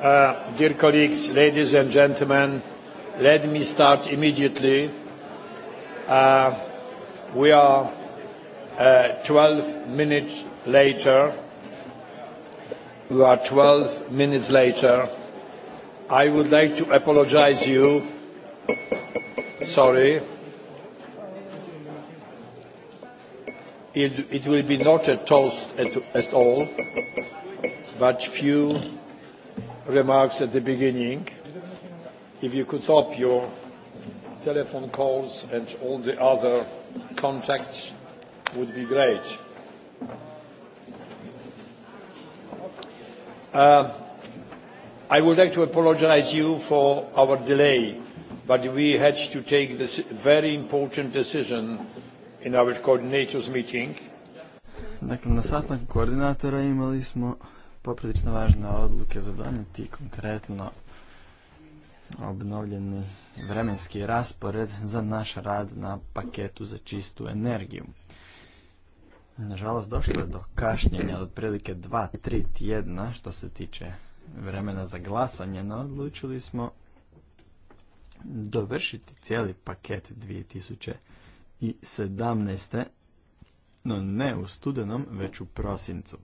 Uh, dear colleagues, ladies and gentlemen, let me start immediately. Uh, we are uh, 12 minutes later. We are 12 minutes later. I would like to apologize you. Sorry. It, it will be not a toast at, at all, but few remarks at the beginning. If you could stop your telephone calls and all the other contacts would be great. Uh, I would like to apologize you for our delay, but we had to take this very important decision in our Dakle, na sastanku koordinatora imali smo poprilično važne odluke za donijeti konkretno obnovljeni vremenski raspored za naš rad na paketu za čistu energiju. Nažalost, došlo je do kašnjenja od otprilike 2-3 tjedna što se tiče vremena za glasanje, no odlučili smo dovršiti cijeli paket 2000 sedamneste, No ne u studenom, već u prosincu.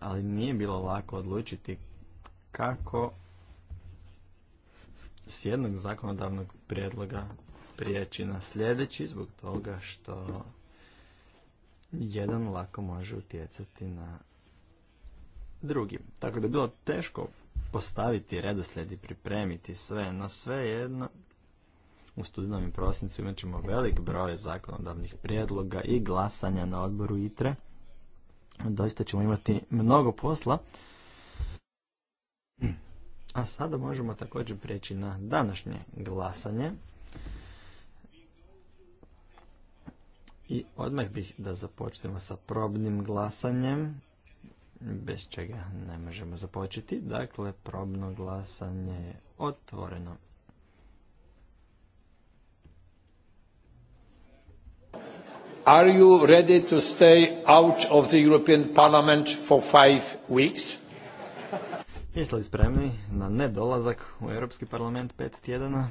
Ali nije bilo lako odlučiti kako s jednog zakonodavnog prijedloga prijeći na sljedeći zbog toga što jedan lako može utjecati na drugi. Tako da je bilo teško postaviti redoslijed i pripremiti sve, no sve jedno u studenom i prosincu imat ćemo velik broj zakonodavnih prijedloga i glasanja na odboru ITRE. Doista ćemo imati mnogo posla. A sada možemo također prijeći na današnje glasanje. I odmah bih da započnemo sa probnim glasanjem, bez čega ne možemo započeti. Dakle, probno glasanje je otvoreno. are you ready to stay out of the European Parliament for five weeks? Jeste li spremni na nedolazak u Europski parlament pet tjedana?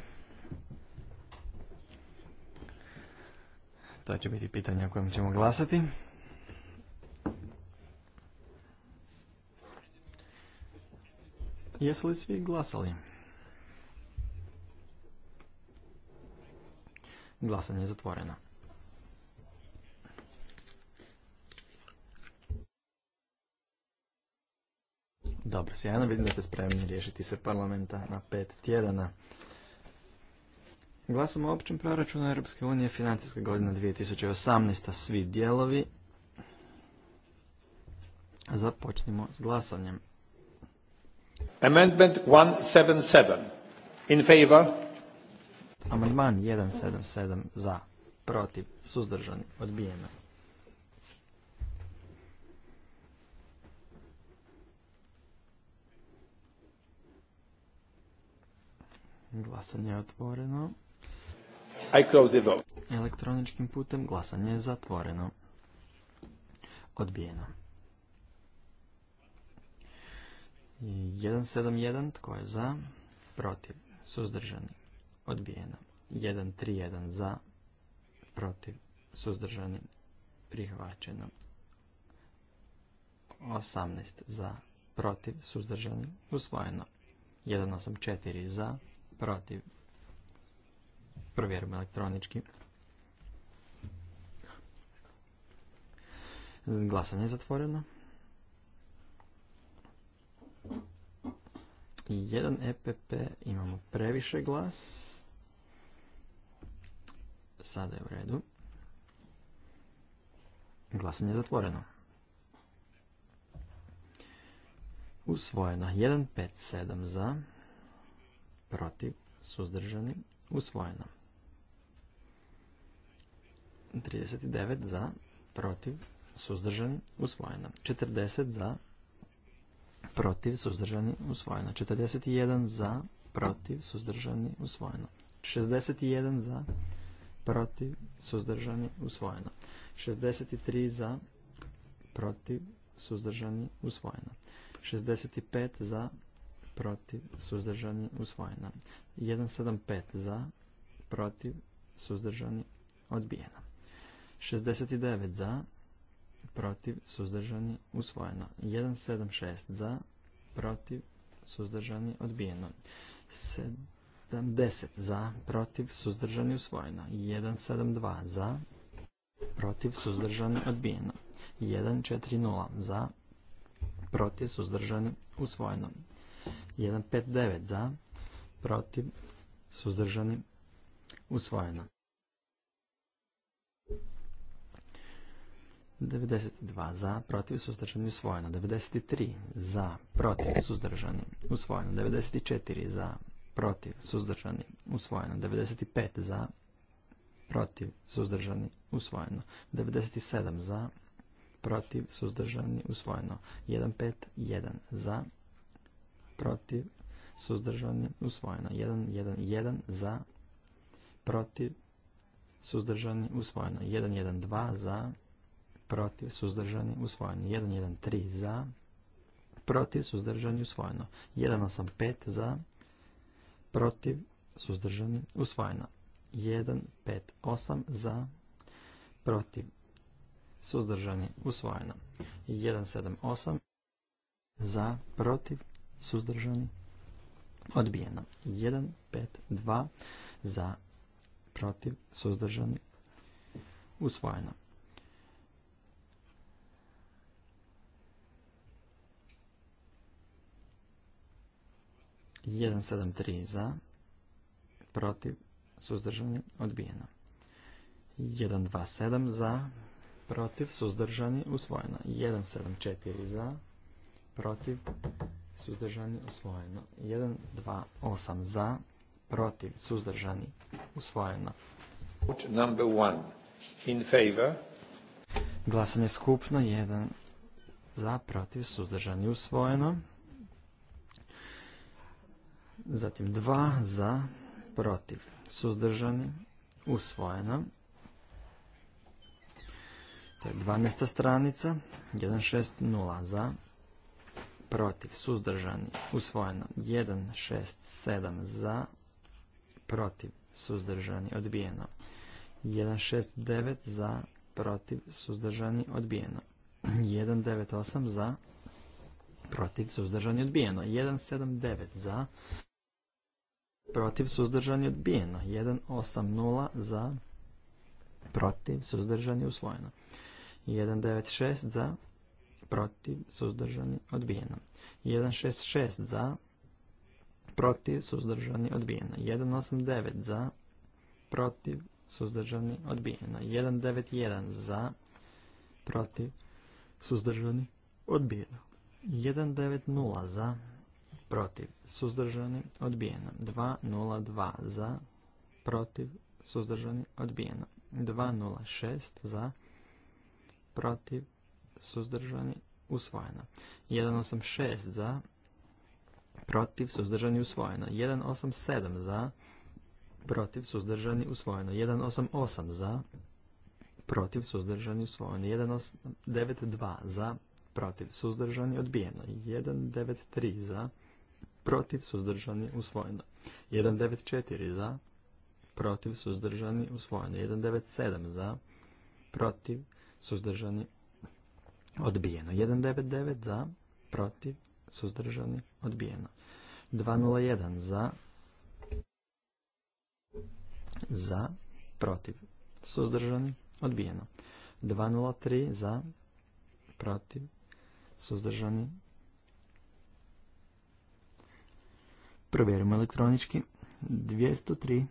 To će biti pitanje o kojem ćemo glasati. Jesu li svi glasali? Glasanje je zatvoreno. Dobro, sjajno vidim da ste spremni riješiti se parlamenta na pet tjedana. Glasom o općem proračunu Europske unije financijska godina 2018. Svi dijelovi. Započnimo s glasanjem. Amendment 177. In favor. Amandman 177 za. Protiv. Suzdržani. Odbijeno. Glasanje je otvoreno. I close the vote. Elektroničkim putem glasanje je zatvoreno. Odbijeno. 171, tko je za? Protiv. Suzdržani. Odbijeno. 131 za. Protiv. Suzdržani. Prihvaćeno. 18 za. Protiv. Suzdržani. Usvojeno. 184 za protiv. Provjerimo elektronički. Glasanje je zatvoreno. I jedan EPP imamo previše glas. Sada je u redu. Glasanje je zatvoreno. Usvojeno. 1, 5, 7 za protiv, suzdržani, usvojeno. 39 za, protiv, suzdržani, usvojeno. 40 za, protiv, suzdržani, usvojeno. 41 za, protiv, suzdržani, usvojeno. 61 za, protiv, suzdržani, usvojeno. 63 za, protiv, suzdržani, usvojeno. 65 za, protiv, suzdržani, usvojena. 175 za, protiv, suzdržani, odbijena. 69 za, protiv, suzdržani, usvojeno. 176 za, protiv, suzdržani, odbijeno. 70 za, protiv, suzdržani, usvojeno. 172 za, protiv, suzdržani, odbijeno. 140 za, protiv, suzdržani, usvojeno. 159 za, protiv, suzdržani, usvojeno. 92 za, protiv, suzdržani, usvojeno. 93 za, protiv, suzdržani, usvojeno. 94 za, protiv, suzdržani, usvojeno. 95 za, protiv, suzdržani, usvojeno. 97 za, protiv, suzdržani, usvojeno. 151 za, protiv, suzdržani, usvojeno. 1, 1, 1 za, protiv, suzdržani, usvojeno. 1, 1, 2 za, protiv, suzdržani, usvojeno. 1, 1, 3 za, protiv, suzdržani, usvojeno. 1, 8, 5 za, protiv, suzdržani, usvojeno. 1, 5, 8 za, protiv, suzdržani, usvojeno. 1, 7, 8 za, protiv, suzdržani, odbijeno. 1, 5, 2 za, protiv, suzdržani, usvojeno. Jedan sedam tri za, protiv, suzdržani, odbijeno. sedam, za, protiv, suzdržani, usvojeno. četiri, za, protiv, suzdržani, usvojeno. 1, 2, 8 za, protiv, suzdržani, usvojeno. Number one, in favor. Glasanje skupno, 1 za, protiv, suzdržani, usvojeno. Zatim 2 za, protiv, suzdržani, usvojeno. To je 12. stranica, 1, 6, 0, za, protiv, suzdržani, usvojeno. 1, 6, 7 za, protiv, suzdržani, odbijeno. 1, 6, 9 za, protiv, suzdržani, odbijeno. 1, 9, 8 za, protiv, suzdržani, odbijeno. 1, 7, 9 za, protiv, suzdržani, odbijeno. 1, 8, 0 za, protiv, suzdržani, usvojeno. 1, 9, 6 za, protiv, protiv, suzdržani, odbijeno. 166 za, protiv, suzdržani, odbijeno. 189 za, protiv, suzdržani, odbijeno. 191 za, protiv, suzdržani, odbijeno. 190 za, protiv, suzdržani, odbijeno. 202 za, protiv, suzdržani, odbijeno. 206 za, protiv, suzdržani, usvojeno. 186 za, protiv, suzdržani, usvojeno. 187 za, protiv, suzdržani, usvojeno. 188 za, protiv, suzdržani, usvojeno. 192 za, protiv, suzdržani, odbijeno. 193 za, protiv, suzdržani, usvojeno. 194 za, protiv, suzdržani, usvojeno. 197 za, protiv, suzdržani, Odbijeno. 199 za, protiv, suzdržani, odbijeno. 201 za, za, protiv, suzdržani, odbijeno. 203 za, protiv, suzdržani. Provjerimo elektronički. 203.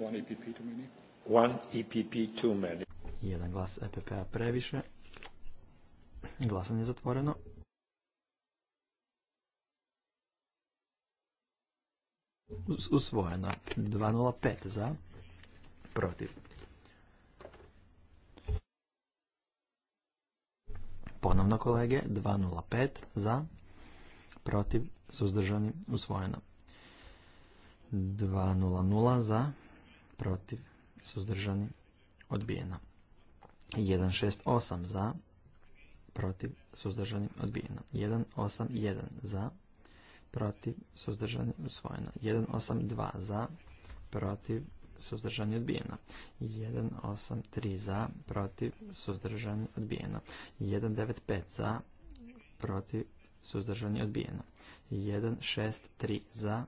One EPP EPP e Jedan glas EPP-a previše. Glasanje je zatvoreno. Usvojeno. 205 za. Protiv. Ponovno kolege. 205 za. Protiv. Suzdržani. Usvojeno. 200 za. Protiv suzdržani, odbijeno. 168 za, protiv, suzdržani, odbijeno. 181 za, protiv, suzdržani, usvojena. 182 za, protiv, suzdržani, odbijena. 183 za, protiv, suzdržani, odbijeno. 195 za, protiv, suzdržani, odbijeno. 163 za,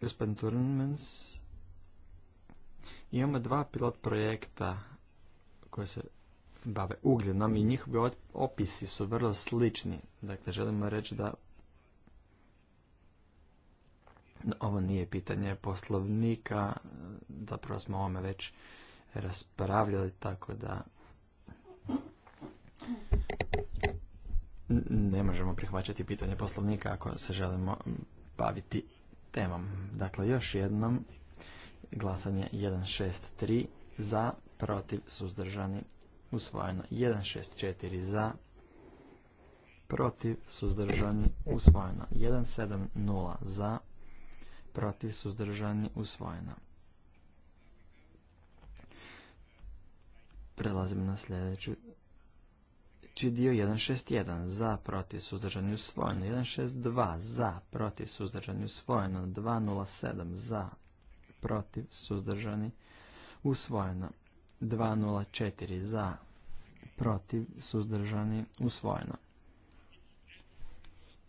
Gospodin Turnmans, imamo dva pilot projekta koje se bave ugljenom i njihovi opisi su vrlo slični. Dakle, želimo reći da ovo nije pitanje poslovnika, zapravo smo ovome već raspravljali, tako da ne možemo prihvaćati pitanje poslovnika ako se želimo baviti Dakle, još jednom glasanje 163 za, protiv, suzdržani, usvojeno. 164 za, protiv, suzdržani, usvojeno. 170 za, protiv, suzdržani, usvojeno. Prelazimo na sljedeću čiji znači, dio 161 za protiv suzdržani usvojeno, 162 za protiv suzdržani usvojeno, 207 za protiv suzdržani usvojeno, 204 za protiv suzdržani usvojeno.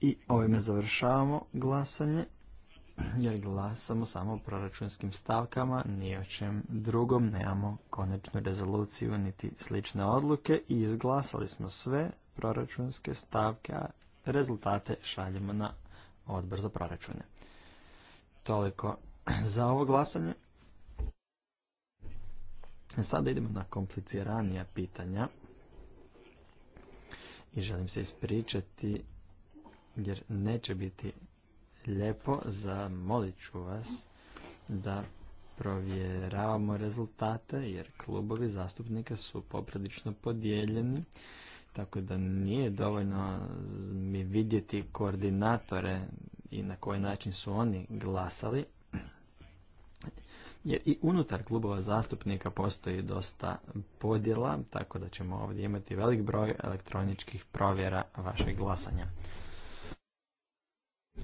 I ovime završavamo glasanje jer glasamo samo o proračunskim stavkama, ni o čem drugom, nemamo konačnu rezoluciju niti slične odluke i izglasali smo sve proračunske stavke, a rezultate šaljemo na odbor za proračune. Toliko za ovo glasanje. Sada idemo na kompliciranija pitanja i želim se ispričati jer neće biti lijepo. Zamolit ću vas da provjeravamo rezultate jer klubovi zastupnika su poprilično podijeljeni tako da nije dovoljno mi vidjeti koordinatore i na koji način su oni glasali jer i unutar klubova zastupnika postoji dosta podjela tako da ćemo ovdje imati velik broj elektroničkih provjera vašeg glasanja.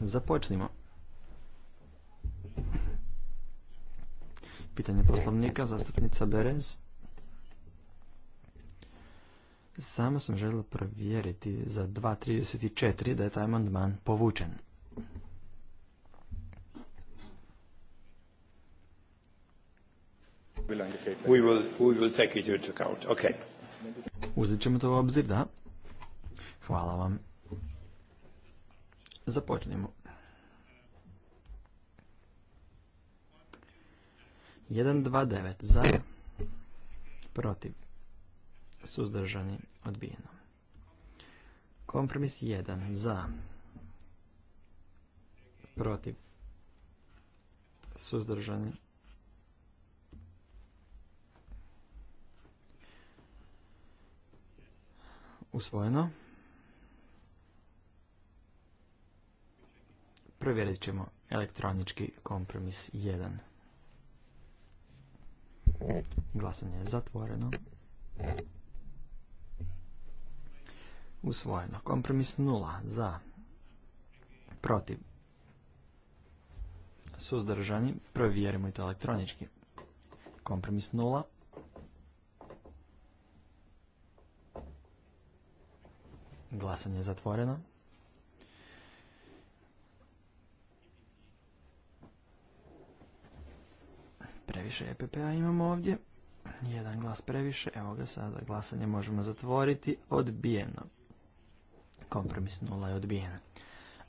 Započnimo. Pitanje poslovnika, zastupnica Berez. Samo sam želio provjeriti za 2.34 da je taj amandman povučen. We Uzet ćemo to u obzir, da. Hvala vam. 1, 2, 9. za, e. protiv, suzdržani, odbijeno. Kompromis 1 za, protiv, suzdržani, usvojeno. Provjerit ćemo elektronički kompromis 1. Glasanje je zatvoreno. Usvojeno. Kompromis 0 za. Protiv. Suzdržani. Provjerimo i to elektronički. Kompromis 0. Glasanje je zatvoreno. previše EPP-a imamo ovdje. Jedan glas previše, evo ga sada, glasanje možemo zatvoriti, odbijeno. Kompromis nula je odbijeno.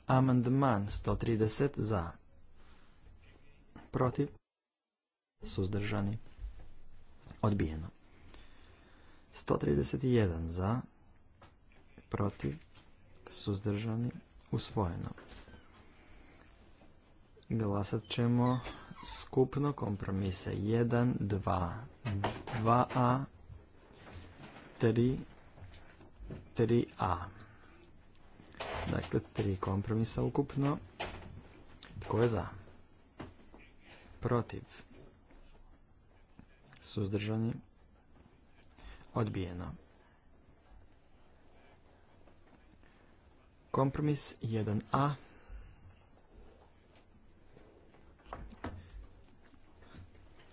Amandman 130 za. Protiv. Suzdržani. Odbijeno. 131 za. Protiv. Suzdržani. Usvojeno. Glasat ćemo skupno kompromise 1, 2, 2a, 3, 3a. Dakle, tri kompromisa ukupno. Tko je za? Protiv? Suzdržani? Odbijeno. Kompromis 1a.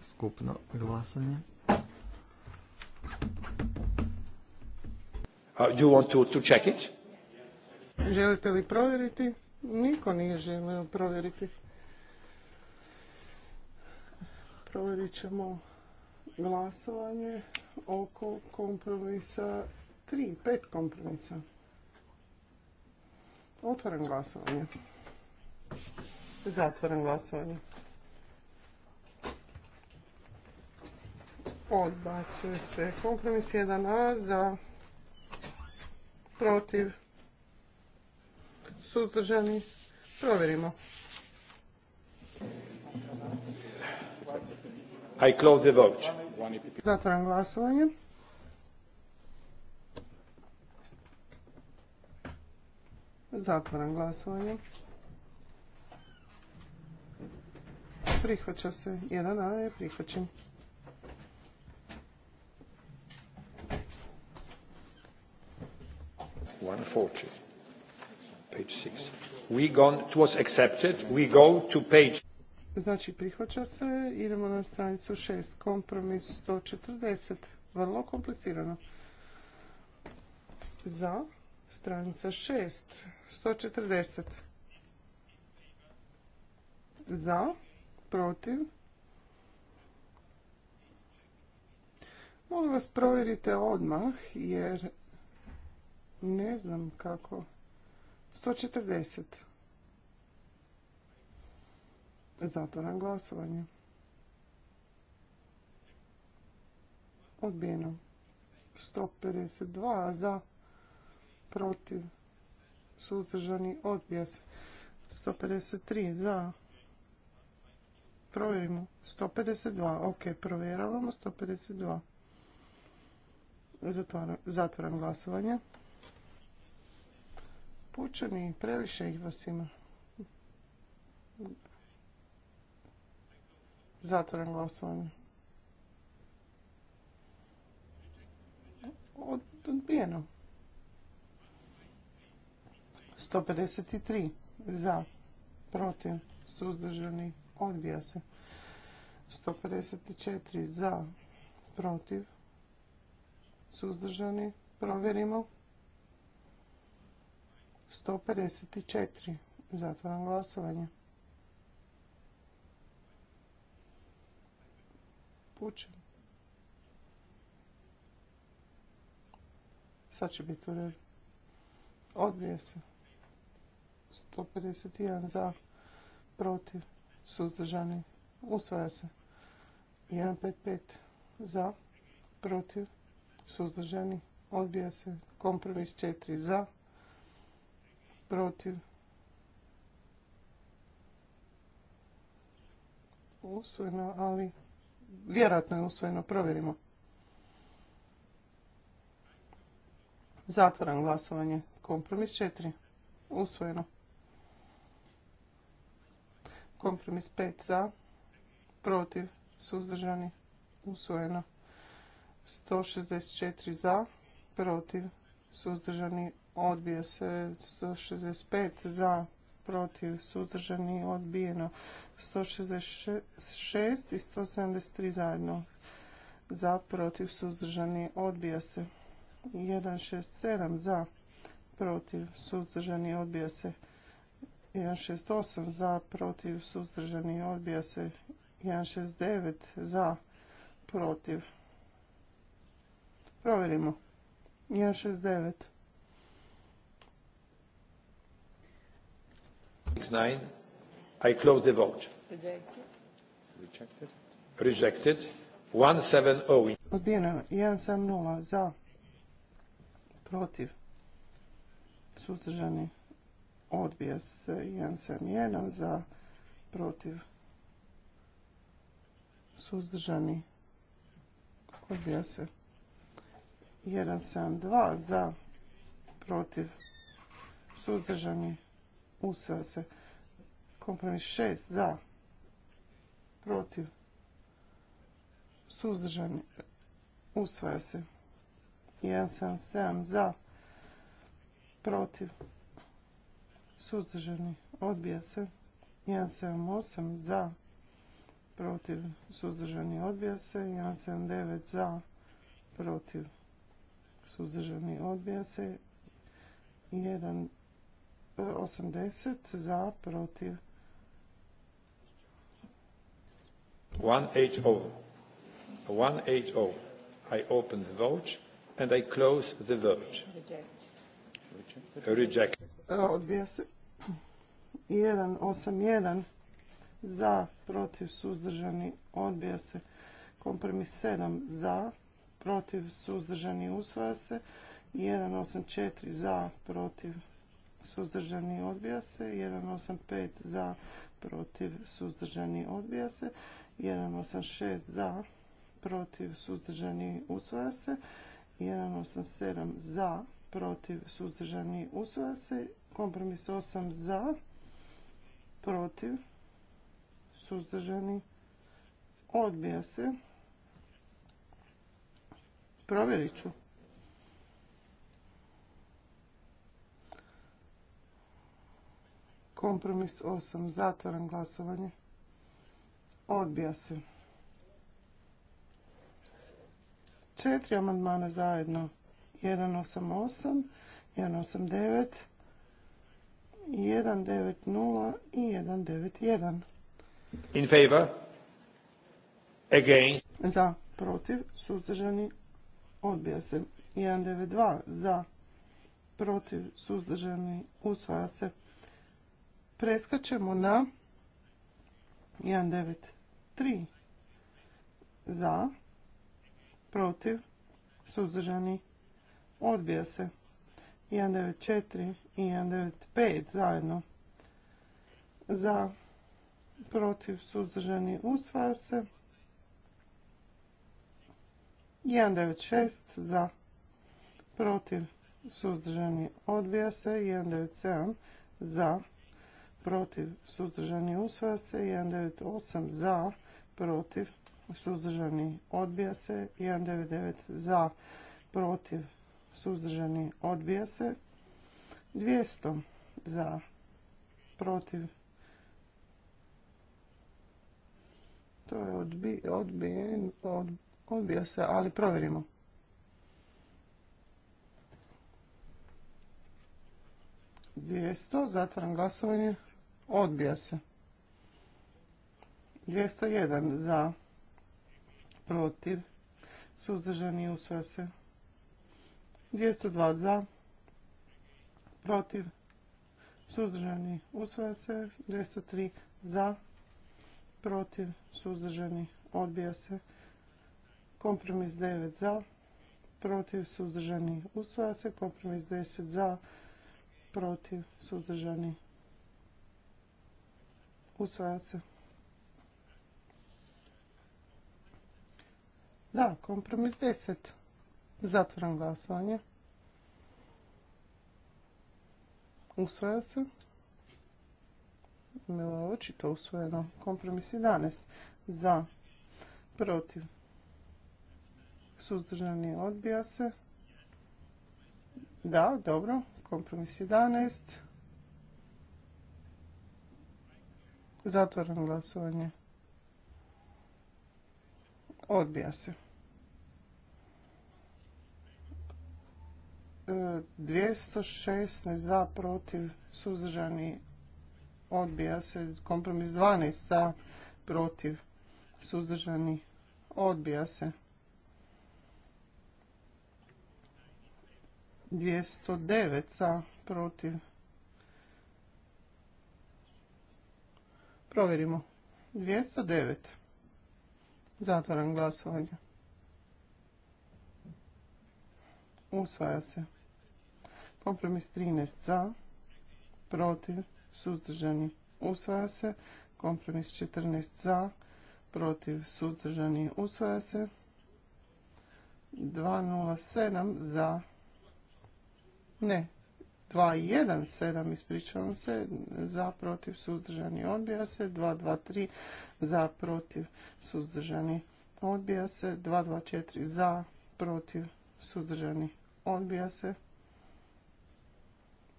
skupno glasanje. Uh, you want to, to check it? Želite li provjeriti? Niko nije želio provjeriti. Provjerit ćemo glasovanje oko kompromisa 3, pet kompromisa. Otvoren glasovanje. Zatvoren glasovanje. odbacuje se. Kompromis 1a za protiv suzdržani. Provjerimo. I close the vote. Zatvaram glasovanje. Zatvaram glasovanje. Prihvaća se. 1A je prihvaćen. 140, page 6. We gone, it was accepted. We go to page... Znači, prihvaća se. Idemo na stranicu 6. Kompromis 140. Vrlo komplicirano. Za. Stranica 6. 140. Za. Protiv. Molim vas provjerite odmah jer ne znam kako. 140. Zatvoram glasovanje. Odbijeno. 152 za, protiv, suzdržani, odbija se. 153 za, provjerimo. 152, ok, provjeravamo. 152. zatvaram glasovanje pučani, previše ih vas ima. Zatvoren glasovanje. odbijeno. 153 za, protiv, suzdržani, odbija se. 154 za, protiv, suzdržani, provjerimo. 154. zatvoram glasovanje. Pučem. Sad će biti u redu. Odbije se. 151 za, protiv, suzdržani, usvaja se. 155 za, protiv, suzdržani, odbija se. Kompromis 4 za, protiv usvojeno, ali vjerojatno je usvojeno, provjerimo. Zatvoran glasovanje. Kompromis 4. Usvojeno. Kompromis 5 za. Protiv. Suzdržani. Usvojeno. 164 za. Protiv. Suzdržani odbija se 165 za protiv suzdržani odbijeno 166 i 173 zajedno za protiv suzdržani odbija se 167 za protiv suzdržani odbija se 168 za protiv suzdržani odbija se 169 za protiv provjerimo 169 69. I close the vote. Rejected. Rejected. Rejected. 170. Odbijeno. 170 za. Protiv. Suzdržani. Odbija se. 171 za. Protiv. Suzdržani. Odbija se. 172 za. Protiv. Suzdržani usvaja se. Kompromis 6 za, protiv, suzdržani, usvaja se. 177 za, protiv, suzdržani, odbija se. 178 za, protiv, suzdržani, odbija se. 179 za, protiv, suzdržani, odbija se. 1 80 za, protiv. 180. 180. I open the vote and I close the vote. Reject. E, odbija se. 181 za, protiv, suzdržani, odbija se. Kompromis 7 za, protiv, suzdržani, usvaja se. 184 za, protiv, suzdržani odbija se, 185 za, protiv suzdržani odbija se, 186 za, protiv suzdržani usvaja se, 187 za, protiv suzdržani usvaja se, kompromis 8 za, protiv suzdržani odbija se. Provjerit ću. Kompromis 8. Zatvaram glasovanje. Odbija se. Četiri amandmana zajedno. 188, 189, 190 i 191. In favor? Za, protiv, suzdržani, odbija se. 192 za, protiv, suzdržani, usvaja se. Preskačemo na 193 za, protiv, suzdržani, odbija se. 194 i 195 zajedno za, protiv, suzdržani, usvaja se. 196 za, protiv, suzdržani, odbija se. 197 za, protiv, suzdržani, usvaja se. 198 za, protiv, suzdržani, odbija se. 199 za, protiv, suzdržani, odbija se. 200 za, protiv, to je odbijen, odbija se, ali provjerimo. Dvijesto, zatvaram glasovanje. Odbija se. 201 za, protiv, suzdržani usvaja se. 202 za, protiv, suzdržani usvaja se. 203 za, protiv, suzdržani odbija se. Kompromis 9 za, protiv, suzdržani usvaja se. Kompromis 10 za, protiv, suzdržani Usvaja se. Da, kompromis 10. Zatvoram glasovanje. Usvaja se. Milo je očito usvojeno. Kompromis 11. Za. Protiv. Suzdržani odbija se. Da, dobro. Kompromis 11. Zatvoreno glasovanje. Odbija se. 216 e, za, protiv, suzdržani, odbija se. Kompromis 12 za, protiv, suzdržani, odbija se. 209 za, protiv, Provjerimo. 209. Zatvaram glasovanje. Usvaja se. Kompromis 13 za, protiv, suzdržani. Usvaja se. Kompromis 14 za, protiv, suzdržani. Usvaja se. 207 za, ne, 2, 1, 7, ispričavam se, za, protiv, suzdržani, odbija se. 2, 2, 3, za, protiv, suzdržani, odbija se. 2, 2, 4, za, protiv, suzdržani, odbija se.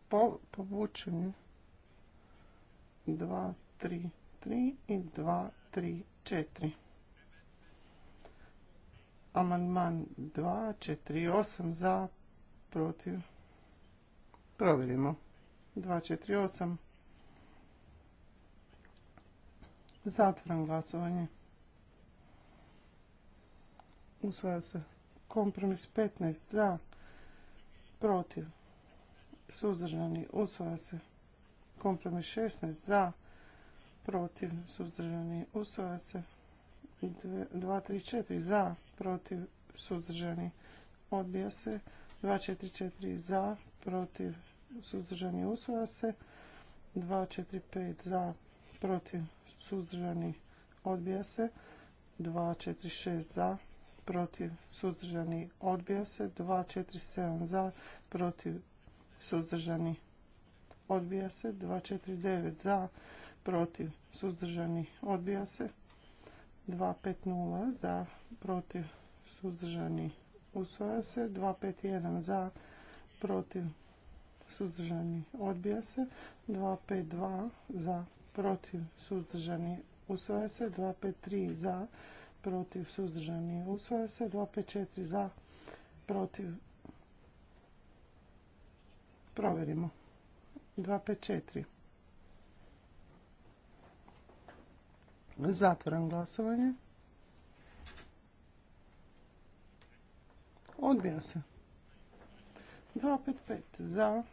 Po, povučenju 2, 3, 3 i 2, 3, 4. Amandman 2, 4, 8 za, protiv, Provjerimo. 248. Zatvoram glasovanje. Usvaja se kompromis 15 za, protiv, suzdržani. Usvaja se kompromis 16 za, protiv, suzdržani. Usvaja se 234 za, protiv, suzdržani. Odbija se 244 za, protiv, suzdržani, usvaja se. 245 za, protiv, suzdržani, odbija se. 246 za, protiv, suzdržani, odbija se. 247 za, protiv, suzdržani, odbija se. 249 za, protiv, suzdržani, odbija se. 250 za, protiv, suzdržani, usvaja se. 251 za, protiv, suzdržani, odbija se. 252 za, protiv, suzdržani, usvaja se. 253 za, protiv, suzdržani, usvaja se. 254 za, protiv, Proverimo. 254. Zatvoram glasovanje. Odbija se. 255 za,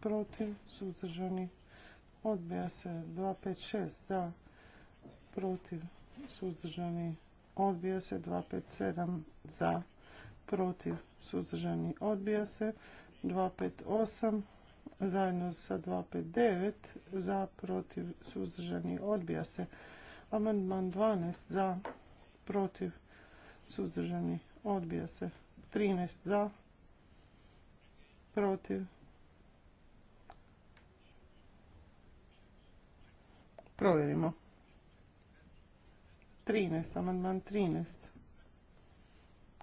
protiv, suzdržani, odbija se 256 za, protiv, suzdržani, odbija se 257 za, protiv, suzdržani, odbija se 258 zajedno sa 259 za, protiv, suzdržani, odbija se amandman 12 za, protiv, suzdržani, odbija se 13 za, protiv provjerimo 13 amandman 13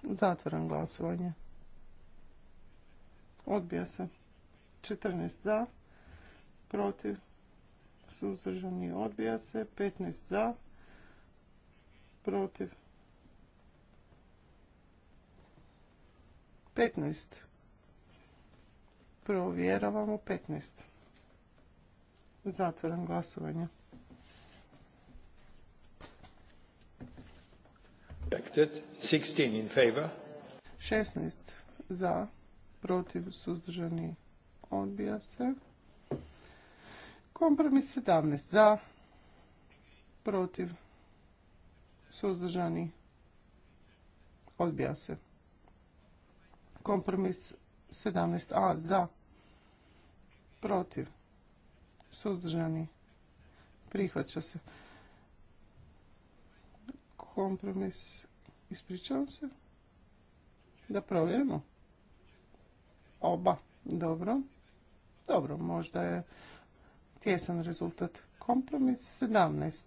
zatvaram glasovanje odbija se 14 za protiv suzdržani odbija se 15 za protiv 15 Provjeravamo 15. Zatvoram glasovanje. Rejected. 16 in favor. 16 za, protiv, suzdržani, odbija se. Kompromis 17 za, protiv, suzdržani, odbija se. Kompromis 17a za, protiv, suzdržani, prihvaća se. Kompromis, ispričavam se, da provjerimo. Oba, dobro, dobro, možda je tjesan rezultat. Kompromis 17.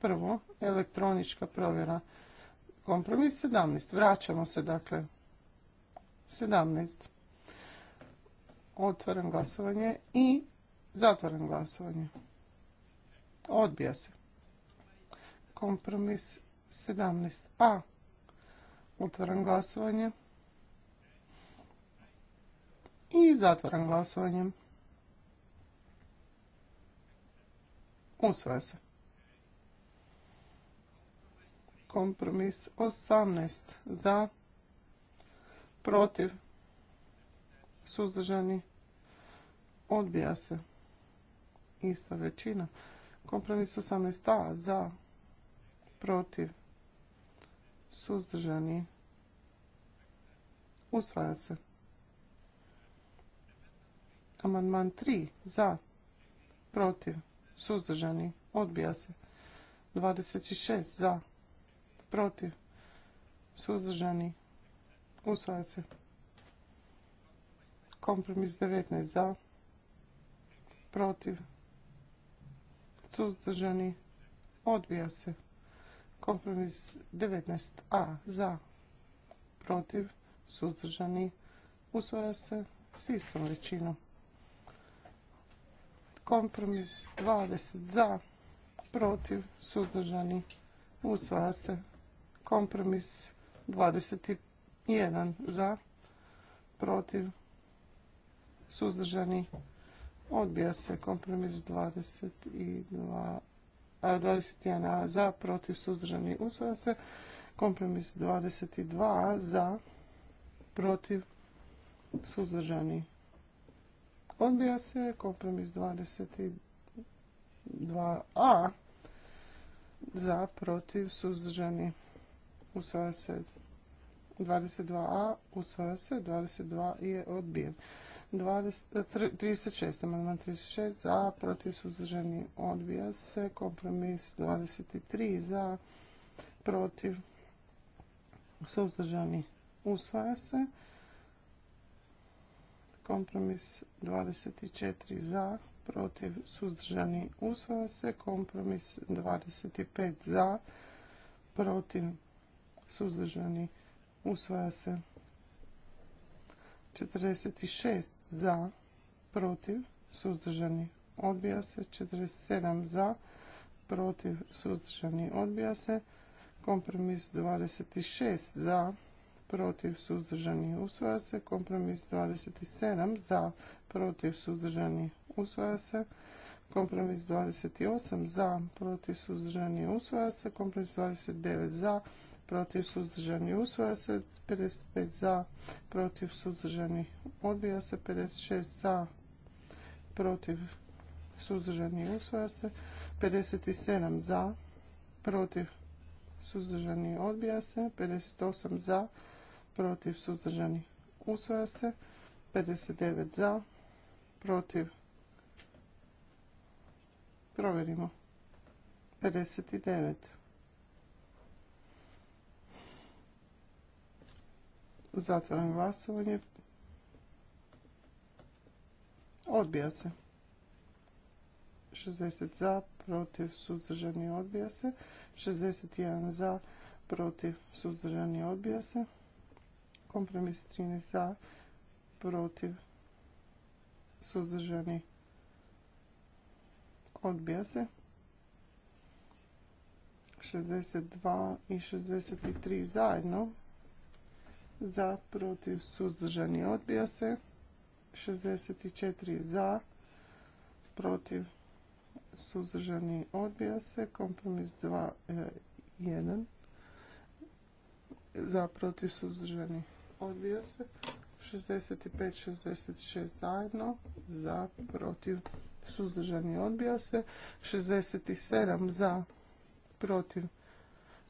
Prvo, elektronička provjera. Kompromis 17. Vraćamo se, dakle, 17. Otvaram glasovanje i zatvaram glasovanje. Odbija se. Kompromis 17a. Otvaram glasovanje. I zatvaram glasovanje. Usvaja se. Kompromis 18 za, protiv, suzdržani, odbija se. Ista većina. Kompromis 18a za, protiv, suzdržani, usvaja se. Amandman 3 za, protiv, suzdržani, odbija se. 26 za, protiv, suzdržani, usvaja se. Kompromis 19 za, protiv, suzdržani, odbija se. Kompromis 19a za, protiv, suzdržani, usvaja se s istom većinom. Kompromis 20 za, protiv, suzdržani, usvaja se. Kompromis 21 za, protiv, suzdržani, odbija se kompromis 22, a 21 za, protiv, suzdržani, usvaja se kompromis 22 za, protiv, suzdržani, odbija se kompromis 22a za, protiv, suzdržani, usvaja se 22a, usvaja se 22 je odbijen. 36, amandman 36 za, protiv suzdržani odbija se, kompromis 23 za, protiv suzdržani usvaja se, kompromis 24 za, protiv suzdržani usvaja se, kompromis 25 za, protiv suzdržani usvaja se. 46 za, protiv, suzdržani, odbija se. 47 za, protiv, suzdržani, odbija se. Kompromis 26 za, protiv, suzdržani, usvaja se. Kompromis 27 za, protiv, suzdržani, usvaja se. Kompromis 28 za, protiv, suzdržani, usvaja se. Kompromis 29 za, protiv suzdržani usvaja se, 55 za, protiv suzdržani odbija se, 56 za, protiv suzdržani usvaja se, 57 za, protiv suzdržani odbija se, 58 za, protiv suzdržani usvoja se, 59 za, protiv provjerimo, 59 Zatvaram glasovanje. Odbija se. 60 za, protiv, suzdržani, odbija se. 61 za, protiv, suzdržani, odbija se. Kompromis 13 za, protiv, suzdržani, odbija se. 62 i 63 zajedno za, protiv, suzdržani, odbija se. 64 za, protiv, suzdržani, odbija se. Kompromis 2, 1 e, za, protiv, suzdržani, odbija se. 65, 66 zajedno, za, protiv, suzdržani, odbija se. 67 za, protiv,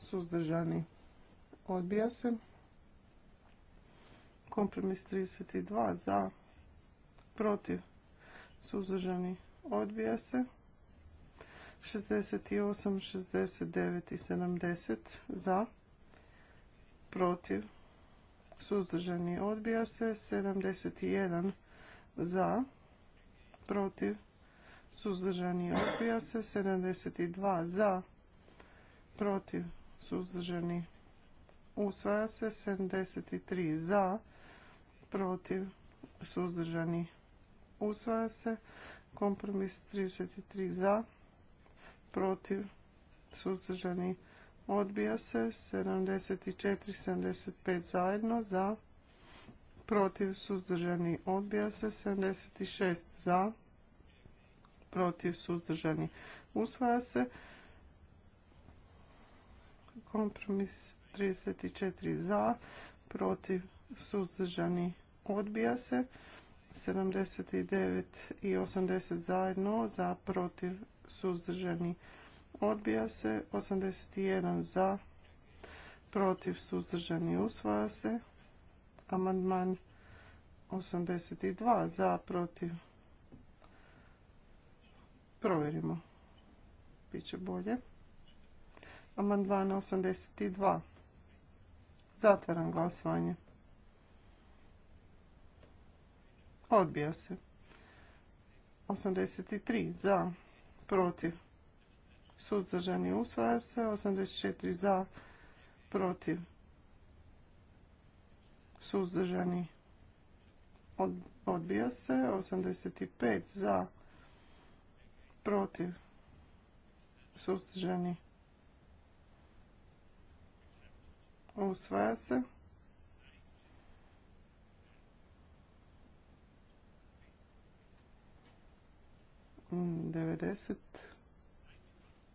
suzdržani, odbija se. Kompromis 32 za, protiv, suzdržani, odbija se. 68, 69 i 70 za, protiv, suzdržani, odbija se. 71 za, protiv, suzdržani, odbija se. 72 za, protiv, suzdržani, Usvaja se 73 za, protiv, suzdržani, usvaja se. Kompromis 33 za, protiv, suzdržani, odbija se. 74, 75 zajedno za, protiv, suzdržani, odbija se. 76 za, protiv, suzdržani, usvaja se. Kompromis 34 za, protiv, suzdržani, odbija se. 79 i 80 zajedno za protiv suzdržani odbija se. 81 za protiv suzdržani usvaja se. Amandman 82 za protiv provjerimo. će bolje. Amandman 82. Zatvaram glasovanje. Odbija se. 83 za, protiv, suzdržani usvaja se. 84 za, protiv, suzdržani odbija se. 85 za, protiv, suzdržani usvaja se. 90,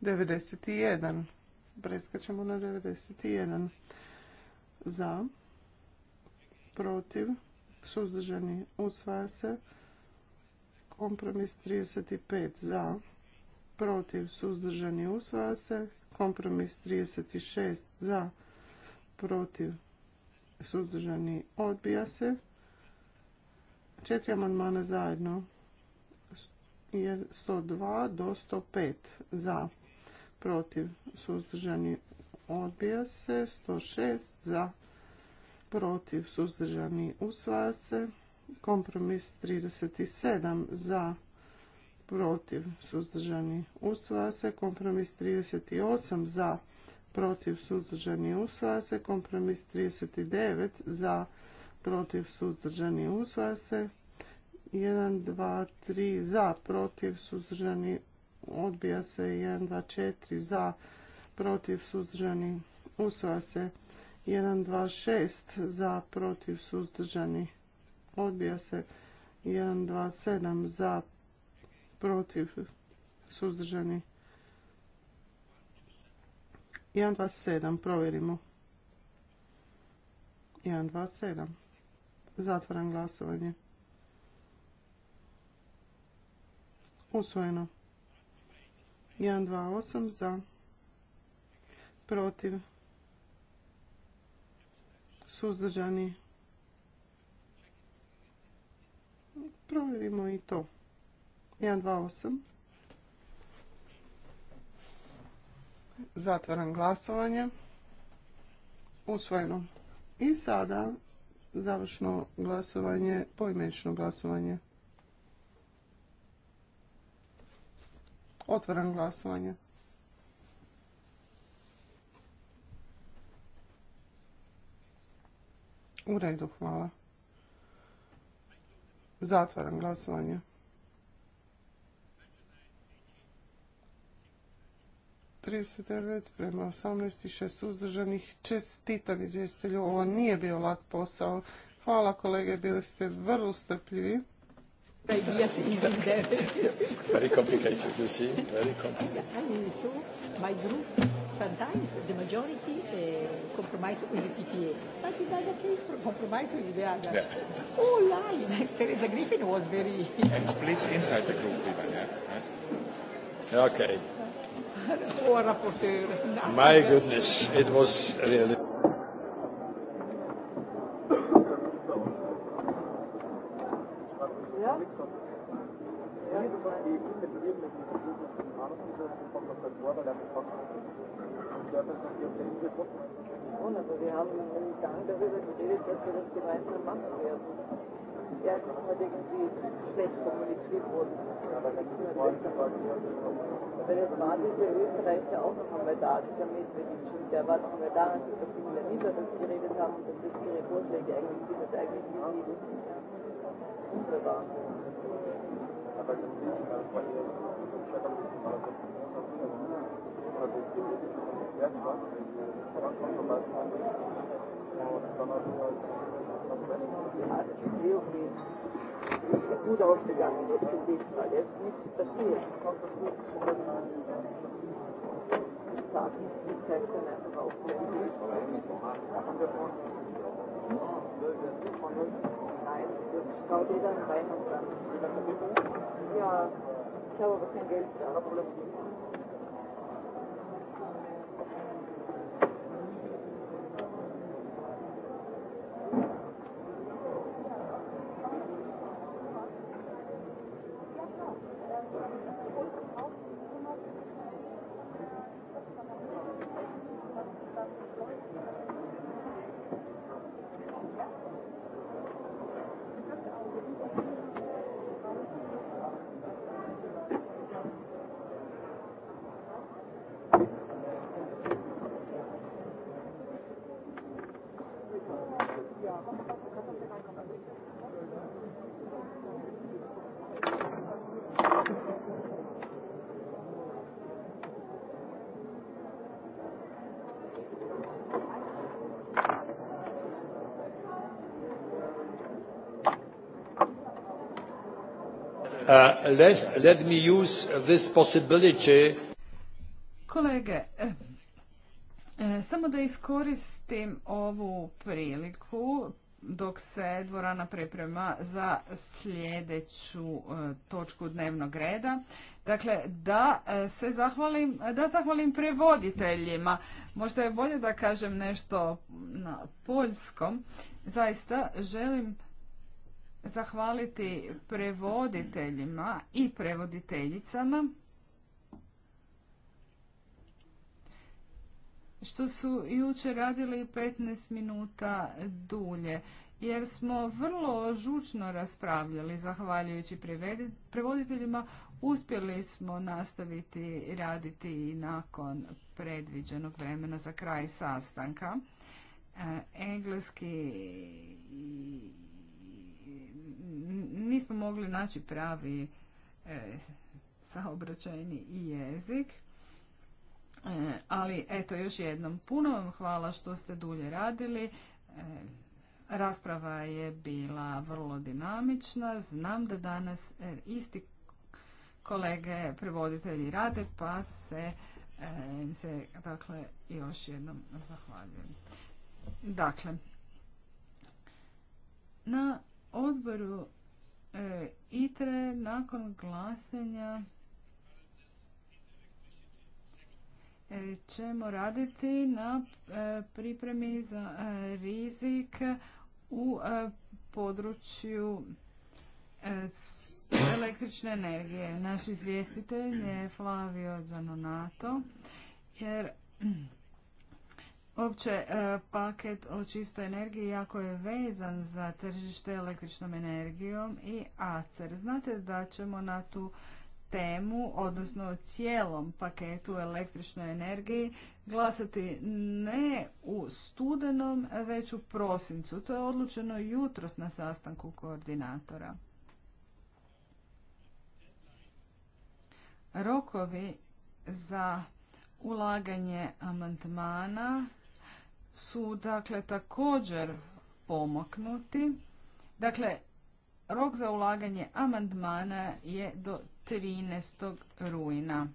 91. Preskačemo na 91. Za, protiv, suzdržani, usvaja se. Kompromis 35 za, protiv, suzdržani, usvaja se. Kompromis 36 za, protiv, suzdržani, odbija se. Četiri amandmana zajedno. Je 102 do 105 za protiv suzdržani odbija se 106 za protiv suzdržani usvaja se kompromis 37 za protiv suzdržani usvaja se kompromis 38 za protiv suzdržani usvaja se kompromis 39 za protiv suzdržani usvaja se 1, 2, 3 za, protiv, suzdržani, odbija se 1, 2, 4 za, protiv, suzdržani, usvaja se 1, 2, 6 za, protiv, suzdržani, odbija se 1, 2, 7 za, protiv, suzdržani, 1, 2, 7, provjerimo. 1, 2, 7. Zatvaram glasovanje. Usvojeno. 128 za. Protiv. Suzdržani. Provjerimo i to. 128. Zatvaram glasovanje. Usvojeno. I sada završno glasovanje, poimenično glasovanje. Otvaram glasovanje. U redu, hvala. Zatvaram glasovanje. 39 prema 18 i 6 uzdržanih. Čestitam izvjestitelju, ovo nije bio lak posao. Hvala kolege, bili ste vrlo strpljivi yes, it is there. very complicated, you see, very complicated. And so my group, sometimes the majority uh, compromise with the PPA, but in other case compromise with the other. Yeah. Oh, line. Teresa Griffin was very... and split inside the group even, yeah? yeah? Okay. Poor rapporteur. My goodness, it was really... aber wir haben nämlich gar darüber geredet, dass wir das gemeinsam machen werden. Ja, es ist halt irgendwie schlecht kommuniziert worden. Aber nichts aber besser Weil jetzt war dieser Österreicher auch noch einmal da, dieser Medvedev, der war noch einmal da, als wir das der Niederlande geredet haben und dass das ihre Vorschläge eigentlich sind, das eigentlich nicht liegen. Wunderbar. Nein, das rein und dann ja, ich habe aber Uh, let, me use this possibility. Kolege, eh, eh, samo da iskoristim ovu priliku dok se dvorana priprema za sljedeću eh, točku dnevnog reda. Dakle, da se zahvalim, da zahvalim prevoditeljima. Možda je bolje da kažem nešto na poljskom. Zaista želim zahvaliti prevoditeljima i prevoditeljicama što su jučer radili 15 minuta dulje jer smo vrlo žučno raspravljali zahvaljujući prevoditeljima. Uspjeli smo nastaviti raditi i nakon predviđenog vremena za kraj sastanka. E, engleski nismo mogli naći pravi e, saobraćajni jezik. E, ali eto još jednom puno vam hvala što ste dulje radili. E, rasprava je bila vrlo dinamična. Znam da danas e, isti kolege prevoditelji rade pa se, se dakle još jednom zahvaljujem. Dakle, na odboru E, ITRE nakon glasanja e, ćemo raditi na e, pripremi za rizik u području električne energije. Naš izvjestitelj je Flavio Zanonato jer Opće, e, paket o čistoj energiji jako je vezan za tržište električnom energijom i ACER. Znate da ćemo na tu temu, odnosno cijelom paketu električnoj energiji, glasati ne u studenom, već u prosincu. To je odlučeno jutros na sastanku koordinatora. Rokovi za ulaganje amandmana su dakle također pomaknuti. Dakle, rok za ulaganje amandmana je do 13. rujna.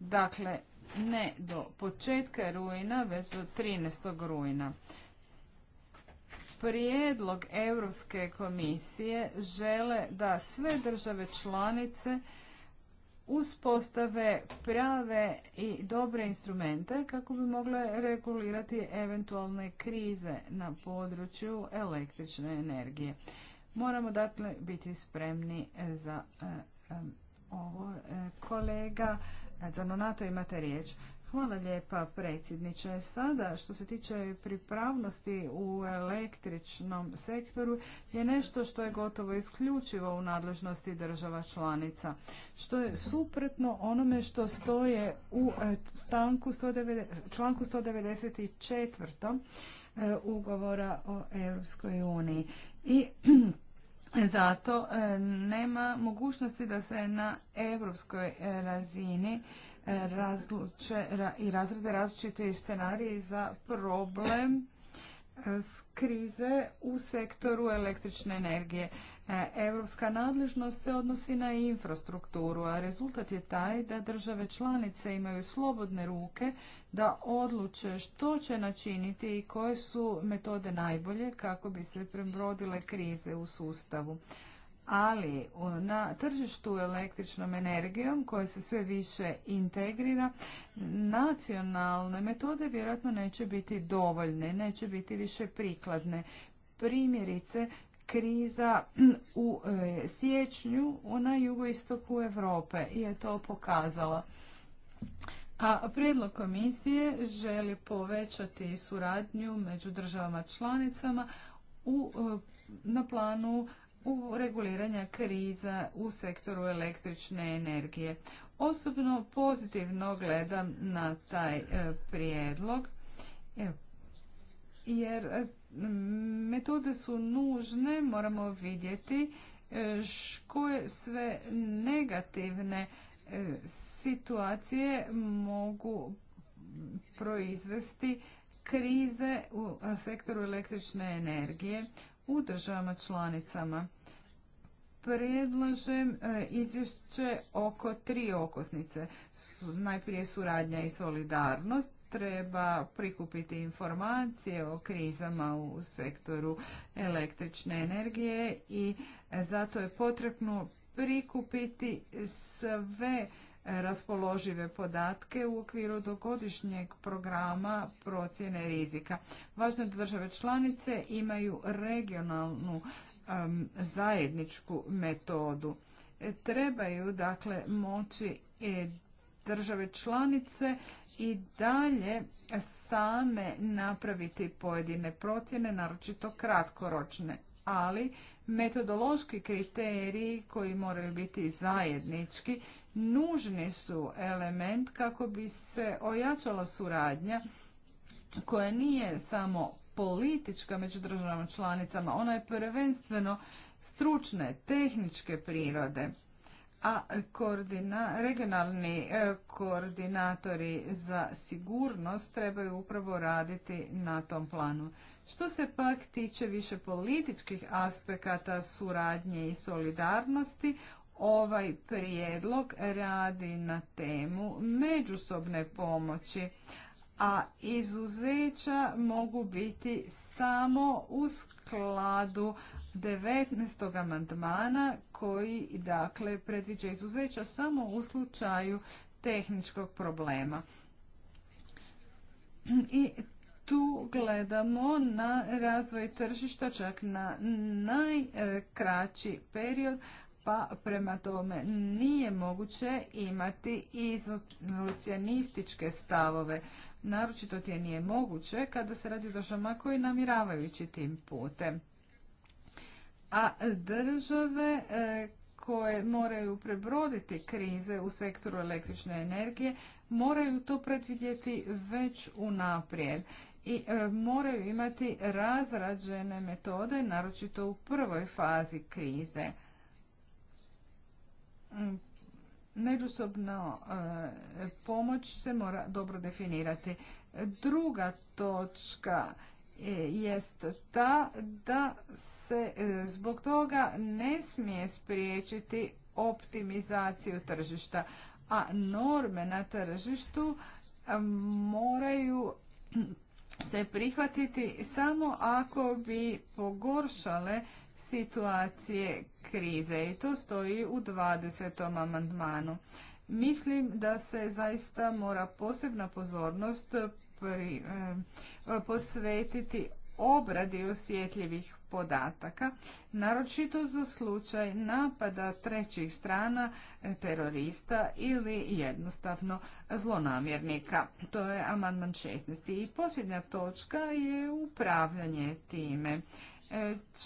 Dakle, ne do početka rujna, već do 13. rujna. Prijedlog Europske komisije žele da sve države članice uspostave prave i dobre instrumente kako bi mogle regulirati eventualne krize na području električne energije. Moramo dakle biti spremni za eh, eh, ovo. Eh, kolega Zanonato, imate riječ. Hvala lijepa predsjedniče. Sada što se tiče pripravnosti u električnom sektoru je nešto što je gotovo isključivo u nadležnosti država članica, što je suprotno onome što stoje u e, članku 194. E, ugovora o Europskoj uniji. I zato e, nema mogućnosti da se na evropskoj razini razluče, i razrede različite scenarije za problem e, krize u sektoru električne energije. Europska nadležnost se odnosi na infrastrukturu, a rezultat je taj da države članice imaju slobodne ruke da odluče što će načiniti i koje su metode najbolje kako bi se prebrodile krize u sustavu ali na tržištu električnom energijom koje se sve više integrira, nacionalne metode vjerojatno neće biti dovoljne, neće biti više prikladne. Primjerice, kriza u e, siječnju na jugoistoku Europe je to pokazala. A prijedlog komisije želi povećati suradnju među državama članicama u, e, na planu u reguliranja kriza u sektoru električne energije. Osobno pozitivno gledam na taj e, prijedlog e, jer e, metode su nužne, moramo vidjeti koje sve negativne situacije mogu proizvesti krize u sektoru električne energije u državama članicama. Predlažem e, izvješće oko tri okosnice. Najprije suradnja i solidarnost, treba prikupiti informacije o krizama u sektoru električne energije i zato je potrebno prikupiti sve raspoložive podatke u okviru dogodišnjeg programa procjene rizika. Važno je da države članice imaju regionalnu zajedničku metodu. E, trebaju dakle moći e, države članice i dalje same napraviti pojedine procjene, naročito kratkoročne, ali metodološki kriteriji koji moraju biti zajednički nužni su element kako bi se ojačala suradnja koja nije samo politička među državama članicama, ona je prvenstveno stručne, tehničke prirode. A koordina, regionalni e, koordinatori za sigurnost trebaju upravo raditi na tom planu. Što se pak tiče više političkih aspekata suradnje i solidarnosti, ovaj prijedlog radi na temu međusobne pomoći, a izuzeća mogu biti samo u skladu 19. amandmana koji dakle predviđa izuzeća samo u slučaju tehničkog problema. I tu gledamo na razvoj tržišta čak na najkraći period, pa prema tome nije moguće imati izolucionističke stavove. Naročito ti nije moguće kada se radi o državama koji namiravajući tim putem. A države e, koje moraju prebroditi krize u sektoru električne energije moraju to predvidjeti već unaprijed i e, moraju imati razrađene metode, naročito u prvoj fazi krize. Mm. Međusobna e, pomoć se mora dobro definirati. Druga točka e, jest ta da se e, zbog toga ne smije spriječiti optimizaciju tržišta, a norme na tržištu moraju se prihvatiti samo ako bi pogoršale situacije krize i to stoji u 20. amandmanu. Mislim da se zaista mora posebna pozornost eh, posvetiti obradi osjetljivih podataka, naročito za slučaj napada trećih strana, eh, terorista ili jednostavno zlonamjernika. To je amandman 16. I posljednja točka je upravljanje time.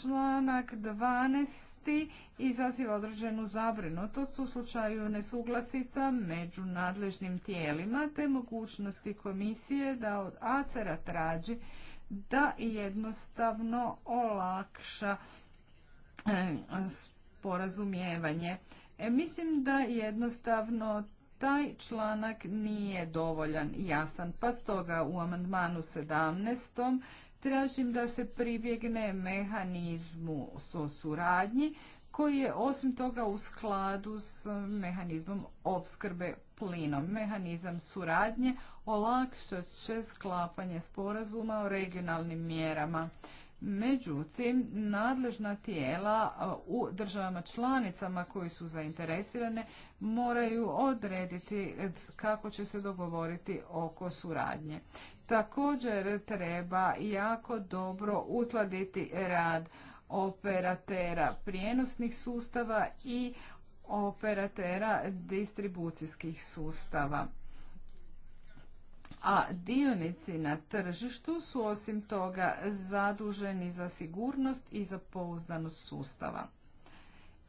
Članak 12. izaziva određenu zabrinutost u slučaju nesuglasica među nadležnim tijelima te mogućnosti komisije da od acera traži da jednostavno olakša e, sporazumijevanje. E, mislim da jednostavno taj članak nije dovoljan jasan, pa stoga u amandmanu 17 tražim da se pribjegne mehanizmu o suradnji koji je osim toga u skladu s mehanizmom opskrbe plinom. Mehanizam suradnje olakšat će sklapanje sporazuma o regionalnim mjerama. Međutim, nadležna tijela u državama članicama koji su zainteresirane moraju odrediti kako će se dogovoriti oko suradnje. Također treba jako dobro uskladiti rad operatera prijenosnih sustava i operatera distribucijskih sustava. A dionici na tržištu su osim toga zaduženi za sigurnost i za pouzdanost sustava.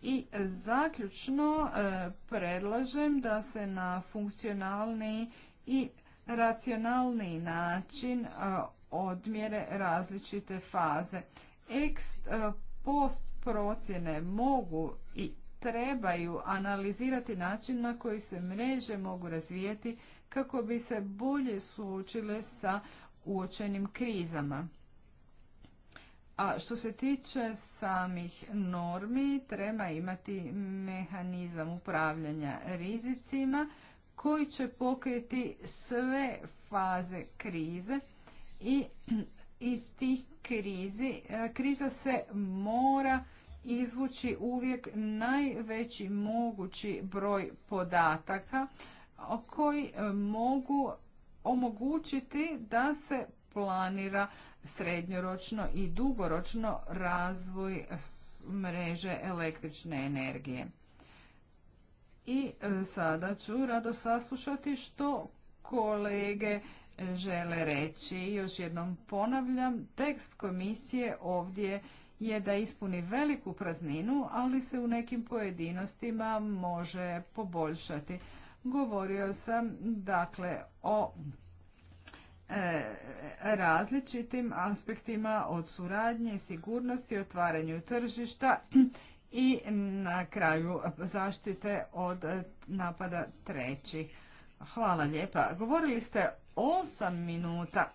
I zaključno e, predlažem da se na funkcionalni i racionalni način odmjere različite faze. Ex post procjene mogu i trebaju analizirati način na koji se mreže mogu razvijeti kako bi se bolje suočile sa uočenim krizama. A što se tiče samih normi, treba imati mehanizam upravljanja rizicima koji će pokriti sve faze krize i iz tih krizi, e, kriza se mora izvući uvijek najveći mogući broj podataka koji e, mogu omogućiti da se planira srednjoročno i dugoročno razvoj mreže električne energije. I e, sada ću rado saslušati što kolege e, žele reći. Još jednom ponavljam, tekst komisije ovdje je da ispuni veliku prazninu, ali se u nekim pojedinostima može poboljšati. Govorio sam dakle o e, različitim aspektima od suradnje, sigurnosti, otvaranju tržišta i na kraju zaštite od eh, napada treći. Hvala lijepa. Govorili ste osam minuta.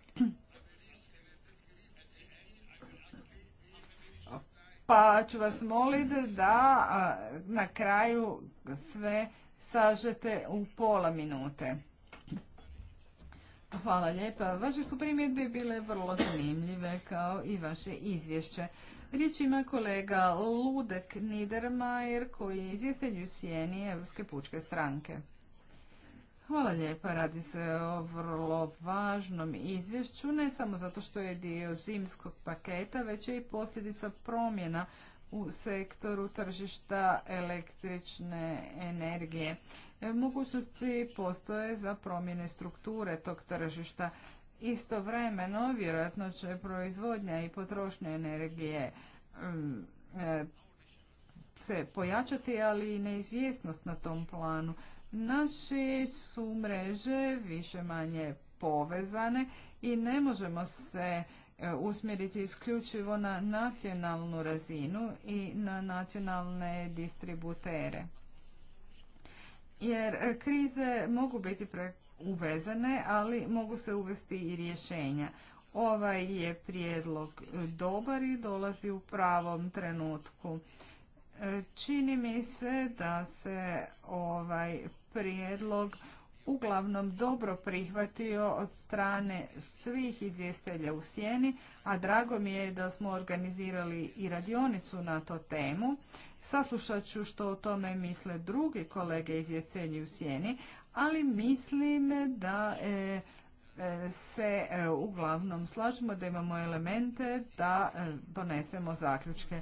Pa ću vas moliti da eh, na kraju sve sažete u pola minute. Hvala lijepa. Vaše su primjedbe bile vrlo zanimljive kao i vaše izvješće. Riječ ima kolega Ludek Niedermayer koji je izvjestitelj u sjeni Europske pučke stranke. Hvala lijepa, radi se o vrlo važnom izvješću, ne samo zato što je dio zimskog paketa, već je i posljedica promjena u sektoru tržišta električne energije. E, mogućnosti postoje za promjene strukture tog tržišta. Istovremeno, vjerojatno će proizvodnja i potrošnja energije mm, e, se pojačati, ali i neizvjesnost na tom planu. Naši su mreže više manje povezane i ne možemo se E, usmjeriti isključivo na nacionalnu razinu i na nacionalne distributere. Jer e, krize mogu biti uvezane, ali mogu se uvesti i rješenja. Ovaj je prijedlog e, dobar i dolazi u pravom trenutku. Čini mi se da se ovaj prijedlog uglavnom dobro prihvatio od strane svih izvjestelja u Sjeni, a drago mi je da smo organizirali i radionicu na to temu. Saslušat ću što o tome misle drugi kolege izvjestelji u Sjeni, ali mislim da e, e se e, uglavnom slažemo da imamo elemente da e, donesemo zaključke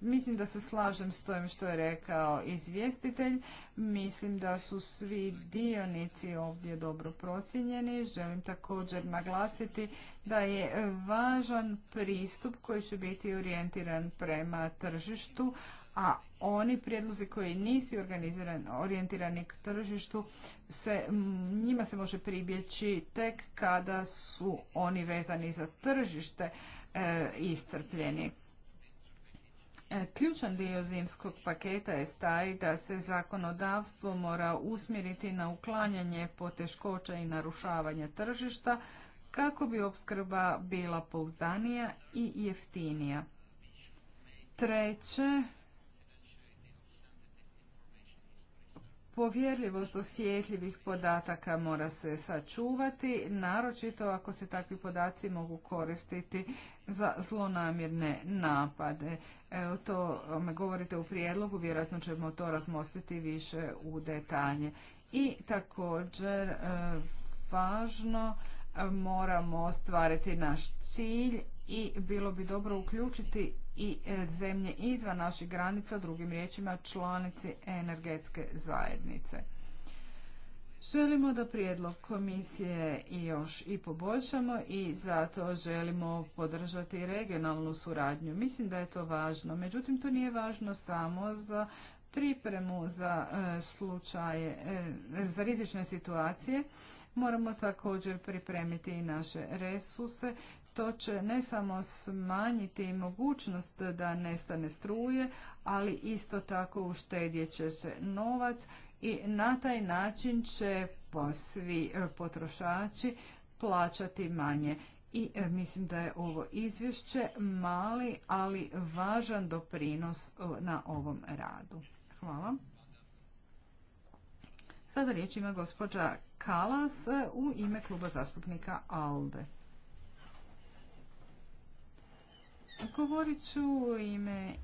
Mislim da se slažem s tojim što je rekao izvjestitelj. Mislim da su svi dionici ovdje dobro procijenjeni. Želim također naglasiti da je važan pristup koji će biti orijentiran prema tržištu, a oni prijedlozi koji nisu orijentirani k tržištu, se, njima se može pribjeći tek kada su oni vezani za tržište e, iscrpljeni. E, ključan dio zimskog paketa je taj da se zakonodavstvo mora usmjeriti na uklanjanje poteškoća i narušavanja tržišta kako bi opskrba bila pouzdanija i jeftinija. Treće, Povjerljivost osjetljivih podataka mora se sačuvati, naročito ako se takvi podaci mogu koristiti za zlonamjerne napade. Evo to me govorite u prijedlogu, vjerojatno ćemo to razmostiti više u detalje. I također e, važno moramo ostvariti naš cilj, i bilo bi dobro uključiti i e, zemlje izvan naših granica, drugim riječima članice energetske zajednice. Želimo da prijedlog komisije još i poboljšamo i zato želimo podržati regionalnu suradnju. Mislim da je to važno. Međutim, to nije važno samo za pripremu za e, slučaje, e, za rizične situacije. Moramo također pripremiti i naše resuse to će ne samo smanjiti mogućnost da nestane struje, ali isto tako uštedjet će se novac i na taj način će svi e, potrošači plaćati manje. I e, mislim da je ovo izvješće mali, ali važan doprinos e, na ovom radu. Hvala. Sada riječ ima gospođa Kalas u ime kluba zastupnika ALDE. Govorit ću u ime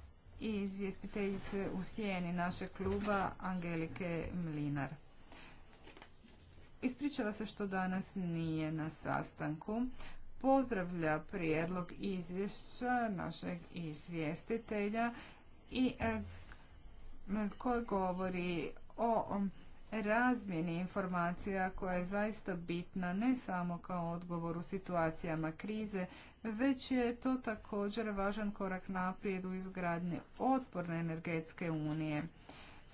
izvjestiteljice u sjeni našeg kluba Angelike Mlinar. Ispričala se što danas nije na sastanku. Pozdravlja prijedlog izvješća našeg izvjestitelja i eh, koji govori o razmjeni informacija koja je zaista bitna ne samo kao odgovor u situacijama krize, već je to također važan korak naprijed u izgradnji otporne energetske unije.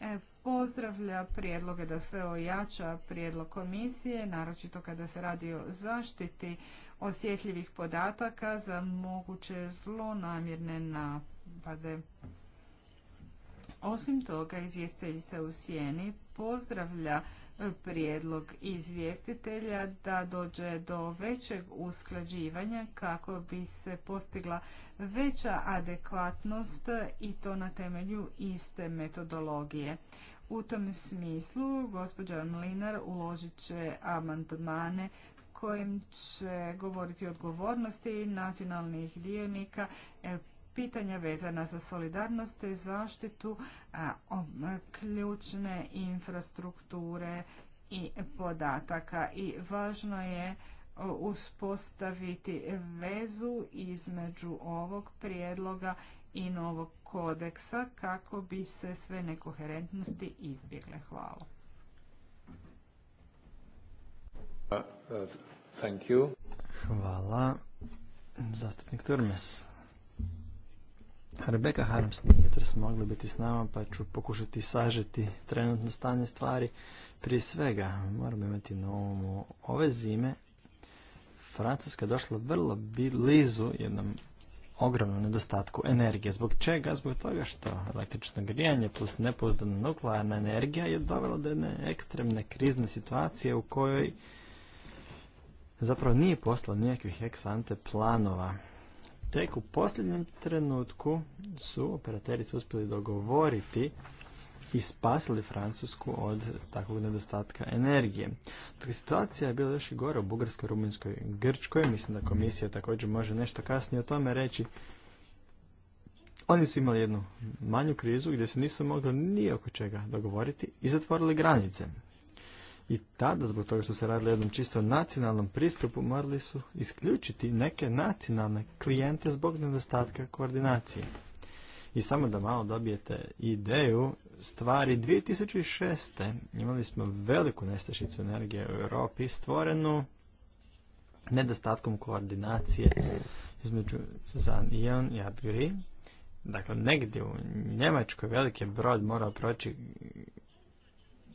E, pozdravlja prijedloge da se ojača prijedlog komisije, naročito kada se radi o zaštiti osjetljivih podataka za moguće zlonamjerne napade. Osim toga, izvjestiteljica u Sjeni pozdravlja prijedlog izvjestitelja da dođe do većeg usklađivanja kako bi se postigla veća adekvatnost i to na temelju iste metodologije. U tom smislu gospođa Mlinar uložit će amandmane kojim će govoriti o odgovornosti nacionalnih dionika, pitanja vezana za solidarnost i zaštitu ključne infrastrukture i podataka i važno je uspostaviti vezu između ovog prijedloga i novog kodeksa kako bi se sve nekoherentnosti izbjegle. Hvala. Uh, uh, Hvala. Zastupnik Turmes. Rebeka Harms nije jutros mogli biti s nama, pa ću pokušati sažeti trenutno stanje stvari. Prije svega, moramo imati na umu ove zime. Francuska je došla vrlo blizu jednom ogromnom nedostatku energije. Zbog čega? Zbog toga što električno grijanje plus nepouzdana nuklearna energija je dovela do jedne ekstremne krizne situacije u kojoj zapravo nije poslao nikakvih eksante planova Tek u posljednjem trenutku su operateri uspjeli dogovoriti i spasili Francusku od takvog nedostatka energije. Dakle, situacija je bila još i gore u Bugarskoj, Rumunjskoj i Grčkoj. Mislim da komisija također može nešto kasnije o tome reći. Oni su imali jednu manju krizu gdje se nisu mogli ni oko čega dogovoriti i zatvorili granice. I tada, zbog toga što se radilo jednom čisto nacionalnom pristupu, morali su isključiti neke nacionalne klijente zbog nedostatka koordinacije. I samo da malo dobijete ideju, stvari 2006. imali smo veliku nestašicu energije u Europi stvorenu nedostatkom koordinacije između Cezanne Ion i Abgri. Dakle, negdje u Njemačkoj veliki brod morao proći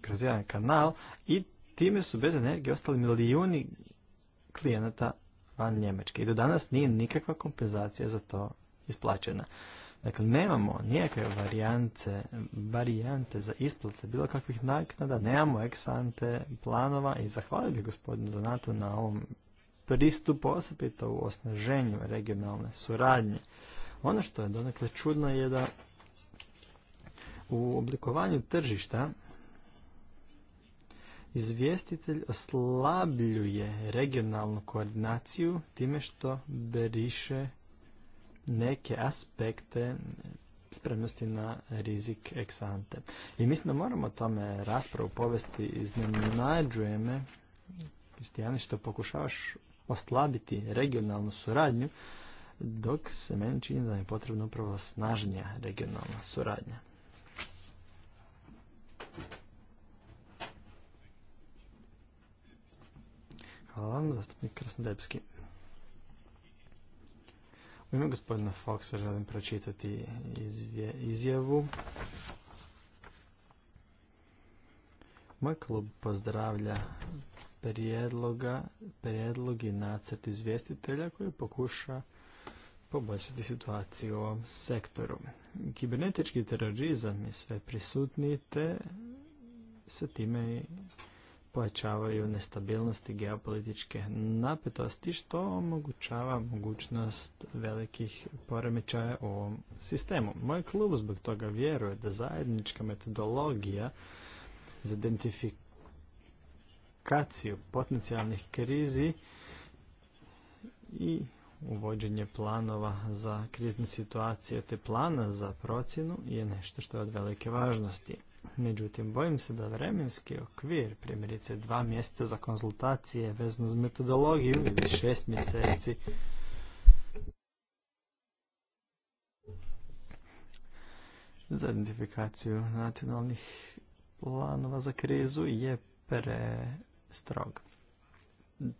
kroz jedan kanal i time su bez energije ostali milijuni klijenata van Njemačke. I do danas nije nikakva kompenzacija za to isplaćena. Dakle, nemamo nikakve varijante, varijante za isplate bilo kakvih naknada, nemamo eksante planova i zahvaljujem gospodinu Donatu na ovom pristupu, osobito u osnaženju regionalne suradnje. Ono što je donekle čudno je da u oblikovanju tržišta Izvjestitelj oslabljuje regionalnu koordinaciju time što beriše neke aspekte spremnosti na rizik eksante. I mislim da moramo tome raspravu povesti, iznenađuje me, Kristijani, što pokušavaš oslabiti regionalnu suradnju, dok se meni čini da je potrebna upravo snažnija regionalna suradnja. Hvala vam, zastupnik Krasnodebski. U ime gospodina Foxa želim pročitati izjavu. Moj klub pozdravlja prijedloga, prijedlog i nacrt izvjestitelja koji pokuša poboljšati situaciju u ovom sektoru. Kibernetički terorizam je sve prisutniji te time i pojačavaju nestabilnosti geopolitičke napetosti što omogućava mogućnost velikih poremećaja u ovom sistemu. Moj klub zbog toga vjeruje da zajednička metodologija za identifikaciju potencijalnih krizi i uvođenje planova za krizne situacije te plana za procjenu je nešto što je od velike važnosti. Međutim, bojim se da vremenski okvir, primjerice dva mjeseca za konzultacije vezno s metodologiju ili šest mjeseci, za identifikaciju nacionalnih planova za krizu je pre strog.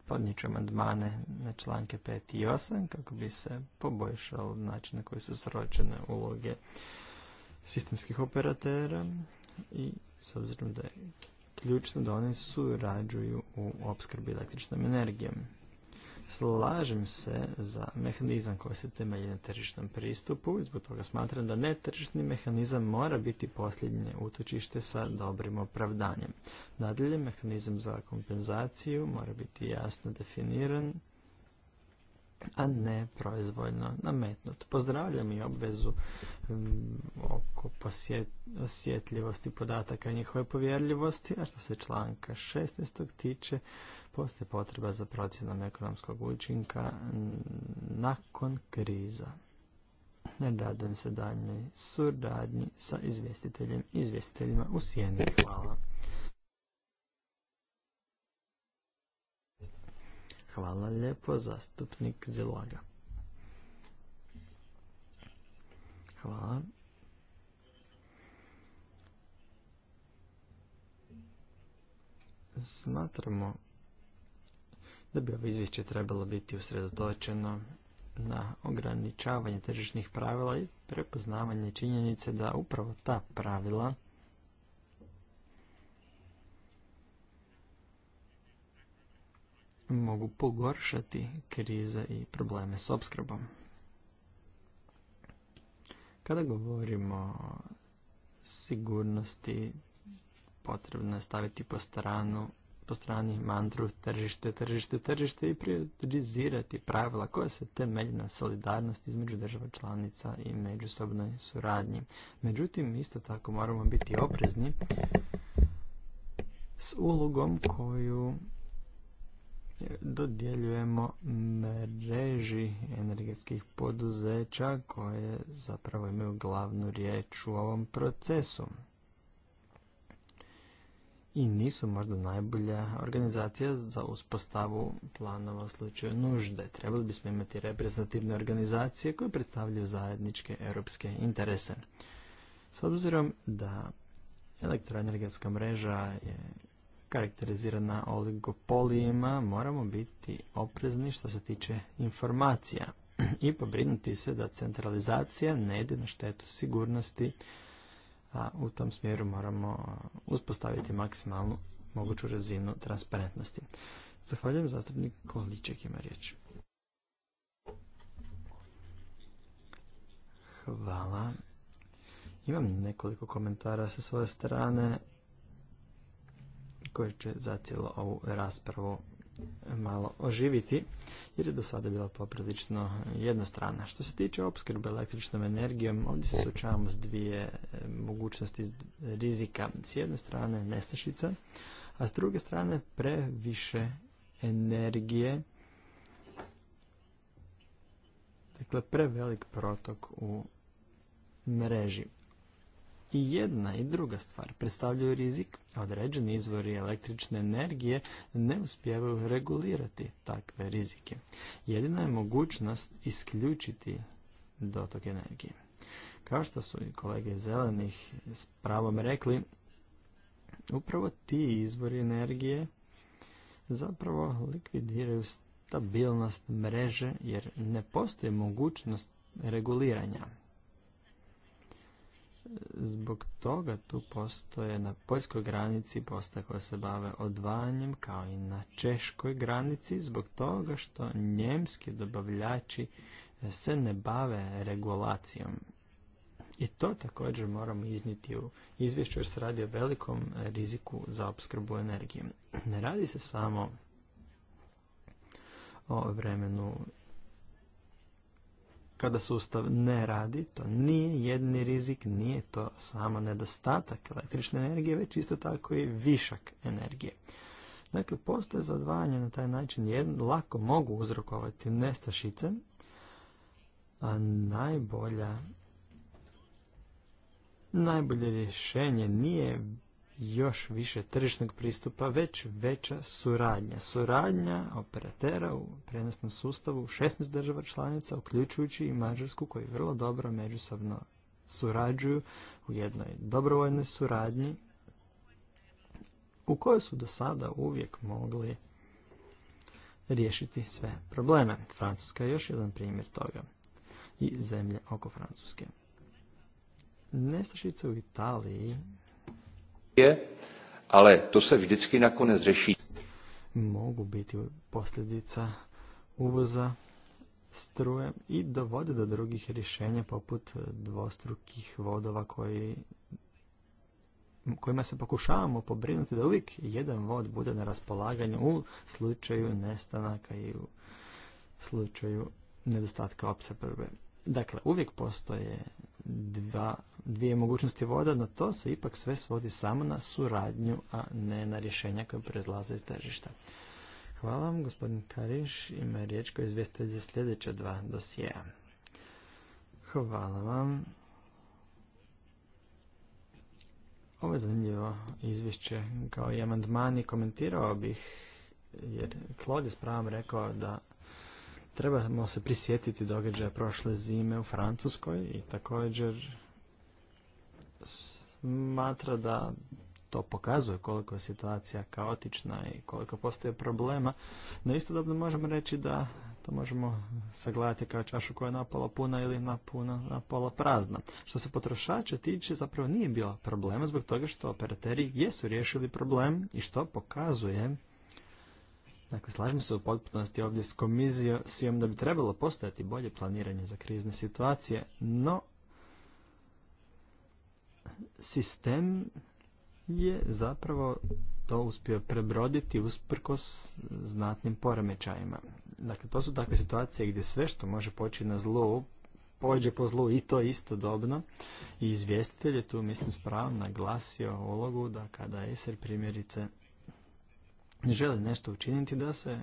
Podnijet ću na članke 5 i 8 kako bi se poboljšao način na koji su sročene uloge sistemskih operatera, i s obzirom da je ključno da one surađuju u opskrbi električnom energijom. Slažem se za mehanizam koji se temelji na tržišnom pristupu i zbog toga smatram da netržišni mehanizam mora biti posljednje utočište sa dobrim opravdanjem. Nadalje, mehanizam za kompenzaciju mora biti jasno definiran a ne proizvoljno nametnut. Pozdravljam i obvezu mm, oko osjetljivosti podataka i njihove povjerljivosti, a što se članka 16. tiče, postoje potreba za procjenom ekonomskog učinka nakon kriza. Ne Radujem se daljnjoj suradnji sa izvjestiteljem izvjestiteljima u Sjeni. Hvala. Hvala lijepo, zastupnik Zilaga. Hvala. Smatramo da bi ovo izvješće trebalo biti usredotočeno na ograničavanje tržišnih pravila i prepoznavanje činjenice da upravo ta pravila mogu pogoršati krize i probleme s opskrbom. Kada govorimo o sigurnosti, potrebno je staviti po stranu po strani mantru tržište, tržište, tržište i prioritizirati pravila koja se temelje na solidarnosti između država članica i međusobnoj suradnji. Međutim, isto tako moramo biti oprezni s ulogom koju dodjeljujemo mreži energetskih poduzeća koje zapravo imaju glavnu riječ u ovom procesu i nisu možda najbolja organizacija za uspostavu planova u slučaju nužde. Trebali bismo imati reprezentativne organizacije koje predstavljaju zajedničke europske interese. S obzirom da elektroenergetska mreža je karakterizirana oligopolijima, moramo biti oprezni što se tiče informacija i pobrinuti se da centralizacija ne ide na štetu sigurnosti, a u tom smjeru moramo uspostaviti maksimalnu moguću razinu transparentnosti. Zahvaljujem, zastupnik Količek ima riječ. Hvala. Imam nekoliko komentara sa svoje strane koje će za cijelo ovu raspravu malo oživiti, jer je do sada bila poprilično jednostrana. Što se tiče opskrbe električnom energijom, ovdje se suočavamo s dvije e, mogućnosti rizika. S jedne strane nestašica, a s druge strane previše energije, dakle prevelik protok u mreži. I jedna i druga stvar predstavljaju rizik, a određeni izvori električne energije ne uspijevaju regulirati takve rizike. Jedina je mogućnost isključiti dotok energije. Kao što su i kolege zelenih s pravom rekli, upravo ti izvori energije zapravo likvidiraju stabilnost mreže jer ne postoji mogućnost reguliranja zbog toga tu postoje na poljskoj granici posta koja se bave odvajanjem kao i na češkoj granici zbog toga što njemski dobavljači se ne bave regulacijom. I to također moramo izniti u izvješću jer se radi o velikom riziku za opskrbu energijom. Ne radi se samo o vremenu kada sustav ne radi, to nije jedni rizik, nije to samo nedostatak električne energije, već isto tako i višak energije. Dakle, postoje zadvajanje na taj način lako mogu uzrokovati nestašice, a najbolja najbolje rješenje nije još više tržišnog pristupa, već veća suradnja. Suradnja operatera u prenosnom sustavu 16 država članica, uključujući i Mađarsku, koji vrlo dobro međusobno surađuju u jednoj dobrovoljnoj suradnji, u kojoj su do sada uvijek mogli riješiti sve probleme. Francuska je još jedan primjer toga i zemlje oko Francuske. Nestašica u Italiji je, ale to se vždycky nakonec řeší. Mogu biti posljedica uvoza struje i dovode do drugih rješenja poput dvostrukih vodova koji kojima se pokušavamo pobrinuti da uvijek jedan vod bude na raspolaganju u slučaju nestanaka i u slučaju nedostatka opskrbe. Dakle, uvijek postoje dva dvije mogućnosti voda, no to se ipak sve svodi samo na suradnju, a ne na rješenja koje prezlaze iz tržišta. Hvala vam, gospodin Kariš. Ima riječ koja izvijestuje za sljedeća dva dosijeja. Hvala vam. Ovo je zanimljivo izvješće kao i amandmani. Komentirao bih, jer Klod je s pravom rekao da trebamo se prisjetiti događaja prošle zime u Francuskoj i također smatra da to pokazuje koliko je situacija kaotična i koliko postoje problema, no istodobno možemo reći da to možemo sagledati kao čašu koja je napola puna ili napuna, napola prazna. Što se potrošača tiče, zapravo nije bilo problema zbog toga što operateri jesu riješili problem i što pokazuje Dakle, slažem se u potpunosti ovdje s komisijom da bi trebalo postojati bolje planiranje za krizne situacije, no sistem je zapravo to uspio prebroditi usprkos znatnim poremećajima. Dakle, to su takve situacije gdje sve što može poći na zlu pođe po zlu i to istodobno. I izvjestitelj je tu, mislim, spravno naglasio ulogu da kada ESER primjerice želi nešto učiniti da se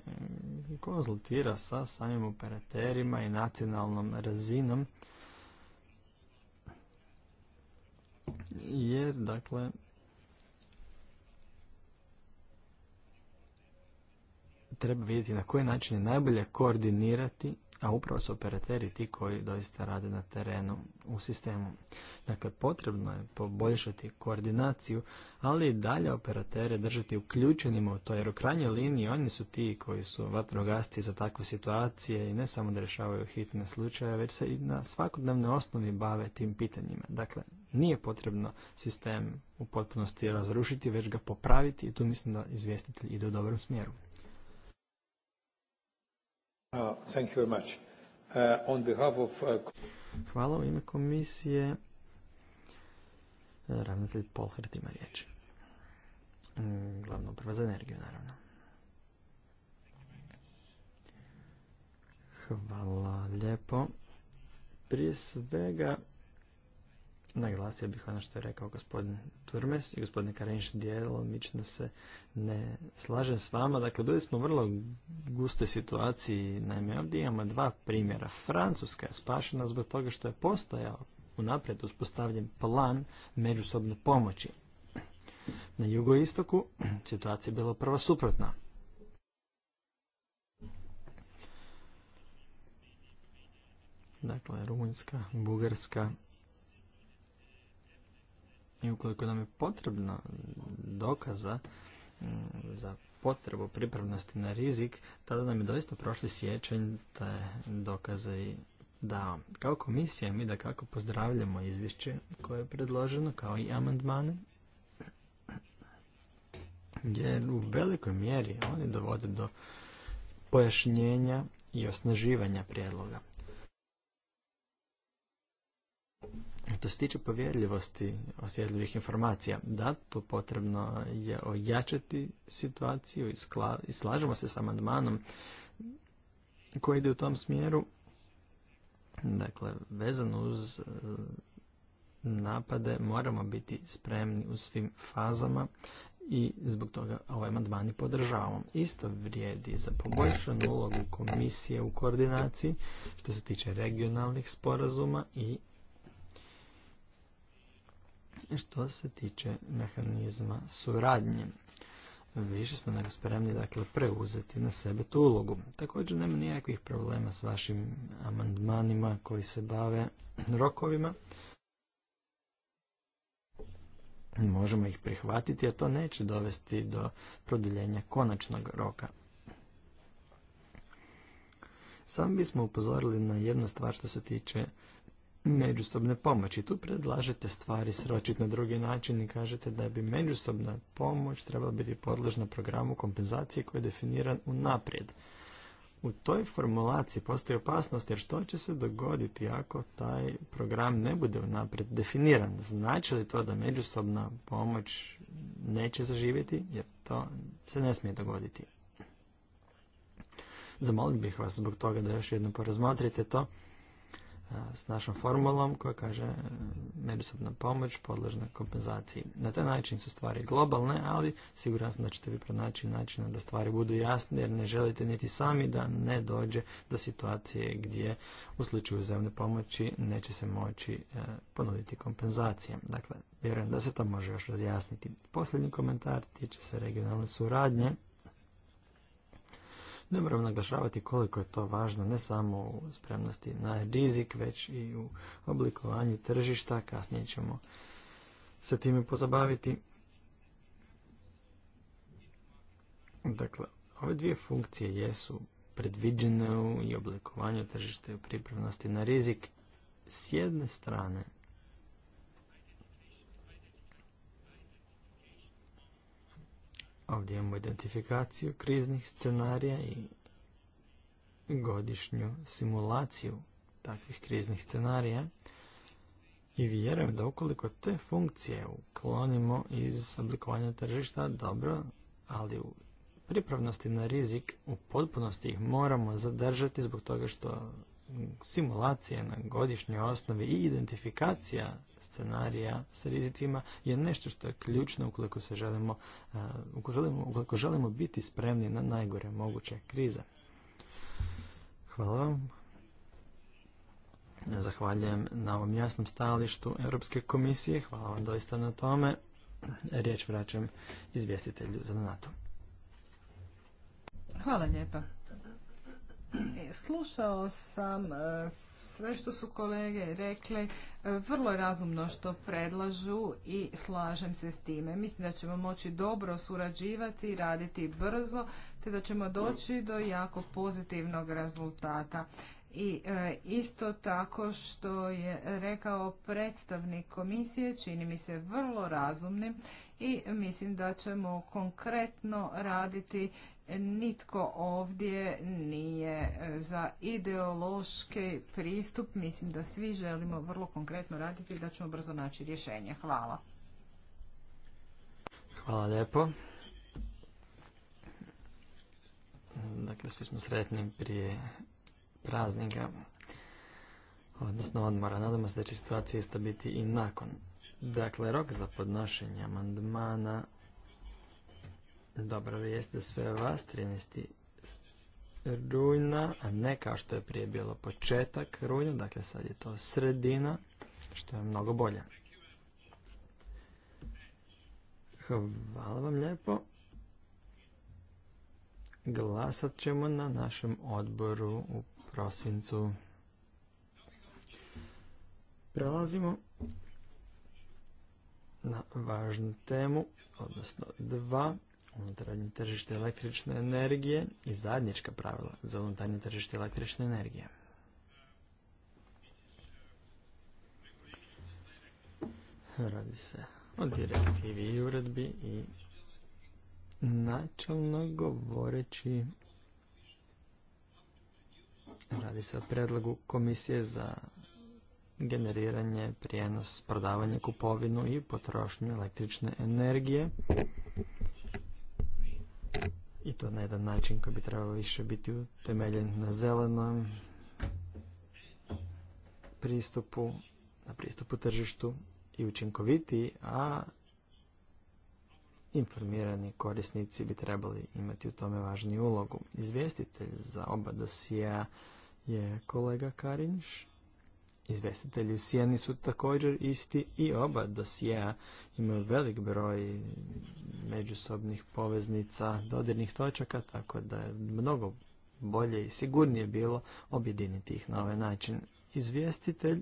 konzultira sa samim operaterima i nacionalnom razinom jer dakle treba vidjeti na koji način je najbolje koordinirati a upravo su operateri ti koji doista rade na terenu u sistemu. Dakle, potrebno je poboljšati koordinaciju, ali i dalje operatere držati uključenima u to, jer u krajnjoj liniji oni su ti koji su vatrogasci za takve situacije i ne samo da rješavaju hitne slučaje, već se i na svakodnevnoj osnovi bave tim pitanjima. Dakle, nije potrebno sistem u potpunosti razrušiti, već ga popraviti i tu mislim da izvjestitelj ide u dobrom smjeru on Hvala u ime komisije. Uh, ravnatelj Polhrt ima riječ. Mm, Glavno uprava za energiju, naravno. Hvala lijepo. Prije svega naglasio bih ono što je rekao gospodin Turmes i gospodin Karinš da se ne slažem s vama. Dakle, bili smo u vrlo gustoj situaciji. Naime, ovdje imamo dva primjera. Francuska je spašena zbog toga što je postojao unaprijed uspostavljen plan međusobne pomoći. Na jugoistoku situacija je bila prva suprotna. Dakle, Rumunjska, Bugarska, i ukoliko nam je potrebno dokaza mm, za potrebu pripravnosti na rizik, tada nam je doista prošli sjećanj te dokaze i dao. Kao komisija mi da kako pozdravljamo izvješće koje je predloženo, kao i amandmane, jer u velikoj mjeri oni dovode do pojašnjenja i osnaživanja prijedloga. To se tiče povjerljivosti osjetljivih informacija, da, tu potrebno je ojačati situaciju i, slažemo se s amandmanom koji ide u tom smjeru, dakle, vezano uz e, napade moramo biti spremni u svim fazama i zbog toga ovaj amandman i podržavamo. Isto vrijedi za poboljšanu ulogu komisije u koordinaciji što se tiče regionalnih sporazuma i što se tiče mehanizma suradnje. Više smo nego spremni dakle, preuzeti na sebe tu ulogu. Također nema nijakvih problema s vašim amandmanima koji se bave rokovima. Možemo ih prihvatiti, a to neće dovesti do produljenja konačnog roka. Samo bismo upozorili na jednu stvar što se tiče međusobne pomoći. Tu predlažete stvari sročiti na drugi način i kažete da bi međusobna pomoć trebala biti podložna programu kompenzacije koji je definiran naprijed. U toj formulaciji postoji opasnost jer što će se dogoditi ako taj program ne bude unaprijed definiran? Znači li to da međusobna pomoć neće zaživjeti? Jer to se ne smije dogoditi. Zamolim bih vas zbog toga da još jednom porazmotrite to s našom formulom koja kaže e, međusobna pomoć podložna kompenzaciji. Na taj način su stvari globalne, ali siguran sam da ćete vi pronaći načina da stvari budu jasne jer ne želite niti sami da ne dođe do situacije gdje u slučaju zemlje pomoći neće se moći e, ponuditi kompenzacija. Dakle, vjerujem da se to može još razjasniti. Posljednji komentar tiče se regionalne suradnje. Ne moram naglašavati koliko je to važno, ne samo u spremnosti na rizik, već i u oblikovanju tržišta. Kasnije ćemo se time pozabaviti. Dakle, ove dvije funkcije jesu predviđene u i oblikovanju tržišta i u pripravnosti na rizik. S jedne strane, Ovdje imamo identifikaciju kriznih scenarija i godišnju simulaciju takvih kriznih scenarija i vjerujem da ukoliko te funkcije uklonimo iz oblikovanja tržišta, dobro, ali u pripravnosti na rizik u potpunosti ih moramo zadržati zbog toga što simulacije na godišnjoj osnovi i identifikacija scenarija s rizicima je nešto što je ključno ukoliko, se želimo, želimo, ukoliko želimo biti spremni na najgore moguće krize. Hvala vam. Zahvaljujem na ovom jasnom stalištu Europske komisije. Hvala vam doista na tome. Riječ vraćam izvjestitelju za NATO. Hvala lijepa. E, slušao sam e, sve što su kolege rekle e, vrlo je razumno što predlažu i slažem se s time. Mislim da ćemo moći dobro surađivati i raditi brzo, te da ćemo doći do jako pozitivnog rezultata. I e, isto tako što je rekao predstavnik komisije, čini mi se vrlo razumnim i mislim da ćemo konkretno raditi nitko ovdje nije e, za ideološki pristup. Mislim da svi želimo vrlo konkretno raditi i da ćemo brzo naći rješenje. Hvala. Hvala lijepo. Dakle, svi smo sretni prije praznika, odnosno odmora. Nadamo se da će situacija ista biti i nakon. Dakle, rok za podnošenje amandmana dobro vijest sve vas, 13. rujna, a ne kao što je prije bilo početak rujna, dakle sad je to sredina, što je mnogo bolje. Hvala vam lijepo. Glasat ćemo na našem odboru u prosincu. Prelazimo na važnu temu, odnosno dva unutarnje tržište električne energije i zadnjička pravila za unutarnje tržište električne energije. Radi se o direktivi i uredbi i načalno govoreći radi se o predlogu komisije za generiranje, prijenos, prodavanje, kupovinu i potrošnju električne energije i to na jedan način koji bi trebao više biti utemeljen na zelenom pristupu, na pristupu tržištu i učinkoviti, a informirani korisnici bi trebali imati u tome važniju ulogu. Izvjestitelj za oba dosija je kolega Karinš. Izvestitelji u Sijeni su također isti i oba dosjea imaju velik broj međusobnih poveznica, dodirnih točaka, tako da je mnogo bolje i sigurnije bilo objediniti ih na ovaj način. Izvjestitelj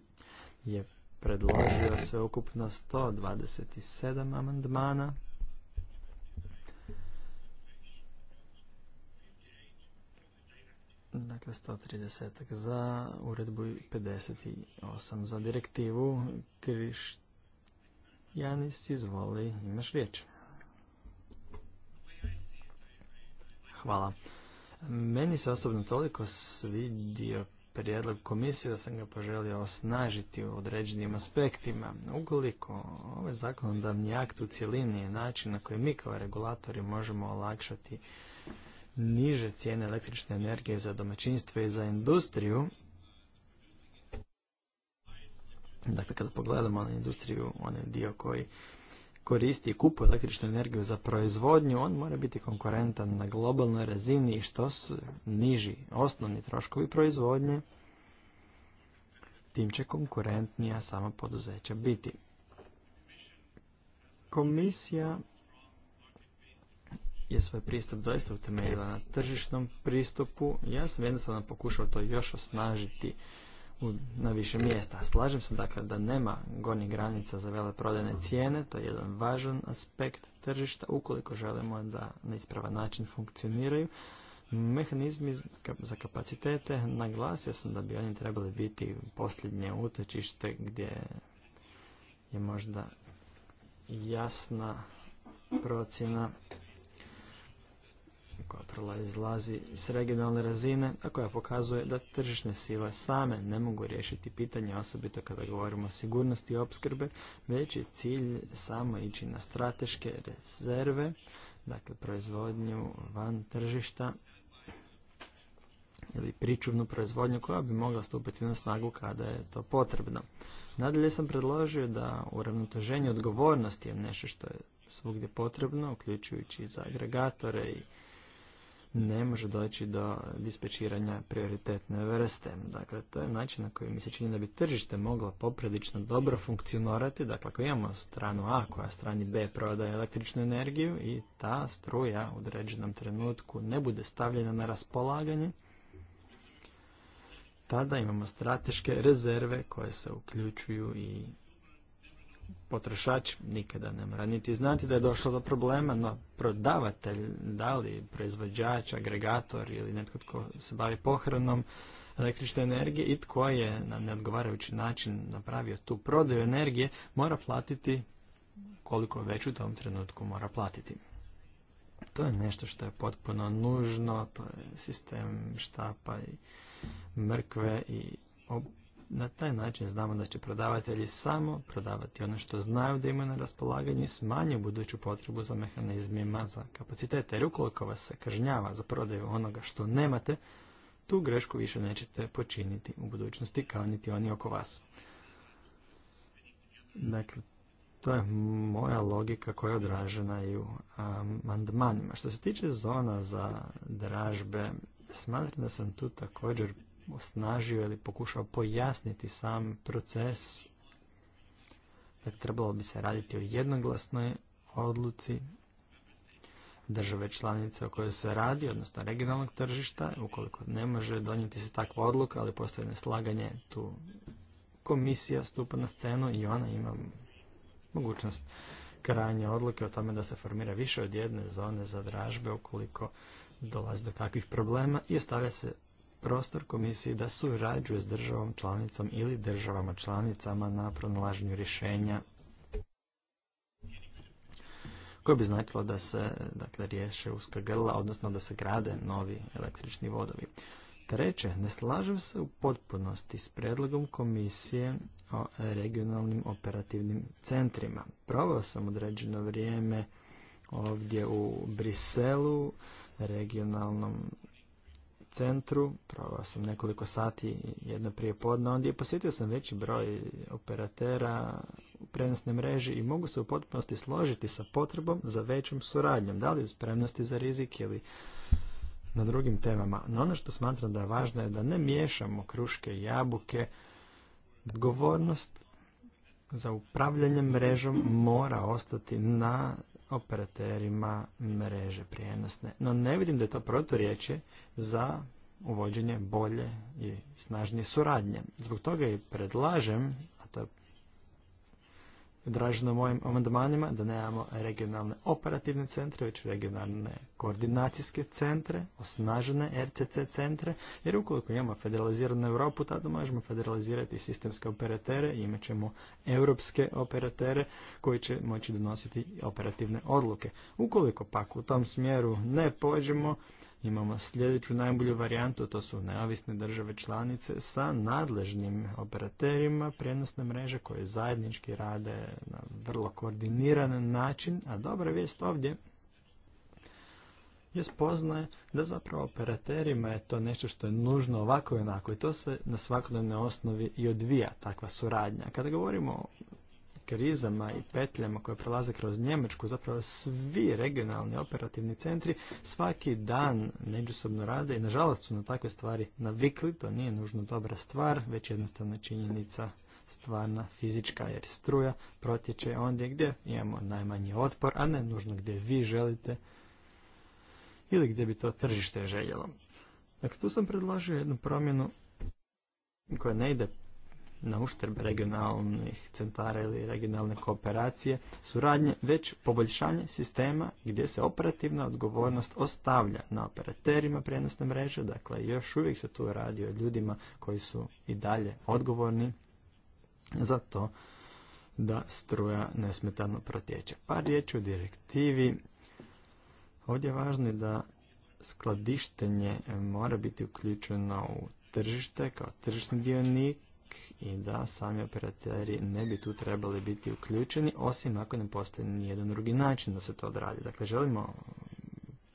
je predložio sveukupno 127 amandmana. Dakle, 130 za uredbu 58 za direktivu. Kriš... Janis, izvoli, imaš riječ. Hvala. Meni se osobno toliko svidio prijedlog komisije da sam ga poželio osnažiti u određenim aspektima. Ukoliko ovaj zakonodavni akt u cjelini je način na koji mi kao regulatori možemo olakšati niže cijene električne energije za domaćinstvo i za industriju. Dakle, kada pogledamo na industriju, onaj dio koji koristi i kupuje električnu energiju za proizvodnju, on mora biti konkurentan na globalnoj razini i što su niži osnovni troškovi proizvodnje, tim će konkurentnija sama poduzeća biti. Komisija je svoj pristup doista utemeljila na tržišnom pristupu. Ja sam jednostavno pokušao to još osnažiti u, na više mjesta. Slažem se dakle da nema gornjih granica za veleprodajne cijene, to je jedan važan aspekt tržišta ukoliko želimo da na ispravan način funkcioniraju. Mehanizmi za kapacitete, naglasio sam da bi oni trebali biti posljednje utočište gdje je možda jasna procjena koja izlazi s regionalne razine, a koja pokazuje da tržišne sile same ne mogu riješiti pitanje, osobito kada govorimo o sigurnosti opskrbe, već je cilj samo ići na strateške rezerve, dakle proizvodnju van tržišta ili pričuvnu proizvodnju koja bi mogla stupiti na snagu kada je to potrebno. Nadalje sam predložio da uravnoteženje odgovornosti je nešto što je svugdje potrebno, uključujući i za agregatore i ne može doći do dispečiranja prioritetne vrste. Dakle, to je način na koji mi se čini da bi tržište moglo poprilično dobro funkcionirati. Dakle, ako imamo stranu A koja strani B prodaje električnu energiju i ta struja u određenom trenutku ne bude stavljena na raspolaganje, tada imamo strateške rezerve koje se uključuju i potrošač nikada ne mora niti znati da je došlo do problema, no prodavatelj, da li proizvođač, agregator ili netko tko se bavi pohranom električne energije i tko je na neodgovarajući način napravio tu prodaju energije, mora platiti koliko već u tom trenutku mora platiti. To je nešto što je potpuno nužno, to je sistem štapa i mrkve i na taj način znamo da će prodavatelji samo prodavati ono što znaju da imaju na raspolaganju i smanje buduću potrebu za mehanizmima za kapacitete. Jer ukoliko vas se kažnjava za prodaju onoga što nemate, tu grešku više nećete počiniti u budućnosti kao niti oni oko vas. Dakle, to je moja logika koja je odražena i u amandmanima. Što se tiče zona za dražbe, smatram da sam tu također osnažio ili pokušao pojasniti sam proces. Dakle, trebalo bi se raditi o jednoglasnoj odluci države članice o kojoj se radi, odnosno regionalnog tržišta, ukoliko ne može donijeti se takva odluka, ali postoje neslaganje, tu komisija stupa na scenu i ona ima mogućnost krajanja odluke o tome da se formira više od jedne zone za dražbe ukoliko dolazi do kakvih problema i ostavlja se prostor komisiji da surađuje s državom članicom ili državama članicama na pronalaženju rješenja koje bi značilo da se dakle, riješe uska grla, odnosno da se grade novi električni vodovi. Treće, ne slažem se u potpunosti s predlogom komisije o regionalnim operativnim centrima. Provao sam određeno vrijeme ovdje u Briselu, regionalnom centru, provao sam nekoliko sati jedno prije podne, je posjetio sam veći broj operatera u prenosnoj mreži i mogu se u potpunosti složiti sa potrebom za većom suradnjom, da li u spremnosti za rizik ili na drugim temama. No ono što smatram da je važno je da ne miješamo kruške i jabuke. Odgovornost za upravljanje mrežom mora ostati na operaterima mreže prijenosne. No ne vidim da je to proturječje za uvođenje bolje i snažnije suradnje. Zbog toga i predlažem odraženo mojim amandmanima, da nemamo regionalne operativne centre, već regionalne koordinacijske centre, osnažene RCC centre, jer ukoliko imamo federaliziranu Europu, tada možemo federalizirati sistemske operatere i imat ćemo europske operatere koji će moći donositi operativne odluke. Ukoliko pak u tom smjeru ne pođemo, imamo sljedeću najbolju varijantu, to su neovisne države članice sa nadležnim operaterima prijenosne mreže koje zajednički rade na vrlo koordiniran način, a dobra vijest ovdje je spoznaje da zapravo operaterima je to nešto što je nužno ovako i onako i to se na svakodnevnoj osnovi i odvija takva suradnja. Kada govorimo o krizama i petljama koje prolaze kroz Njemačku, zapravo svi regionalni operativni centri svaki dan međusobno rade i nažalost su na takve stvari navikli, to nije nužno dobra stvar, već jednostavna činjenica stvarna fizička jer struja protječe ondje gdje imamo najmanji otpor, a ne nužno gdje vi želite ili gdje bi to tržište željelo. Dakle, tu sam predložio jednu promjenu koja ne ide na uštrb regionalnih centara ili regionalne kooperacije, suradnje već poboljšanje sistema gdje se operativna odgovornost ostavlja na operaterima prijenosne mreže, dakle još uvijek se tu radi o ljudima koji su i dalje odgovorni za to da struja nesmetano protječe. Par riječi o direktivi. Ovdje je važno da skladištenje mora biti uključeno u tržište kao tržišni dionik i da sami operateri ne bi tu trebali biti uključeni, osim ako ne postoji nijedan drugi način da se to odradi. Dakle, želimo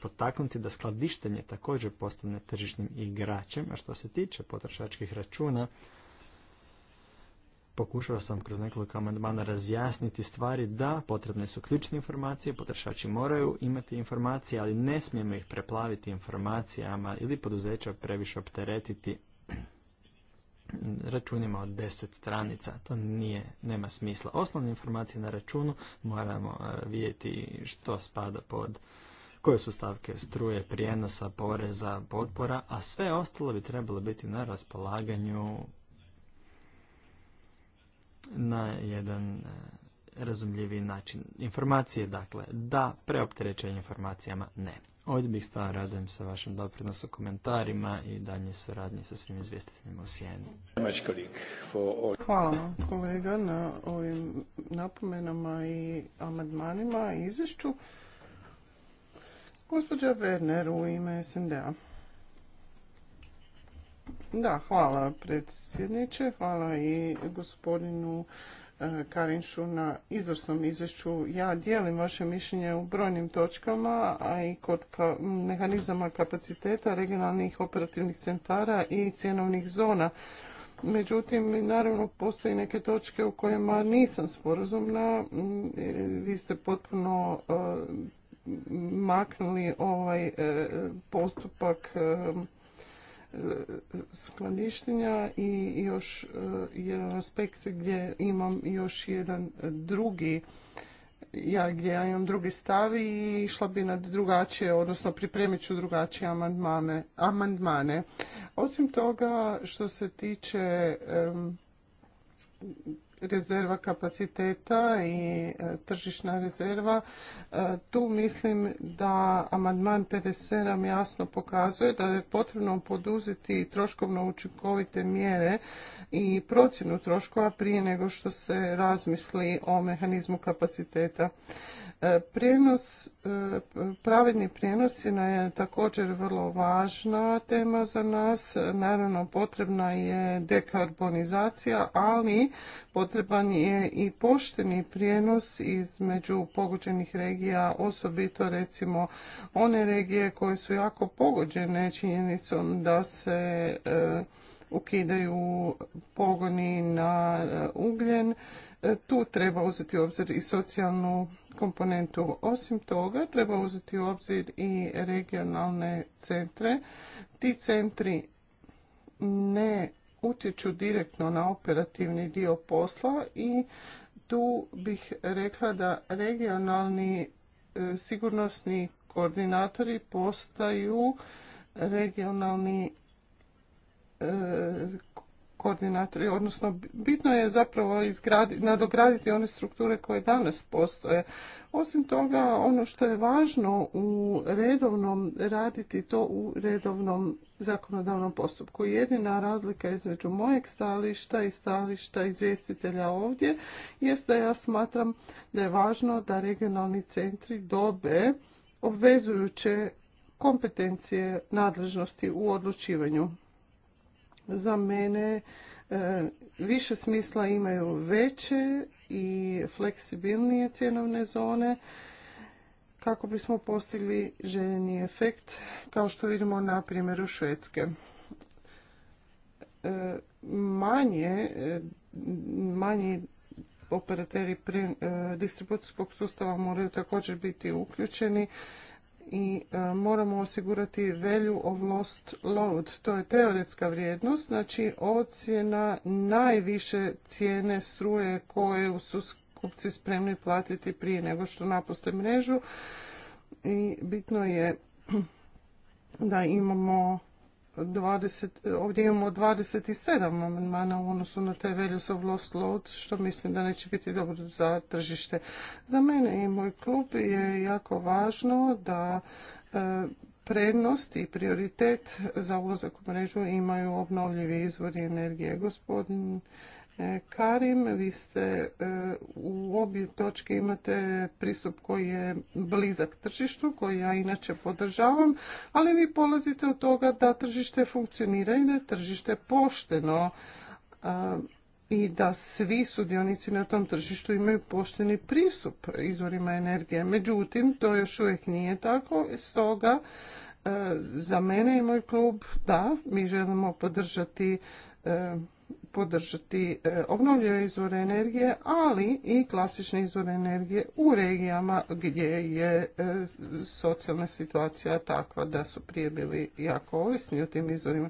potaknuti da skladištenje također postane tržišnim igračem, a što se tiče potrošačkih računa, pokušao sam kroz nekoliko amandmana razjasniti stvari da potrebne su ključne informacije, potrošači moraju imati informacije, ali ne smijemo ih preplaviti informacijama ili poduzeća previše opteretiti računima od 10 stranica. To nije, nema smisla. Osnovne informacije na računu moramo e, vidjeti što spada pod koje su stavke struje, prijenosa, poreza, potpora, a sve ostalo bi trebalo biti na raspolaganju na jedan e, razumljiviji način informacije. Dakle, da, preopterećenje informacijama ne. Ovdje bih stvarno radujem sa vašim doprinosom komentarima i daljnje suradnje sa svim izvjestiteljima u Sijeni. Hvala vam kolega na ovim napomenama i amadmanima, i izvješću. Gospođa Werner u ime SND-a. Da, hvala predsjedniče, hvala i gospodinu Karinšu na izvrsnom izvješću. Ja dijelim vaše mišljenje u brojnim točkama, a i kod mehanizama kapaciteta regionalnih operativnih centara i cjenovnih zona. Međutim, naravno, postoji neke točke u kojima nisam sporazumna. Mm, vi ste potpuno e, maknuli ovaj e, postupak e, skladištenja i još e, jedan aspekt gdje imam još jedan drugi ja gdje ja imam drugi stav i išla bi na drugačije, odnosno pripremit ću drugačije amandmane. amandmane. Osim toga, što se tiče rezerva kapaciteta i e, tržišna rezerva. E, tu mislim da amandman 57 jasno pokazuje da je potrebno poduzeti troškovno učinkovite mjere i procjenu troškova prije nego što se razmisli o mehanizmu kapaciteta. E, prijenos, e, pravedni prijenos je također vrlo važna tema za nas. Naravno potrebna je dekarbonizacija, ali potreban je i pošteni prijenos između pogođenih regija, osobito recimo one regije koje su jako pogođene činjenicom da se e, ukidaju pogoni na ugljen. Tu treba uzeti u obzir i socijalnu komponentu. Osim toga, treba uzeti u obzir i regionalne centre. Ti centri ne utječu direktno na operativni dio posla i tu bih rekla da regionalni e, sigurnosni koordinatori postaju regionalni e, koordinatori, odnosno bitno je zapravo nadograditi one strukture koje danas postoje. Osim toga, ono što je važno u redovnom raditi to u redovnom zakonodavnom postupku. Jedina razlika između mojeg stajališta i stajališta izvjestitelja ovdje jest da ja smatram da je važno da regionalni centri dobe obvezujuće kompetencije nadležnosti u odlučivanju za mene e, više smisla imaju veće i fleksibilnije cjenovne zone kako bismo postigli željeni efekt kao što vidimo na primjeru Švedske. E, manje, e, manji operateri distribucijskog sustava moraju također biti uključeni i e, moramo osigurati value of lost load. To je teoretska vrijednost, znači ocjena najviše cijene struje koje su kupci spremni platiti prije nego što napuste mrežu. I bitno je da imamo 20, ovdje imamo 27 amandmana u odnosu na taj values of lost load, što mislim da neće biti dobro za tržište. Za mene i moj klub je jako važno da e, prednost i prioritet za ulazak u mrežu imaju obnovljivi izvori energije. Gospodin E, Karim, vi ste e, u obje točke imate pristup koji je blizak tržištu, koji ja inače podržavam, ali vi polazite od toga da tržište funkcionira i da je tržište pošteno e, i da svi sudionici na tom tržištu imaju pošteni pristup izvorima energije. Međutim, to još uvijek nije tako, stoga za mene i moj klub da, mi želimo podržati podržati e, obnovljive izvore energije, ali i klasične izvore energije u regijama gdje je e, socijalna situacija takva da su prije bili jako ovisni o tim izvorima.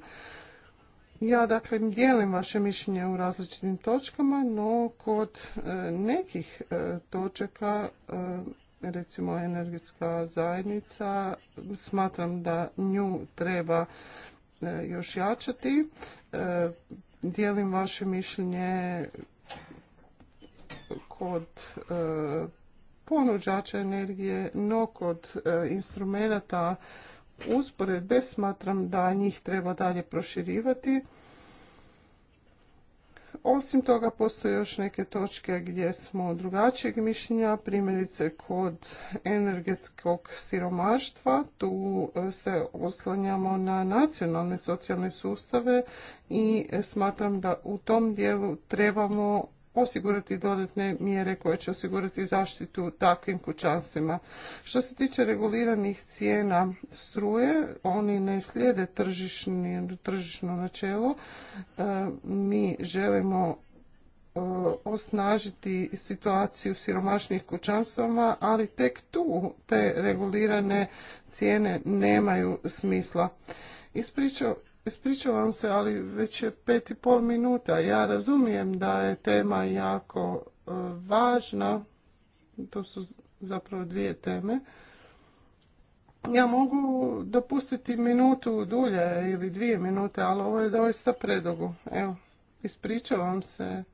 Ja dakle dijelim vaše mišljenje u različitim točkama, no kod e, nekih točaka recimo energetska zajednica smatram da nju treba još jačati dijelim vaše mišljenje kod e, ponuđača energije, no kod e, instrumenata usporedbe smatram da njih treba dalje proširivati osim toga postoje još neke točke gdje smo drugačijeg mišljenja, primjerice kod energetskog siromaštva. Tu e, se oslanjamo na nacionalne socijalne sustave i smatram da u tom dijelu trebamo osigurati dodatne mjere koje će osigurati zaštitu takvim kućanstvima. Što se tiče reguliranih cijena struje, oni ne slijede tržišni, tržišno načelo. E, mi želimo e, osnažiti situaciju siromašnih kućanstvama, ali tek tu te regulirane cijene nemaju smisla. Ispričao Ispričavam se, ali već je pet i pol minuta. Ja razumijem da je tema jako e, važna. To su zapravo dvije teme. Ja mogu dopustiti minutu dulje ili dvije minute, ali ovo je doista predugo. Evo, ispričavam se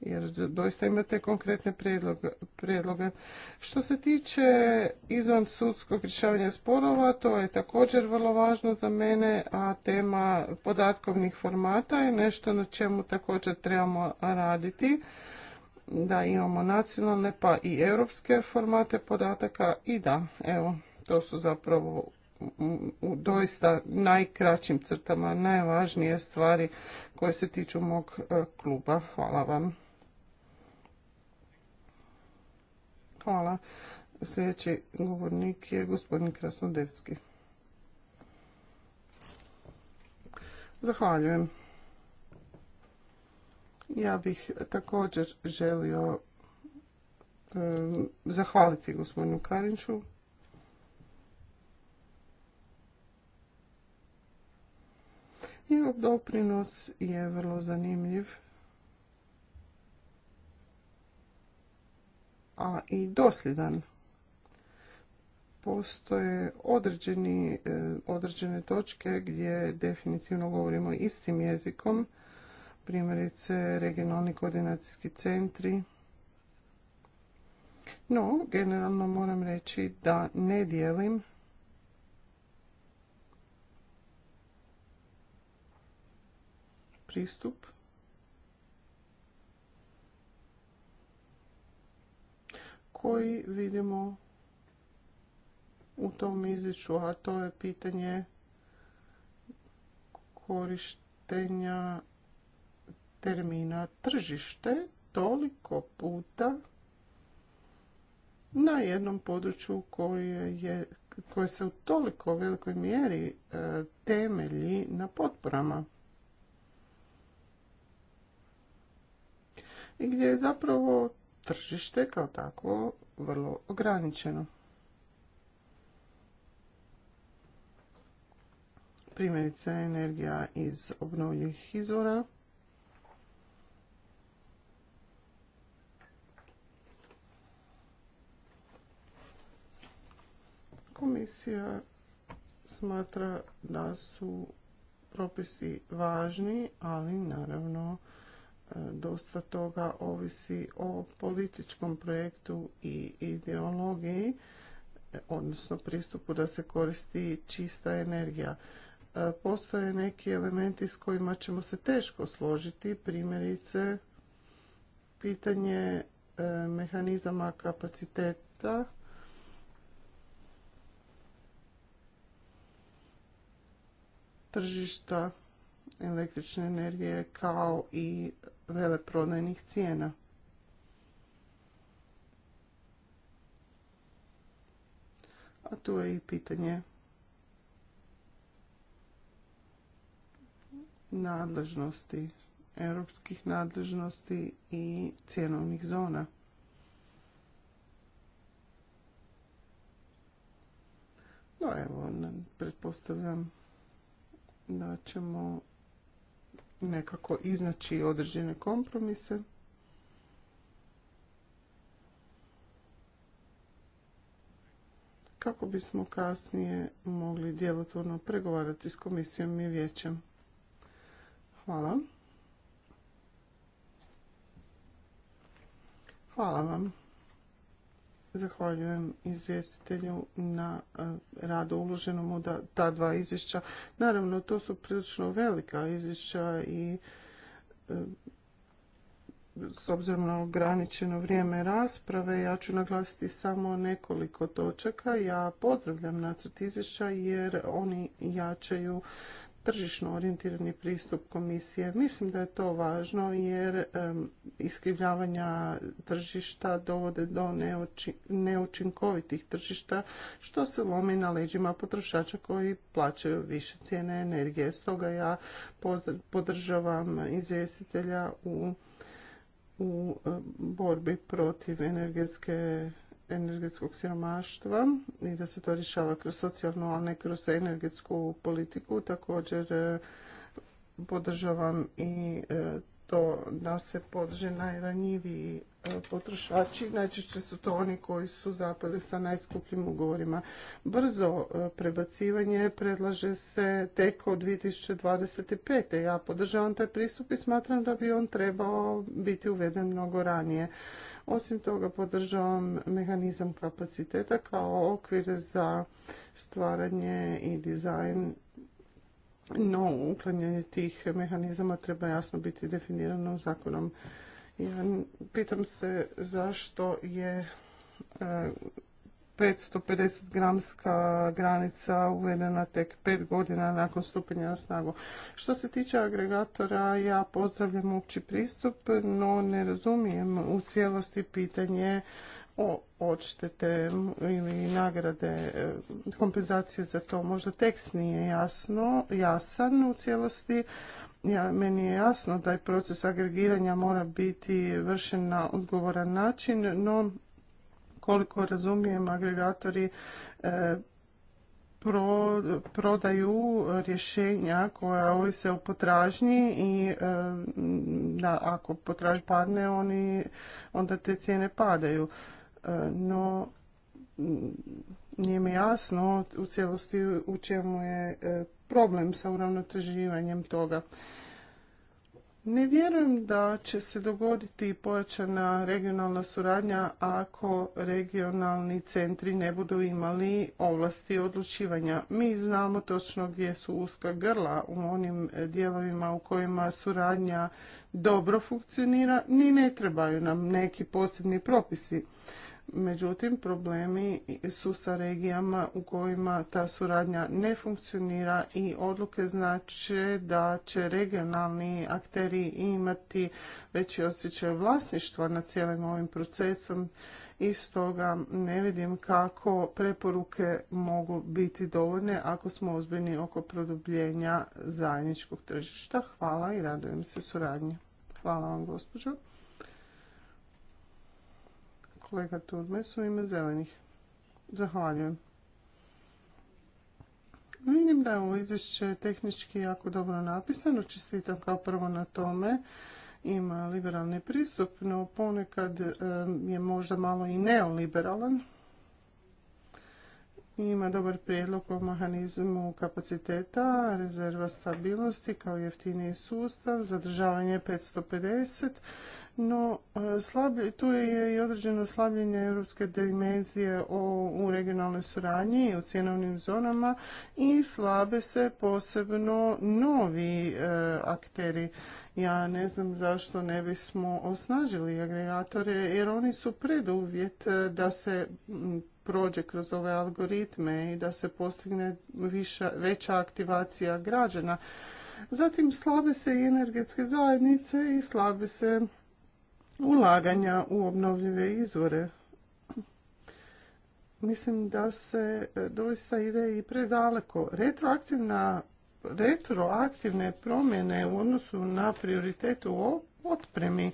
jer doista imate konkretne prijedloge. Što se tiče izvan sudskog rješavanja sporova, to je također vrlo važno za mene, a tema podatkovnih formata je nešto na čemu također trebamo raditi da imamo nacionalne pa i europske formate podataka i da, evo, to su zapravo u doista najkraćim crtama najvažnije stvari koje se tiču mog e, kluba. Hvala vam. Hvala. Sljedeći govornik je gospodin Krasnodevski. Zahvaljujem. Ja bih također želio zahvaliti gospodinu Karinču. Njegov doprinos je vrlo zanimljiv a i dosljedan. Postoje određeni, e, određene točke gdje definitivno govorimo istim jezikom, primjerice regionalni koordinacijski centri. No, generalno moram reći da ne dijelim pristup koji vidimo u tom izvješću, a to je pitanje korištenja termina tržište toliko puta na jednom području koje, koje se u toliko velikoj mjeri e, temelji na potporama. I gdje je zapravo tržište kao takvo vrlo ograničeno. Primjerice energija iz obnovljivih izvora. Komisija smatra da su propisi važni, ali naravno dosta toga ovisi o političkom projektu i ideologiji, odnosno pristupu da se koristi čista energija. E, postoje neki elementi s kojima ćemo se teško složiti, primjerice pitanje e, mehanizama kapaciteta tržišta električne energije kao i veleprodajnih cijena. A tu je i pitanje nadležnosti, europskih nadležnosti i cijenovnih zona. No evo, pretpostavljam da ćemo nekako iznaći određene kompromise. kako bismo kasnije mogli djelotvorno pregovarati s komisijom i vijećem. Hvala. Hvala vam. Zahvaljujem izvjestitelju na e, radu uloženom u ta dva izvješća. Naravno, to su prilično velika izvješća i e, s obzirom na ograničeno vrijeme rasprave, ja ću naglasiti samo nekoliko točaka. Ja pozdravljam nacrt izvješća jer oni jačaju tržišno orijentirani pristup komisije. Mislim da je to važno jer iskrivljavanja tržišta dovode do neučinkovitih tržišta što se lomi na leđima potrošača koji plaćaju više cijene energije. Stoga ja podržavam izvjestitelja u, u borbi protiv energetske energetskog siromaštva i da se to rješava kroz socijalnu, a ne kroz energetsku politiku. Također e, podržavam i e, to da se podrže najranjiviji e, potrošači. Najčešće su to oni koji su zapeli sa najskupljim ugovorima. Brzo prebacivanje predlaže se tek od 2025. Ja podržavam taj pristup i smatram da bi on trebao biti uveden mnogo ranije. Osim toga podržavam mehanizam kapaciteta kao okvir za stvaranje i dizajn no uklanjanje tih mehanizama treba jasno biti definirano zakonom. Ja pitam se zašto je e, 550 gramska granica uvedena tek pet godina nakon stupanja na snagu. Što se tiče agregatora, ja pozdravljam opći pristup, no ne razumijem u cijelosti pitanje o odštete ili nagrade, eh, kompenzacije za to. Možda tekst nije jasno, jasan u cijelosti, ja, meni je jasno da je proces agregiranja mora biti vršen na odgovoran način, no koliko razumijem agregatori e, prodaju rješenja koja ovise o potražnji i e, da ako potraž padne oni onda te cijene padaju. E, no nije mi jasno u cijelosti u čemu je problem sa uravnoteživanjem toga. Ne vjerujem da će se dogoditi pojačana regionalna suradnja ako regionalni centri ne budu imali ovlasti odlučivanja. Mi znamo točno gdje su uska grla u onim dijelovima u kojima suradnja dobro funkcionira, ni ne trebaju nam neki posebni propisi. Međutim, problemi su sa regijama u kojima ta suradnja ne funkcionira i odluke znače da će regionalni akteri imati veći osjećaj vlasništva nad cijelim ovim procesom i stoga ne vidim kako preporuke mogu biti dovoljne ako smo ozbiljni oko produbljenja zajedničkog tržišta. Hvala i radujem se suradnji. Hvala vam gospođo. Kolega Turmes u ime zelenih. Zahvaljujem. Vidim da je ovo izvješće tehnički jako dobro napisano. Čestitam kao prvo na tome. Ima liberalni pristup, no ponekad e, je možda malo i neoliberalan. Ima dobar prijedlog o mehanizmu kapaciteta, rezerva stabilnosti kao jeftiniji sustav, zadržavanje 550, no, e, tu je i određeno slabljenje europske dimenzije u regionalnoj suradnji i u cjenovnim zonama i slabe se posebno novi e, akteri. Ja ne znam zašto ne bismo osnažili agregatore jer oni su preduvjet e, da se prođe kroz ove algoritme i da se postigne veća aktivacija građana. Zatim slabe se i energetske zajednice i slabe se ulaganja u obnovljive izvore. Mislim da se e, doista ide i predaleko. retroaktivne promjene u odnosu na prioritetu u otpremi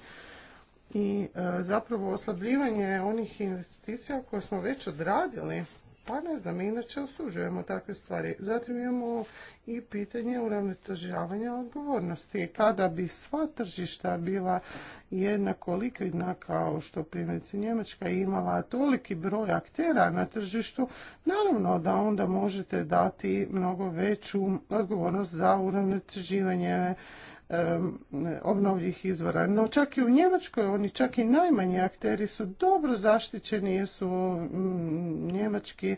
i e, zapravo oslabljivanje onih investicija koje smo već odradili pa ne znam, inače osuđujemo takve stvari. Zatim imamo i pitanje uravnotežavanja odgovornosti. Kada bi sva tržišta bila jednako likvidna kao što primjerice Njemačka imala toliki broj aktera na tržištu, naravno da onda možete dati mnogo veću odgovornost za uravnoteživanje obnovljivih izvora. No čak i u Njemačkoj, oni čak i najmanji akteri su dobro zaštićeni jer su mm, njemački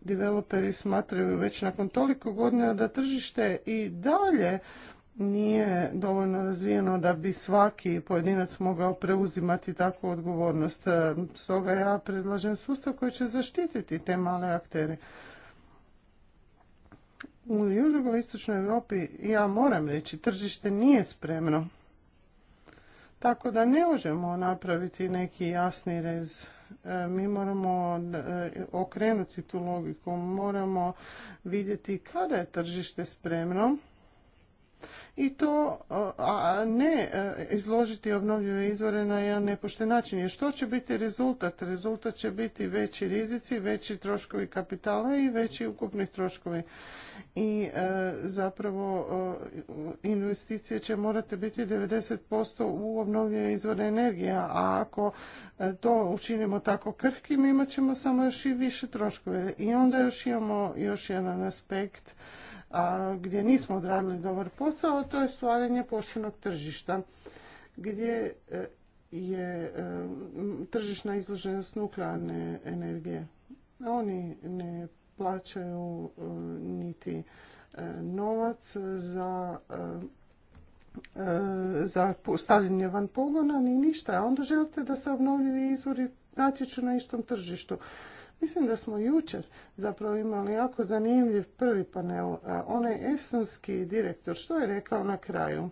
developeri smatraju već nakon toliko godina da tržište i dalje nije dovoljno razvijeno da bi svaki pojedinac mogao preuzimati takvu odgovornost. Stoga ja predlažem sustav koji će zaštititi te male aktere. U jugoistočnoj Europi, ja moram reći, tržište nije spremno. Tako da ne možemo napraviti neki jasni rez. E, mi moramo e, okrenuti tu logiku, moramo vidjeti kada je tržište spremno i to izložiti obnovljive izvore na jedan nepošten način. Jer što će biti rezultat? Rezultat će biti veći rizici, veći troškovi kapitala i veći ukupni troškovi. I e, zapravo e, investicije će morati biti 90% u obnovljive izvore energije. a ako e, to učinimo tako krhkim, imat ćemo samo još i više troškove. I onda još imamo još jedan aspekt gdje nismo odradili dobar posao, to je stvaranje poštenog tržišta gdje e, je e, tržišna izloženost nuklearne energije. Oni ne plaćaju e, niti novac za za stavljanje van pogona ni ništa. a Onda želite da se obnovljivi izvori natječu na istom tržištu. Mislim da smo jučer zapravo imali jako zanimljiv prvi panel. Onaj estonski direktor, što je rekao na kraju?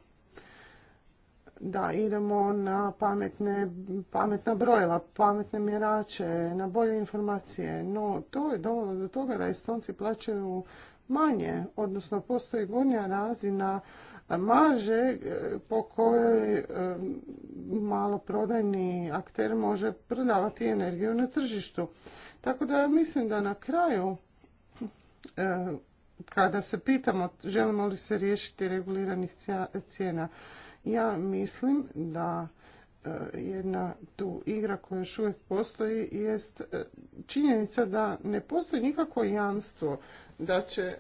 da idemo na pametne, pametna brojila, pametne mjerače, na bolje informacije. No, to je dovoljno do toga da Estonci plaćaju manje, odnosno postoji gornja razina marže e, po kojoj e, maloprodajni akter može prodavati energiju na tržištu. Tako da mislim da na kraju e, kada se pitamo želimo li se riješiti reguliranih cijena, ja mislim da e, jedna tu igra koja još uvijek postoji jest e, činjenica da ne postoji nikakvo jamstvo da će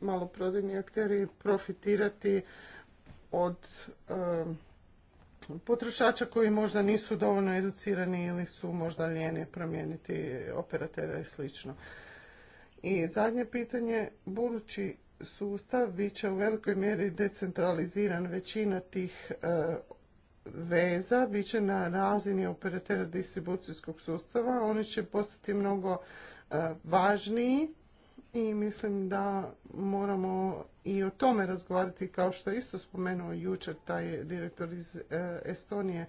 maloprodajni akteri profitirati od potrošača koji možda nisu dovoljno educirani ili su možda ljeni promijeniti operatera i slično. I zadnje pitanje, budući sustav bit će u velikoj mjeri decentraliziran. Većina tih e, veza bit će na razini operatera distribucijskog sustava. Oni će postati mnogo e, važniji i mislim da moramo i o tome razgovarati kao što je isto spomenuo jučer taj direktor iz e, Estonije.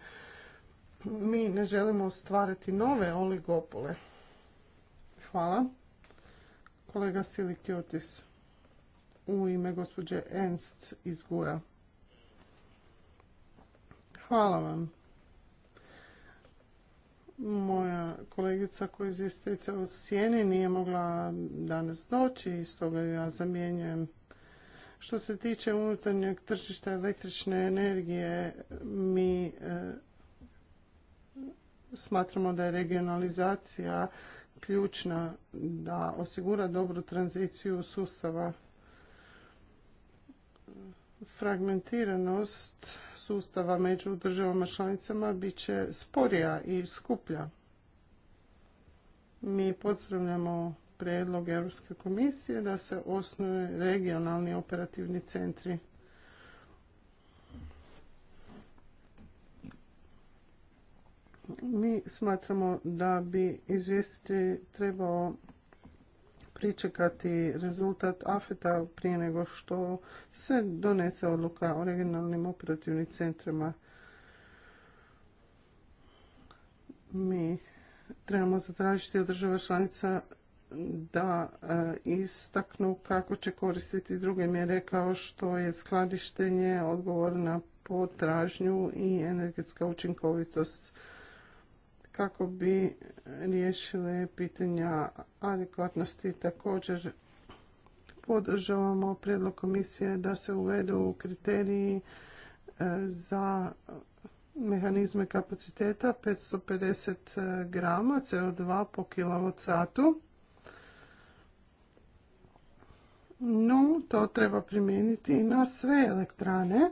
Mi ne želimo stvarati nove oligopole. Hvala. Kolega Silikiotis u ime gospođe Enst iz Gura. Hvala vam moja kolegica koja je izvjestica u sjeni nije mogla danas doći i stoga ja zamjenjujem. Što se tiče unutarnjeg tržišta električne energije, mi eh, smatramo da je regionalizacija ključna da osigura dobru tranziciju sustava fragmentiranost sustava među državama članicama bit će sporija i skuplja. Mi pozdravljamo prijedlog Europske komisije da se osnuje regionalni operativni centri. Mi smatramo da bi izvjestitelj trebao pričekati rezultat AFETA prije nego što se donese odluka o regionalnim operativnim centrima. Mi trebamo zatražiti od država članica da e, istaknu kako će koristiti druge mjere kao što je skladištenje, odgovor na potražnju i energetska učinkovitost kako bi riješile pitanja adekvatnosti. Također podržavamo prijedlog komisije da se uvedu kriteriji e, za mehanizme kapaciteta 550 e, grama CO2 po kWh. No, to treba primijeniti i na sve elektrane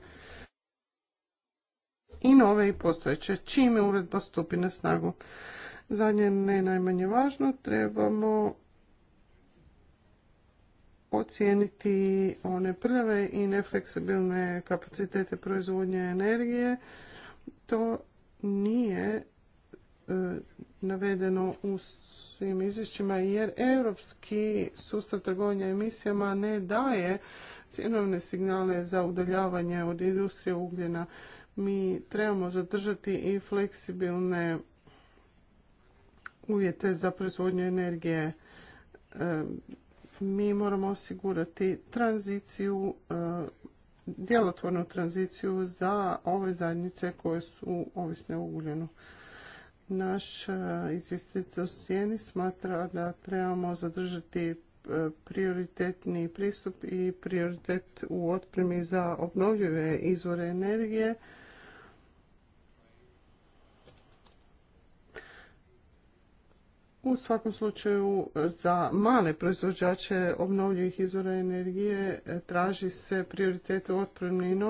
i nove i postojeće, čime uredba stupi na snagu. Zadnje, ne najmanje važno, trebamo ocijeniti one prljave i nefleksibilne kapacitete proizvodnje energije. To nije e, navedeno u svim izvješćima jer europski sustav trgovanja emisijama ne daje cjenovne signale za udaljavanje od industrije ugljena mi trebamo zadržati i fleksibilne uvjete za proizvodnju energije. E, mi moramo osigurati tranziciju, e, djelotvornu tranziciju za ove zajednice koje su ovisne o ugljenu. Naš e, izvjestitelj Sjeni smatra da trebamo zadržati prioritetni pristup i prioritet u otpremi za obnovljive izvore energije U svakom slučaju za male proizvođače obnovljivih izvora energije e, traži se prioritet u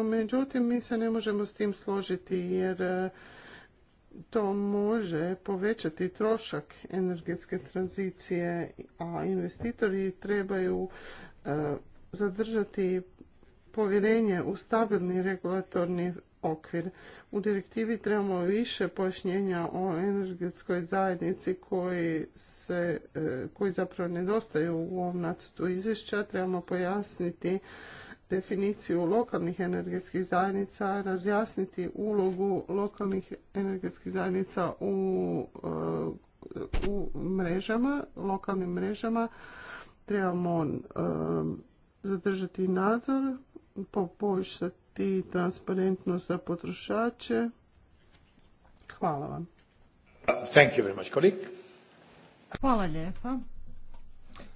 međutim mi se ne možemo s tim složiti jer e, to može povećati trošak energetske tranzicije, a investitori trebaju e, zadržati povjerenje u stabilni regulatorni okvir. U direktivi trebamo više pojašnjenja o energetskoj zajednici koji, se, e, koji zapravo nedostaju u ovom nacrtu izvješća. Trebamo pojasniti definiciju lokalnih energetskih zajednica, razjasniti ulogu lokalnih energetskih zajednica u, e, u mrežama, lokalnim mrežama. Trebamo e, zadržati nadzor, poboljšati i transparentnost za potrošače. Hvala vam. Thank you very much, Hvala lijepa.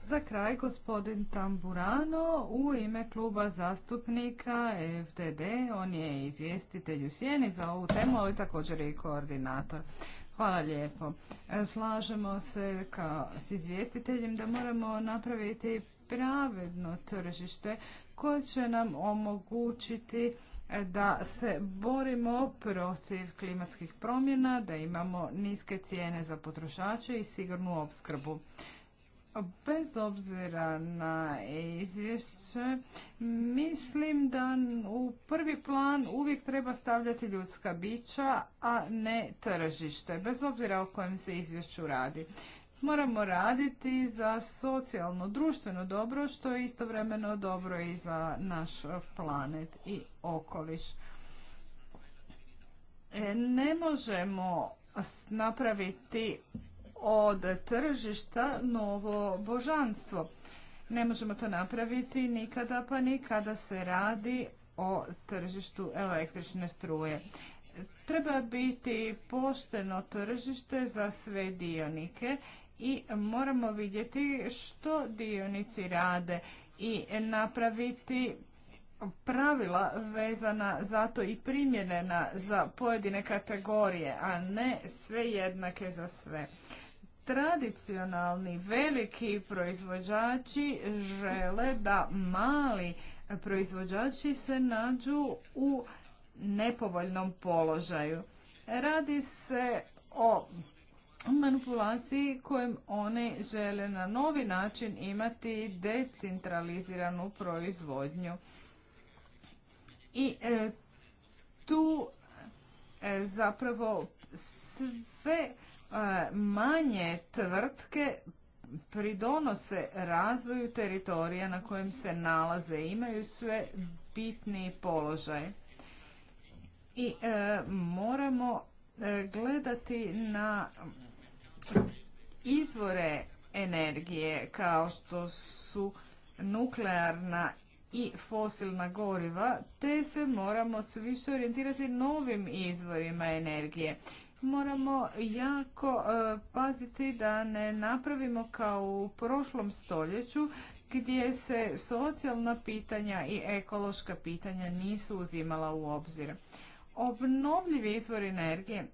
Za kraj gospodin Tamburano u ime kluba zastupnika FDD. On je izvjestitelj u sjeni za ovu temu, ali također i koordinator. Hvala lijepo. Slažemo se kao s izvjestiteljem da moramo napraviti pravedno tržište koje će nam omogućiti e, da se borimo protiv klimatskih promjena, da imamo niske cijene za potrošače i sigurnu opskrbu. Bez obzira na izvješće, mislim da u prvi plan uvijek treba stavljati ljudska bića, a ne tržište, bez obzira o kojem se izvješću radi moramo raditi za socijalno, društveno dobro, što je istovremeno dobro i za naš planet i okoliš. E, ne možemo napraviti od tržišta novo božanstvo. Ne možemo to napraviti nikada pa ni kada se radi o tržištu električne struje. Treba biti pošteno tržište za sve dionike i moramo vidjeti što dionici rade i napraviti pravila vezana za to i primjenena za pojedine kategorije, a ne sve jednake za sve. Tradicionalni veliki proizvođači žele da mali proizvođači se nađu u nepovoljnom položaju. Radi se o manipulaciji kojim oni žele na novi način imati decentraliziranu proizvodnju. I e, tu e, zapravo sve e, manje tvrtke pridonose razvoju teritorija na kojem se nalaze, imaju sve bitniji položaj. I moramo gledati na izvore energije kao što su nuklearna i fosilna goriva, te se moramo sve više orijentirati novim izvorima energije. Moramo jako e, paziti da ne napravimo kao u prošlom stoljeću gdje se socijalna pitanja i ekološka pitanja nisu uzimala u obzir. Obnovljivi izvor energije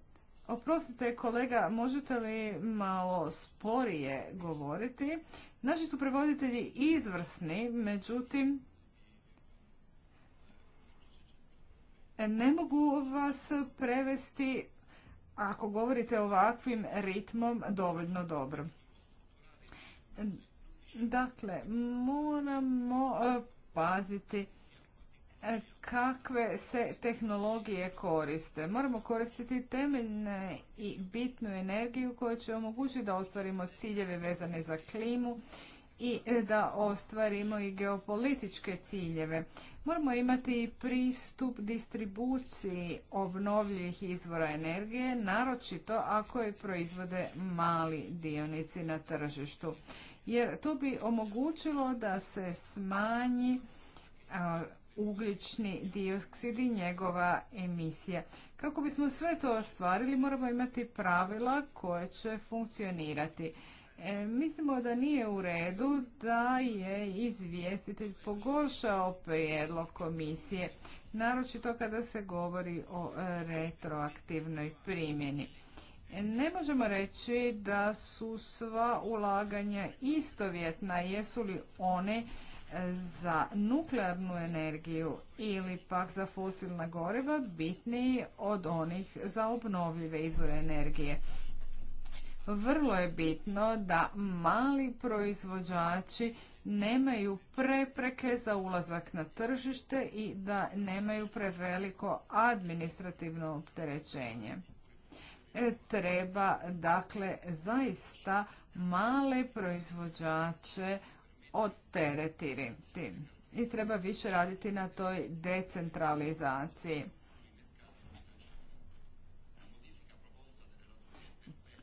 Oprostite kolega, možete li malo sporije govoriti? Naši su prevoditelji izvrsni, međutim ne mogu vas prevesti ako govorite ovakvim ritmom dovoljno dobro. Dakle, moramo eh, paziti kakve se tehnologije koriste. Moramo koristiti temeljne i bitnu energiju koja će omogućiti da ostvarimo ciljeve vezane za klimu i da ostvarimo i geopolitičke ciljeve. Moramo imati i pristup distribuciji obnovljivih izvora energije, naročito ako je proizvode mali dionici na tržištu. Jer to bi omogućilo da se smanji ugljični dioksid i njegova emisija. Kako bismo sve to ostvarili, moramo imati pravila koje će funkcionirati. E, mislimo da nije u redu da je izvjestitelj pogoršao prijedlog komisije, naročito kada se govori o retroaktivnoj primjeni. Ne možemo reći da su sva ulaganja istovjetna, jesu li one za nuklearnu energiju ili pak za fosilna goriva bitniji od onih za obnovljive izvore energije. Vrlo je bitno da mali proizvođači nemaju prepreke za ulazak na tržište i da nemaju preveliko administrativno opterećenje. E, treba dakle zaista male proizvođače oteretiti i treba više raditi na toj decentralizaciji.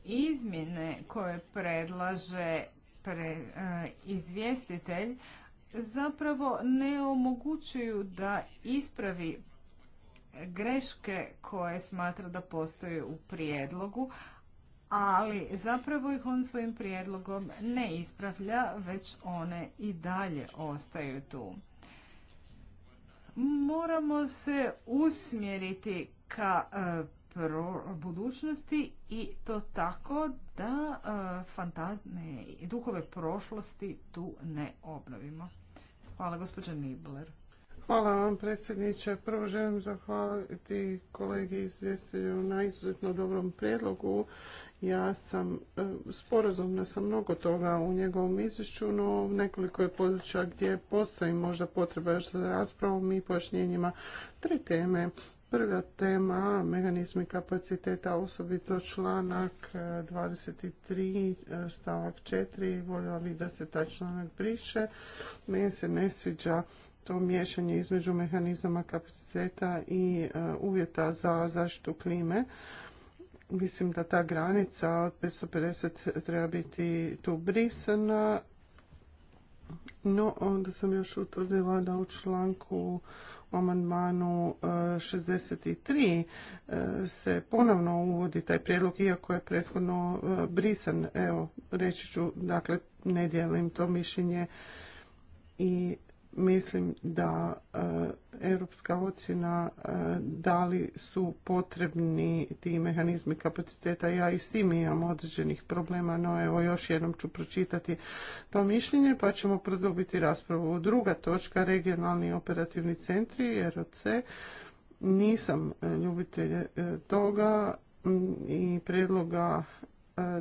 Izmjene koje predlaže e, izvjestitelj zapravo ne omogućuju da ispravi greške koje smatra da postoje u prijedlogu, ali zapravo ih on svojim prijedlogom ne ispravlja, već one i dalje ostaju tu. Moramo se usmjeriti ka e, budućnosti i to tako da e, fantazne i duhove prošlosti tu ne obnovimo. Hvala gospođa Nibler. Hvala vam predsjedniče. Prvo želim zahvaliti kolegi izvjestitelju na izuzetno dobrom prijedlogu ja sam e, sporazumna sa mnogo toga u njegovom izvješću, no nekoliko je područja gdje postoji možda potreba još za raspravom i pojašnjenjima. Tri teme. Prva tema, mehanizmi kapaciteta, osobito članak 23 e, e, stavak 4. Voljela bih da se taj članak briše. Meni se ne sviđa to miješanje između mehanizama kapaciteta i uvjeta za zaštitu klime. Mislim da ta granica od 550 treba biti tu brisana. No, onda sam još utvrdila da u članku u amandmanu 63 e, e, se ponovno uvodi taj prijedlog, iako je prethodno e, brisan. Evo, reći ću, dakle, ne dijelim to mišljenje i mislim da e, europska ocjena e, da li su potrebni ti mehanizmi kapaciteta. Ja i s tim imam određenih problema, no evo još jednom ću pročitati to mišljenje pa ćemo produbiti raspravu. Druga točka, regionalni operativni centri, ROC, nisam e, ljubitelj toga i predloga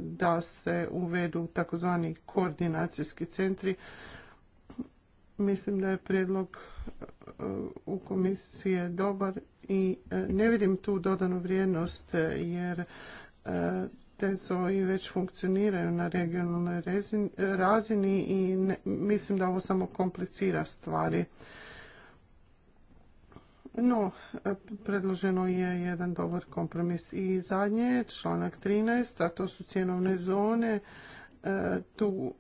da se uvedu takozvani koordinacijski centri Mislim da je prijedlog e, u komisije dobar i e, ne vidim tu dodanu vrijednost e, jer te i već funkcioniraju na regionalnoj razini i mislim da ovo samo komplicira stvari. No, predloženo je jedan dobar kompromis. I zadnje, članak 13, a to su cjenovne zone. Tu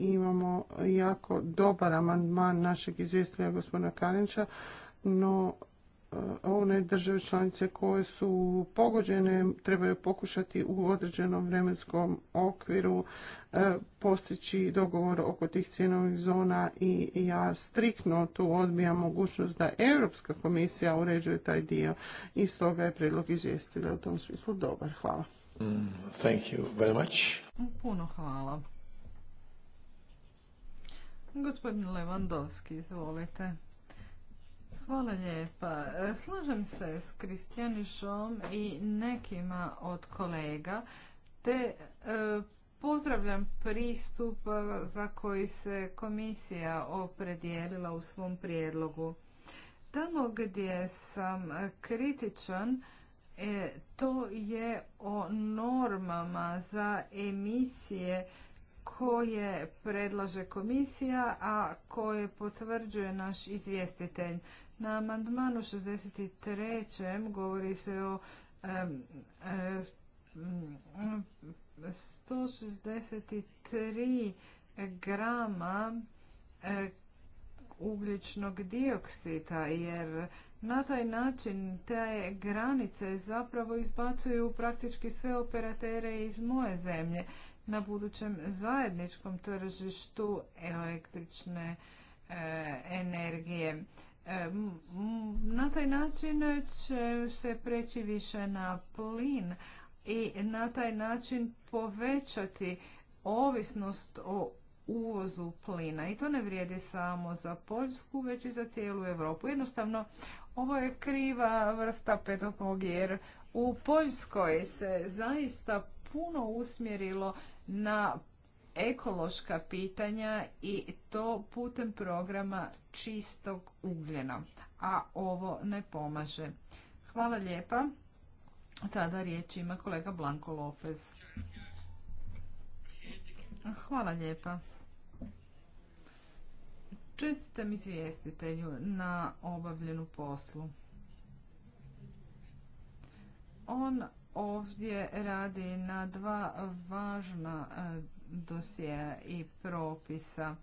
imamo jako dobar amandman našeg izvjestitelja gospodina Karinča, no e, one države članice koje su pogođene trebaju pokušati u određenom vremenskom okviru e, postići dogovor oko tih cjenovnih zona i ja striktno tu odbijam mogućnost da Europska komisija uređuje taj dio i stoga je predlog izvijestila. u tom smislu dobar. Hvala. Mm, thank you very much. Puno hvala. Gospodin Levandovski, izvolite. Hvala lijepa. Slažem se s Kristjanišom i nekima od kolega, te e, pozdravljam pristup e, za koji se komisija opredijelila u svom prijedlogu. Tamo gdje sam kritičan, e, to je o normama za emisije koje predlaže komisija, a koje potvrđuje naš izvjestitelj. Na amandmanu 63. govori se o 163 grama ugljičnog dioksida, jer na taj način te granice zapravo izbacuju praktički sve operatere iz moje zemlje na budućem zajedničkom tržištu električne e, energije. E, na taj način će se preći više na plin i na taj način povećati ovisnost o uvozu plina. I to ne vrijedi samo za Poljsku, već i za cijelu Europu. Jednostavno, ovo je kriva vrsta pedagogije jer u Poljskoj se zaista puno usmjerilo na ekološka pitanja i to putem programa čistog ugljena, a ovo ne pomaže. Hvala lijepa. Sada riječ ima kolega Blanko Lopez. Hvala lijepa. Čestitam izvjestitelju na obavljenu poslu. On ovdje radi na dva važna e, dosije i propisa.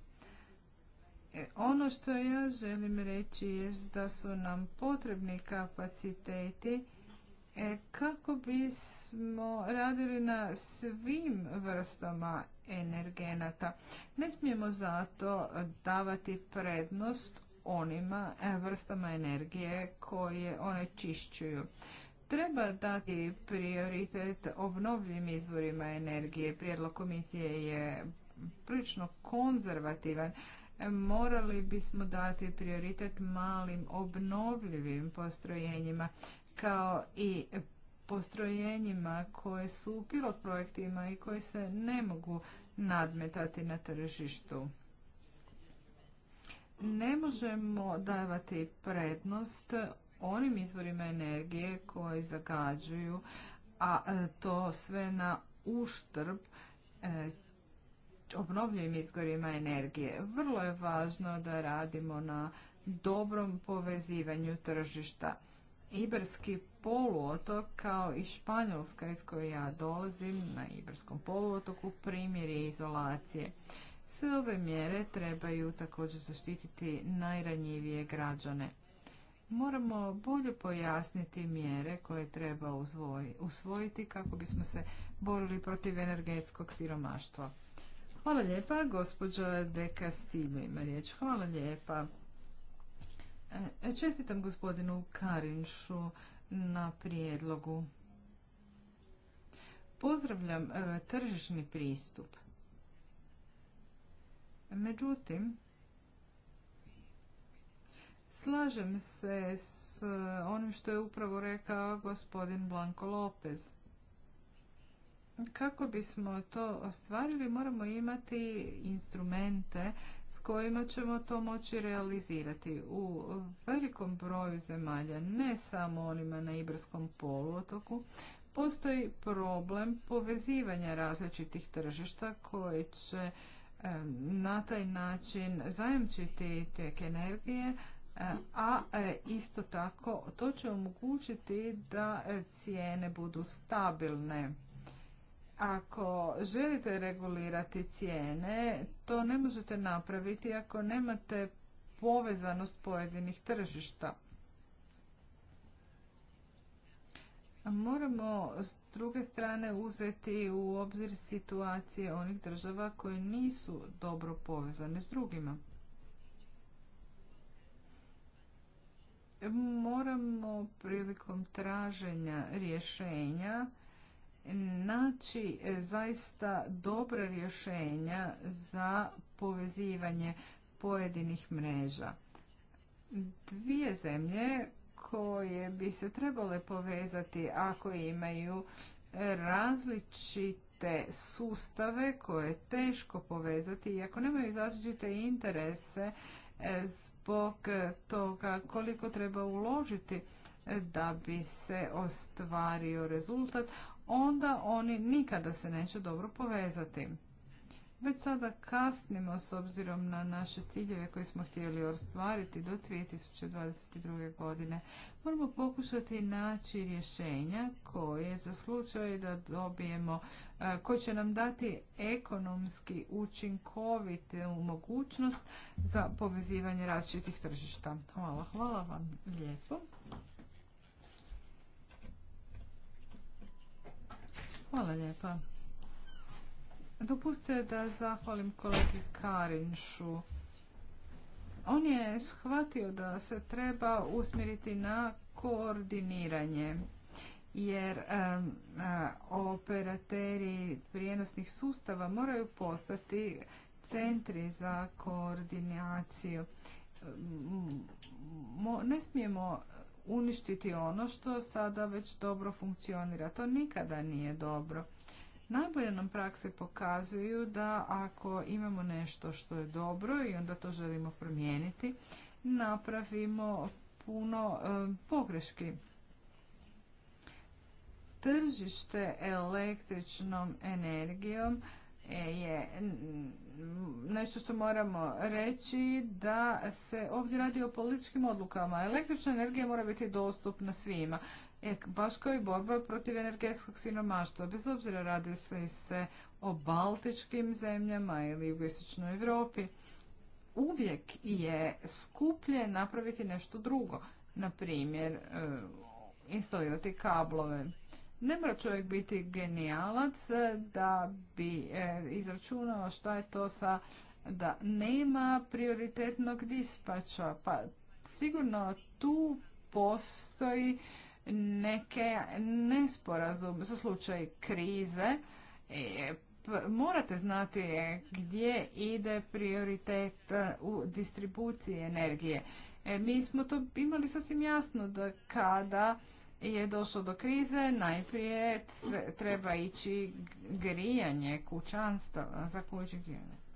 E, ono što ja želim reći je da su nam potrebni kapaciteti e, kako bismo radili na svim vrstama energenata. Ne smijemo zato davati prednost onima vrstama energije koje one čišćuju. Treba dati prioritet obnovljivim izvorima energije. Prijedlog komisije je prilično konzervativan. Morali bismo dati prioritet malim obnovljivim postrojenjima kao i postrojenjima koje su pilot projektima i koje se ne mogu nadmetati na tržištu. Ne možemo davati prednost onim izvorima energije koji zagađuju, a e, to sve na uštrb e, obnovljivim izvorima energije. Vrlo je važno da radimo na dobrom povezivanju tržišta. Iberski poluotok kao i Španjolska iz koje ja dolazim na Iberskom poluotoku primjer je izolacije. Sve ove mjere trebaju također zaštititi najranjivije građane moramo bolje pojasniti mjere koje treba usvojiti kako bismo se borili protiv energetskog siromaštva. Hvala lijepa, gospođa De Castillo ima riječ. Hvala lijepa. E, čestitam gospodinu Karinšu na prijedlogu. Pozdravljam e, tržišni pristup. Međutim, Slažem se s eh, onim što je upravo rekao gospodin Blanko Lopez. Kako bismo to ostvarili, moramo imati instrumente s kojima ćemo to moći realizirati u velikom broju zemalja, ne samo onima na Ibrskom poluotoku, postoji problem povezivanja različitih tržišta koje će eh, na taj način zajamčiti tek energije, a e, isto tako to će omogućiti da e, cijene budu stabilne. Ako želite regulirati cijene, to ne možete napraviti ako nemate povezanost pojedinih tržišta. Moramo s druge strane uzeti u obzir situacije onih država koje nisu dobro povezane s drugima. moramo prilikom traženja rješenja naći e, zaista dobra rješenja za povezivanje pojedinih mreža. Dvije zemlje koje bi se trebale povezati ako imaju e, različite sustave koje je teško povezati i ako nemaju različite interese e, zbog toga koliko treba uložiti da bi se ostvario rezultat, onda oni nikada se neće dobro povezati. Već sada kasnimo s obzirom na naše ciljeve koje smo htjeli ostvariti do 2022. godine. Moramo pokušati naći rješenja koje za slučaj da dobijemo, e, koje će nam dati ekonomski učinkovitu e, mogućnost za povezivanje različitih tržišta. Hvala, hvala vam lijepo. Hvala lijepa. Dopustite da zahvalim kolegi Karinšu. On je shvatio da se treba usmjeriti na koordiniranje jer operateri prijenosnih sustava moraju postati centri za koordinaciju. ne smijemo uništiti ono što sada već dobro funkcionira. To nikada nije dobro. Najbolje nam prakse pokazuju da ako imamo nešto što je dobro i onda to želimo promijeniti, napravimo puno e, pogreški. Tržište električnom energijom e, je nešto što moramo reći da se ovdje radi o političkim odlukama. Električna energija mora biti dostupna svima. E, baš kao i borba protiv energetskog sinomaštva. Bez obzira radi se se o baltičkim zemljama ili jugoistočnoj Europi, uvijek je skuplje napraviti nešto drugo. Na primjer, e, instalirati kablove. Ne mora čovjek biti genijalac da bi e, izračunao šta je to sa da nema prioritetnog dispača. Pa sigurno tu postoji neke nesporazume, za slučaj krize, e, morate znati gdje ide prioritet e, u distribuciji energije. E, mi smo to imali sasvim jasno da kada je došlo do krize, najprije treba ići grijanje kućanstava, za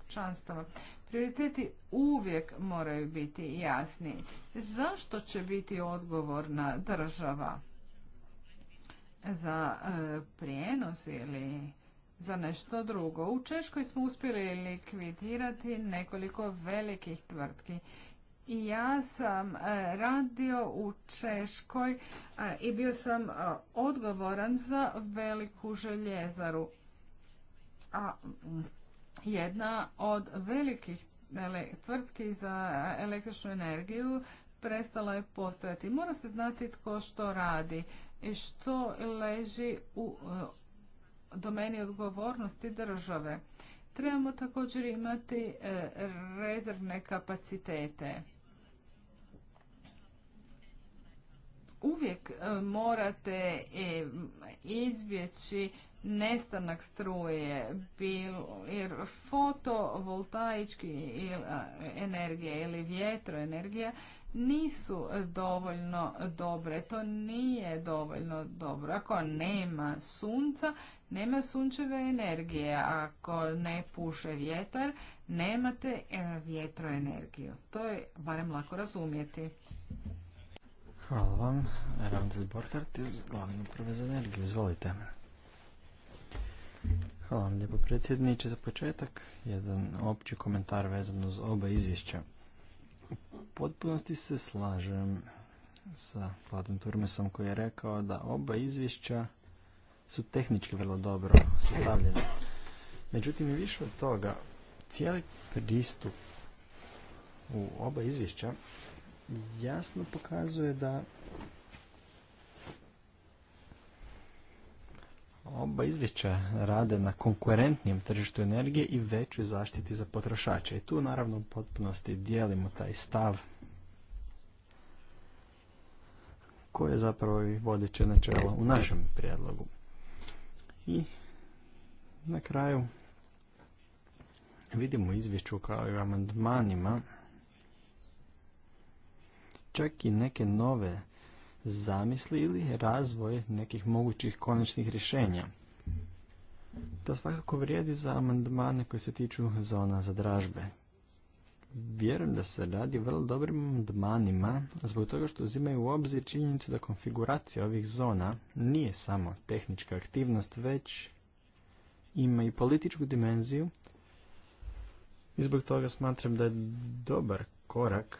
kućanstava. Prioriteti uvijek moraju biti jasni. Zašto će biti odgovorna država za e, prijenos ili za nešto drugo? U Češkoj smo uspjeli likvidirati nekoliko velikih tvrtki. I ja sam e, radio u Češkoj i bio sam e, odgovoran za veliku željezaru. A jedna od velikih tvrtki za električnu energiju prestala je postojati. Mora se znati tko što radi i što leži u e, domeni odgovornosti države. Trebamo također imati e, rezervne kapacitete. Uvijek e, morate izbjeći nestanak struje, jer fotovoltaički energije ili vjetroenergija nisu dovoljno dobre. To nije dovoljno dobro. Ako nema sunca, nema sunčeve energije. Ako ne puše vjetar, nemate e, vjetroenergiju. To je barem lako razumjeti. Hvala vam. Borhardt iz Glavne uprave za energiju. Izvolite. Hvala vam lijepo predsjedniče. Za početak, jedan opći komentar vezan uz oba izvješća. U potpunosti se slažem sa Vladom Turmesom koji je rekao da oba izvješća su tehnički vrlo dobro sastavljena. Međutim, i više od toga, cijeli pristup u oba izvješća jasno pokazuje da Oba izvješća rade na konkurentnijem tržištu energije i većoj zaštiti za potrošače. I tu naravno u potpunosti dijelimo taj stav koji je zapravo i vodeće načelo u našem prijedlogu. I na kraju vidimo izvješću kao i u amandmanima čak i neke nove zamisli ili razvoj nekih mogućih konačnih rješenja. To svakako vrijedi za amandmane koji se tiču zona za dražbe. Vjerujem da se radi o vrlo dobrim amandmanima zbog toga što uzimaju u obzir činjenicu da konfiguracija ovih zona nije samo tehnička aktivnost, već ima i političku dimenziju i zbog toga smatram da je dobar korak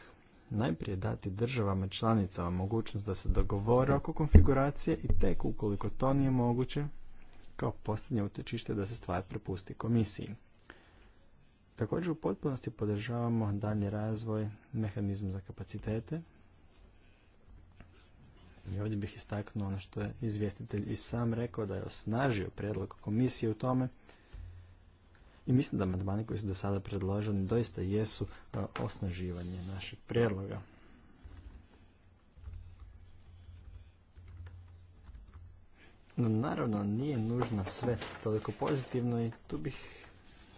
najprije dati državama članicama mogućnost da se dogovore oko konfiguracije i tek ukoliko to nije moguće, kao posljednje utječište da se stvar prepusti komisiji. Također u potpunosti podržavamo dalji razvoj mehanizma za kapacitete. I ovdje bih istaknuo ono što je izvjestitelj i sam rekao da je osnažio prijedlog komisije u tome – i mislim da amandmani koji su do sada predloženi doista jesu e, osnaživanje našeg prijedloga. No, naravno, nije nužno sve toliko pozitivno i tu bih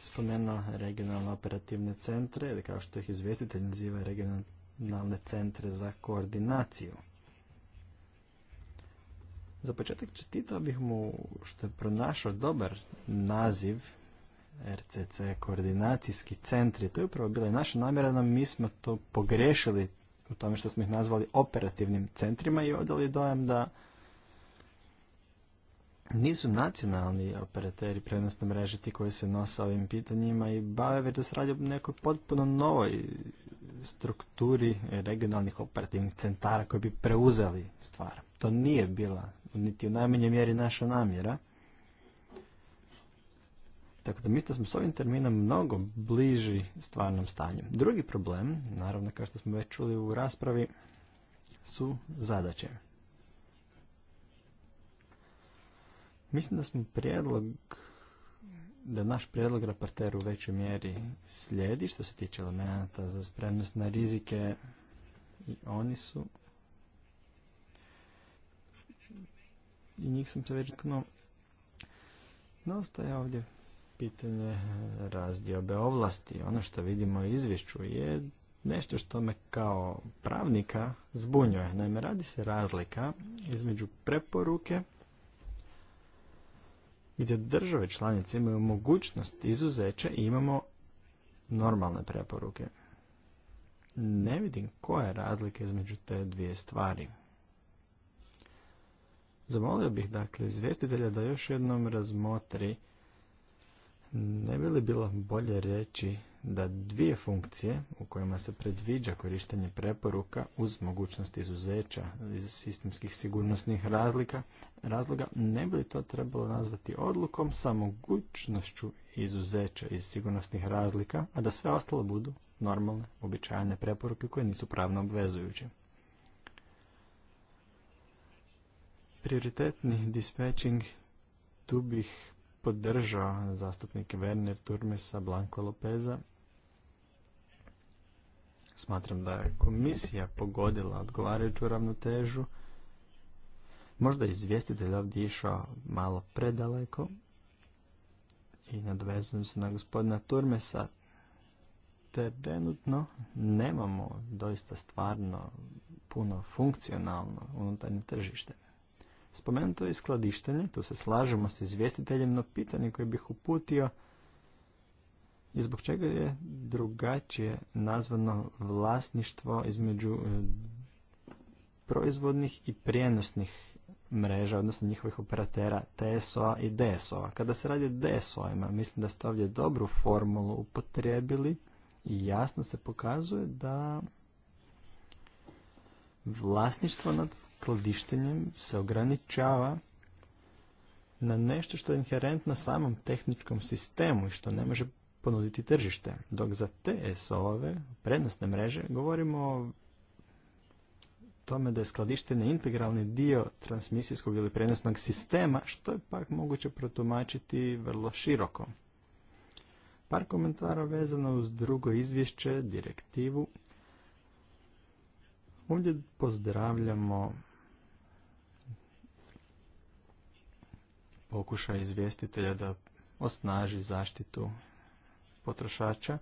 spomenuo regionalne operativne centre ili kao što ih izvjestitelj naziva regionalne centre za koordinaciju. Za početak čestitao bih mu što je pronašao dobar naziv RCC koordinacijski centri. To je upravo bila i naša namjera, mi smo to pogrešili u tome što smo ih nazvali operativnim centrima i odali dojam da nisu nacionalni operateri prenosne mreže ti koji se nose ovim pitanjima i bave već da se radi o nekoj potpuno novoj strukturi regionalnih operativnih centara koji bi preuzeli stvar. To nije bila niti u najmanjoj mjeri naša namjera. Tako da mislim da smo s ovim terminom mnogo bliži stvarnom stanju. Drugi problem, naravno kao što smo već čuli u raspravi, su zadaće. Mislim da smo prijedlog, da naš prijedlog raporter u većoj mjeri slijedi što se tiče elemenata za spremnost na rizike i oni su i njih sam se već no ostaje ovdje pitanje razdiobe ovlasti. Ono što vidimo u izvješću je nešto što me kao pravnika zbunjuje. Naime, radi se razlika između preporuke gdje države članice imaju mogućnost izuzeća i imamo normalne preporuke. Ne vidim koja je razlika između te dvije stvari. Zamolio bih dakle izvjestitelja da još jednom razmotri ne bi li bilo bolje reći da dvije funkcije u kojima se predviđa korištenje preporuka uz mogućnost izuzeća iz sistemskih sigurnosnih razlika, razloga, ne bi li to trebalo nazvati odlukom sa mogućnošću izuzeća iz sigurnosnih razlika, a da sve ostalo budu normalne, običajne preporuke koje nisu pravno obvezujuće. Prioritetni dispatching tu bih podržao zastupnik Werner Turmesa, Blanko Lopeza. Smatram da je komisija pogodila odgovarajuću ravnotežu. Možda je izvjestitelj ovdje išao malo predaleko i nadvezujem se na gospodina Turmesa. Trenutno nemamo doista stvarno puno funkcionalno unutarnje tržište. Spomenuto je skladištenje, tu se slažemo s izvjestiteljem, no pitanje koje bih uputio i zbog čega je drugačije nazvano vlasništvo između e, proizvodnih i prijenosnih mreža, odnosno njihovih operatera TSO-a i DSO-a. Kada se radi o DSO-ima, mislim da ste ovdje dobru formulu upotrijebili i jasno se pokazuje da vlasništvo nad skladištenjem se ograničava na nešto što je inherentno samom tehničkom sistemu i što ne može ponuditi tržište. Dok za TSO-ove, prednostne mreže, govorimo o tome da je skladištenje integralni dio transmisijskog ili prenosnog sistema, što je pak moguće protumačiti vrlo široko. Par komentara vezano uz drugo izvješće, direktivu. Ovdje pozdravljamo Pokuša izvjestitelja da osnaži zaštitu potrošača.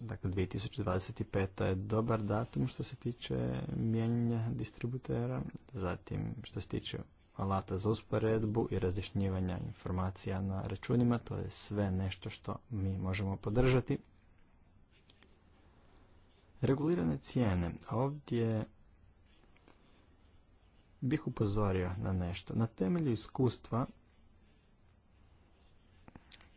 Dakle, 2025. je dobar datum što se tiče mijenjanja distributera, zatim što se tiče alata za usporedbu i razlišnjivanja informacija na računima, to je sve nešto što mi možemo podržati. Regulirane cijene. Ovdje bih upozorio na nešto. Na temelju iskustva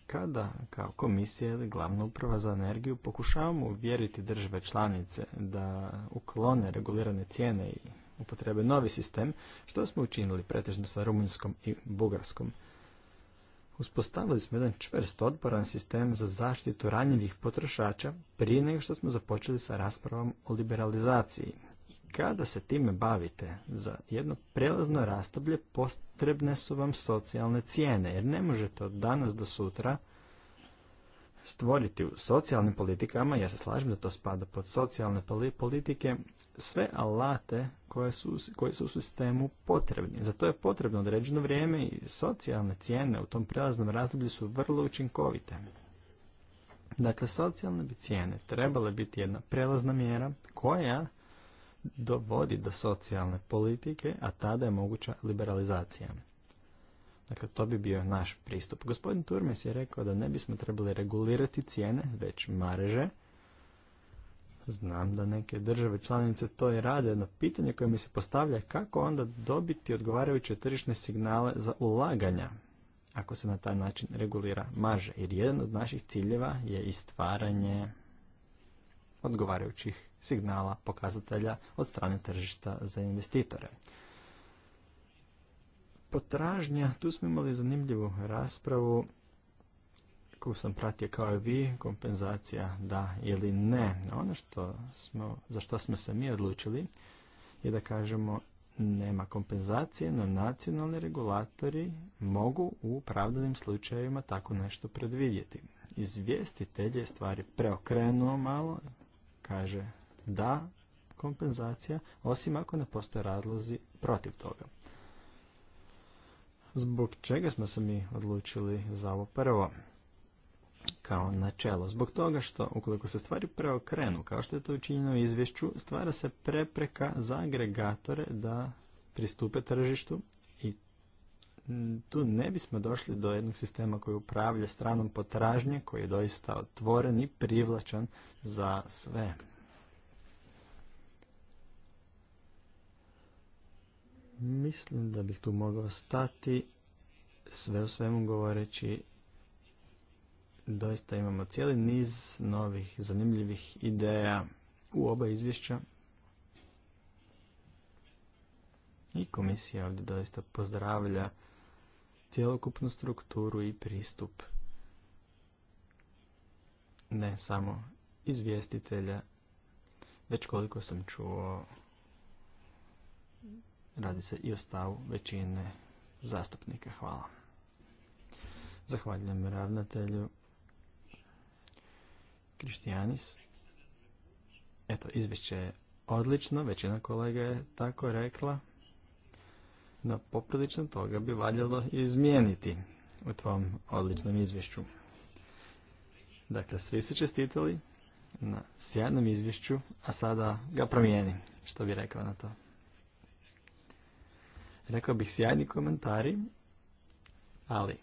kada kao komisija ili glavna uprava za energiju pokušavamo uvjeriti države članice da uklone regulirane cijene i upotrebe novi sistem, što smo učinili pretežno sa rumunjskom i bugarskom. Uspostavili smo jedan čvrst otporan sistem za zaštitu ranjivih potrošača prije nego što smo započeli sa raspravom o liberalizaciji kada se time bavite za jedno prelazno rastoblje potrebne su vam socijalne cijene jer ne možete od danas do sutra stvoriti u socijalnim politikama, ja se slažem da to spada pod socijalne politike, sve alate koje su, koji su u sistemu potrebni. Za to je potrebno određeno vrijeme i socijalne cijene u tom prelaznom razdoblju su vrlo učinkovite. Dakle, socijalne bi cijene trebale biti jedna prelazna mjera koja dovodi do socijalne politike, a tada je moguća liberalizacija. Dakle, to bi bio naš pristup. Gospodin Turmes je rekao da ne bismo trebali regulirati cijene, već mareže. Znam da neke države članice to i rade, Jedno pitanje koje mi se postavlja je kako onda dobiti odgovarajuće tržišne signale za ulaganja, ako se na taj način regulira marže. Jer jedan od naših ciljeva je i stvaranje odgovarajućih signala, pokazatelja od strane tržišta za investitore. Potražnja, tu smo imali zanimljivu raspravu koju sam pratio kao i vi, kompenzacija da ili ne. Ono što smo, za što smo se mi odlučili je da kažemo nema kompenzacije, no nacionalni regulatori mogu u opravdanim slučajevima tako nešto predvidjeti. Izvjestitelj je stvari preokrenuo malo, kaže da kompenzacija, osim ako ne postoje razlozi protiv toga. Zbog čega smo se mi odlučili za ovo prvo? kao načelo. Zbog toga što ukoliko se stvari preokrenu, kao što je to učinjeno u izvješću, stvara se prepreka za agregatore da pristupe tržištu Mm, tu ne bismo došli do jednog sistema koji upravlja stranom potražnje, koji je doista otvoren i privlačan za sve. Mislim da bih tu mogao stati sve u svemu govoreći doista imamo cijeli niz novih zanimljivih ideja u oba izvješća. I komisija ovdje doista pozdravlja cjelokupnu strukturu i pristup ne samo izvjestitelja, već koliko sam čuo radi se i o stavu većine zastupnika. Hvala. Zahvaljujem ravnatelju Krištijanis. Eto, izvješće je odlično, većina kolega je tako rekla. No, poprilično toga bi valjalo izmijeniti u tvom odličnom izvješću. Dakle, svi su čestitali na sjajnom izvješću, a sada ga promijeni. Što bi rekao na to? Rekao bih sjajni komentari, ali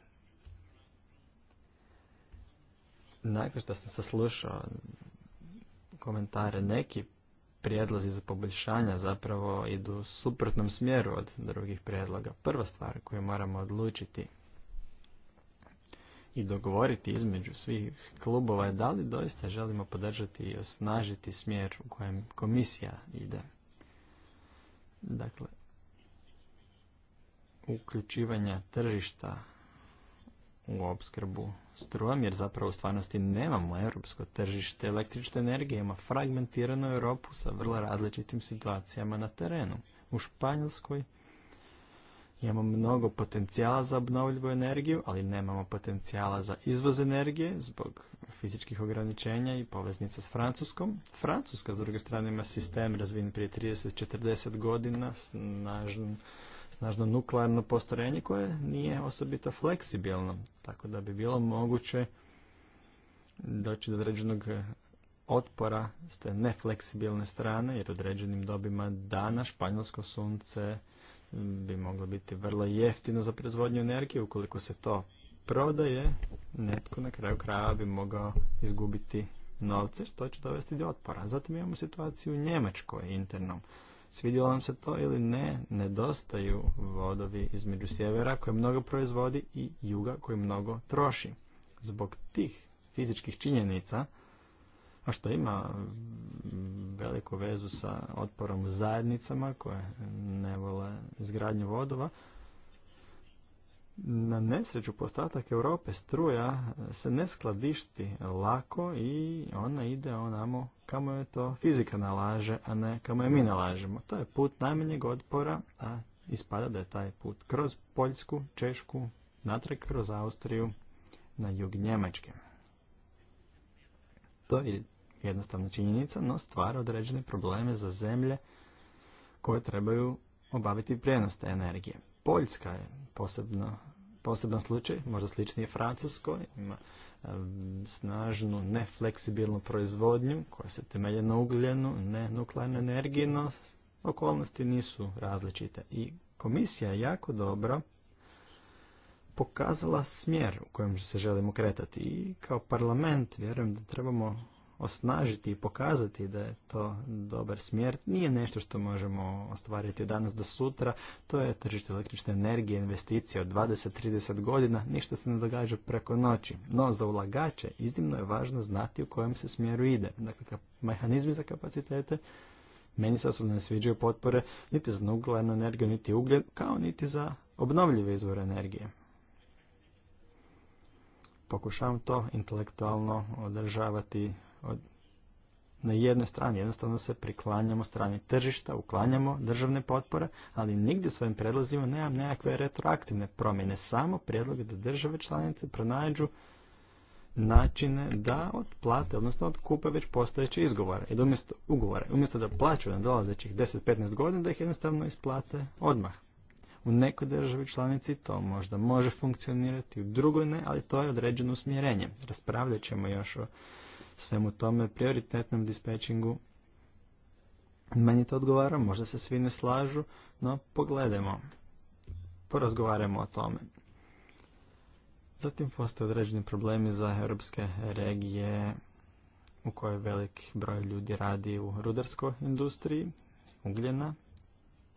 nakon što sam saslušao komentare neki prijedlozi za poboljšanja zapravo idu u suprotnom smjeru od drugih prijedloga. Prva stvar koju moramo odlučiti i dogovoriti između svih klubova je da li doista želimo podržati i osnažiti smjer u kojem komisija ide. Dakle, uključivanja tržišta u opskrbu strujom, jer zapravo u stvarnosti nemamo europsko tržište električne energije, ima fragmentiranu Europu sa vrlo različitim situacijama na terenu. U Španjolskoj imamo mnogo potencijala za obnovljivu energiju, ali nemamo potencijala za izvoz energije zbog fizičkih ograničenja i poveznica s Francuskom. Francuska, s druge strane, ima sistem razvijen prije 30-40 godina, snažan snažno nuklearno postrojenje koje nije osobito fleksibilno, tako da bi bilo moguće doći do određenog otpora s te nefleksibilne strane, jer određenim dobima dana španjolsko sunce bi moglo biti vrlo jeftino za proizvodnju energije. Ukoliko se to prodaje, netko na kraju kraja bi mogao izgubiti novce, što će dovesti do otpora. Zatim imamo situaciju u Njemačkoj internom. Svidjelo vam se to ili ne, nedostaju vodovi između sjevera koje mnogo proizvodi i juga koji mnogo troši. Zbog tih fizičkih činjenica, a što ima veliku vezu sa otporom zajednicama koje ne vole izgradnju vodova, na nesreću postatak Europe struja se ne skladišti lako i ona ide onamo kamo je to fizika nalaže, a ne kamo je mi nalažemo. To je put najmanjeg otpora, a ispada da je taj put kroz Poljsku, Češku, natrag kroz Austriju, na jug Njemačke. To je jednostavna činjenica, no stvara određene probleme za zemlje koje trebaju obaviti prijenost te energije. Poljska je posebno poseban slučaj, možda slični je Francuskoj, ima snažnu nefleksibilnu proizvodnju koja se temelje na ugljenu, ne nuklearnu energiji, no okolnosti nisu različite. I komisija je jako dobro pokazala smjer u kojem se želimo kretati i kao parlament vjerujem da trebamo osnažiti i pokazati da je to dobar smjer nije nešto što možemo ostvariti danas do sutra. To je tržište električne energije, investicije od 20-30 godina. Ništa se ne događa preko noći. No za ulagače iznimno je važno znati u kojem se smjeru ide. Dakle, mehanizmi za kapacitete meni se osobno ne sviđaju potpore niti za nuklearnu energiju, niti ugljen, kao niti za obnovljive izvore energije pokušavam to intelektualno održavati od, na jednoj strani. Jednostavno se priklanjamo strani tržišta, uklanjamo državne potpore, ali nigdje svojim predlazima nemam nekakve retroaktivne promjene. Samo prijedloge da države članice pronađu načine da otplate, odnosno otkupe već postojeće izgovore. I da umjesto ugovore, umjesto da plaću na dolazećih 10-15 godina, da ih jednostavno isplate odmah. U nekoj državi članici to možda može funkcionirati, u drugoj ne, ali to je određeno usmjerenje. Raspravljat ćemo još o svemu tome prioritetnom dispečingu. Meni to odgovara, možda se svi ne slažu, no pogledajmo, porazgovarajmo o tome. Zatim postoje određeni problemi za europske regije u kojoj velik broj ljudi radi u rudarskoj industriji, ugljena,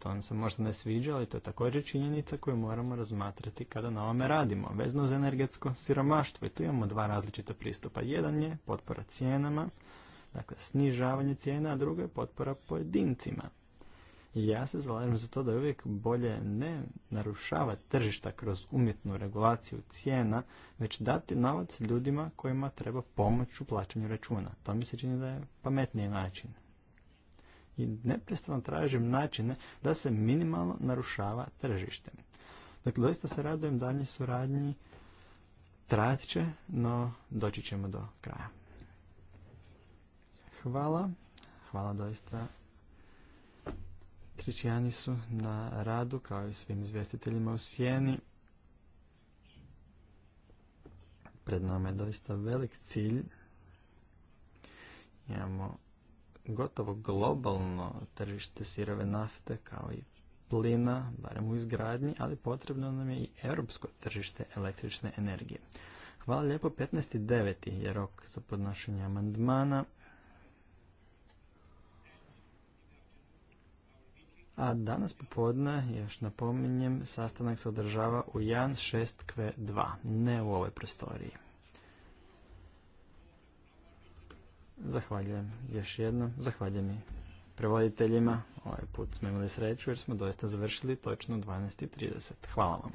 to nam se možda ne sviđa, ali to je također činjenica koju moramo razmatrati kada na ovome radimo. Vezno uz energetsko siromaštvo i tu imamo dva različita pristupa. Jedan je potpora cijenama, dakle snižavanje cijena, a drugo je potpora pojedincima. Ja se zalažem za to da je uvijek bolje ne narušavati tržišta kroz umjetnu regulaciju cijena, već dati novac ljudima kojima treba pomoć u plaćanju računa. To mi se čini da je pametniji način i neprestano tražim načine da se minimalno narušava tržište. Dakle, doista se radujem dalje suradnji, trajat će, no doći ćemo do kraja. Hvala, hvala doista trićijani su na radu kao i svim izvjestiteljima u Sjeni. Pred nama je doista velik cilj. Imamo gotovo globalno tržište sirove nafte kao i plina, barem u izgradnji, ali potrebno nam je i europsko tržište električne energije. Hvala lijepo, 15.9. je rok za podnošenje amandmana. A danas popodne, još napominjem, sastanak se održava u Jan 6 ne u ovoj prostoriji. Zahvaljujem još jednom. Zahvaljujem i prevoditeljima. Ovaj put smo imali sreću jer smo doista završili točno 12.30. Hvala vam.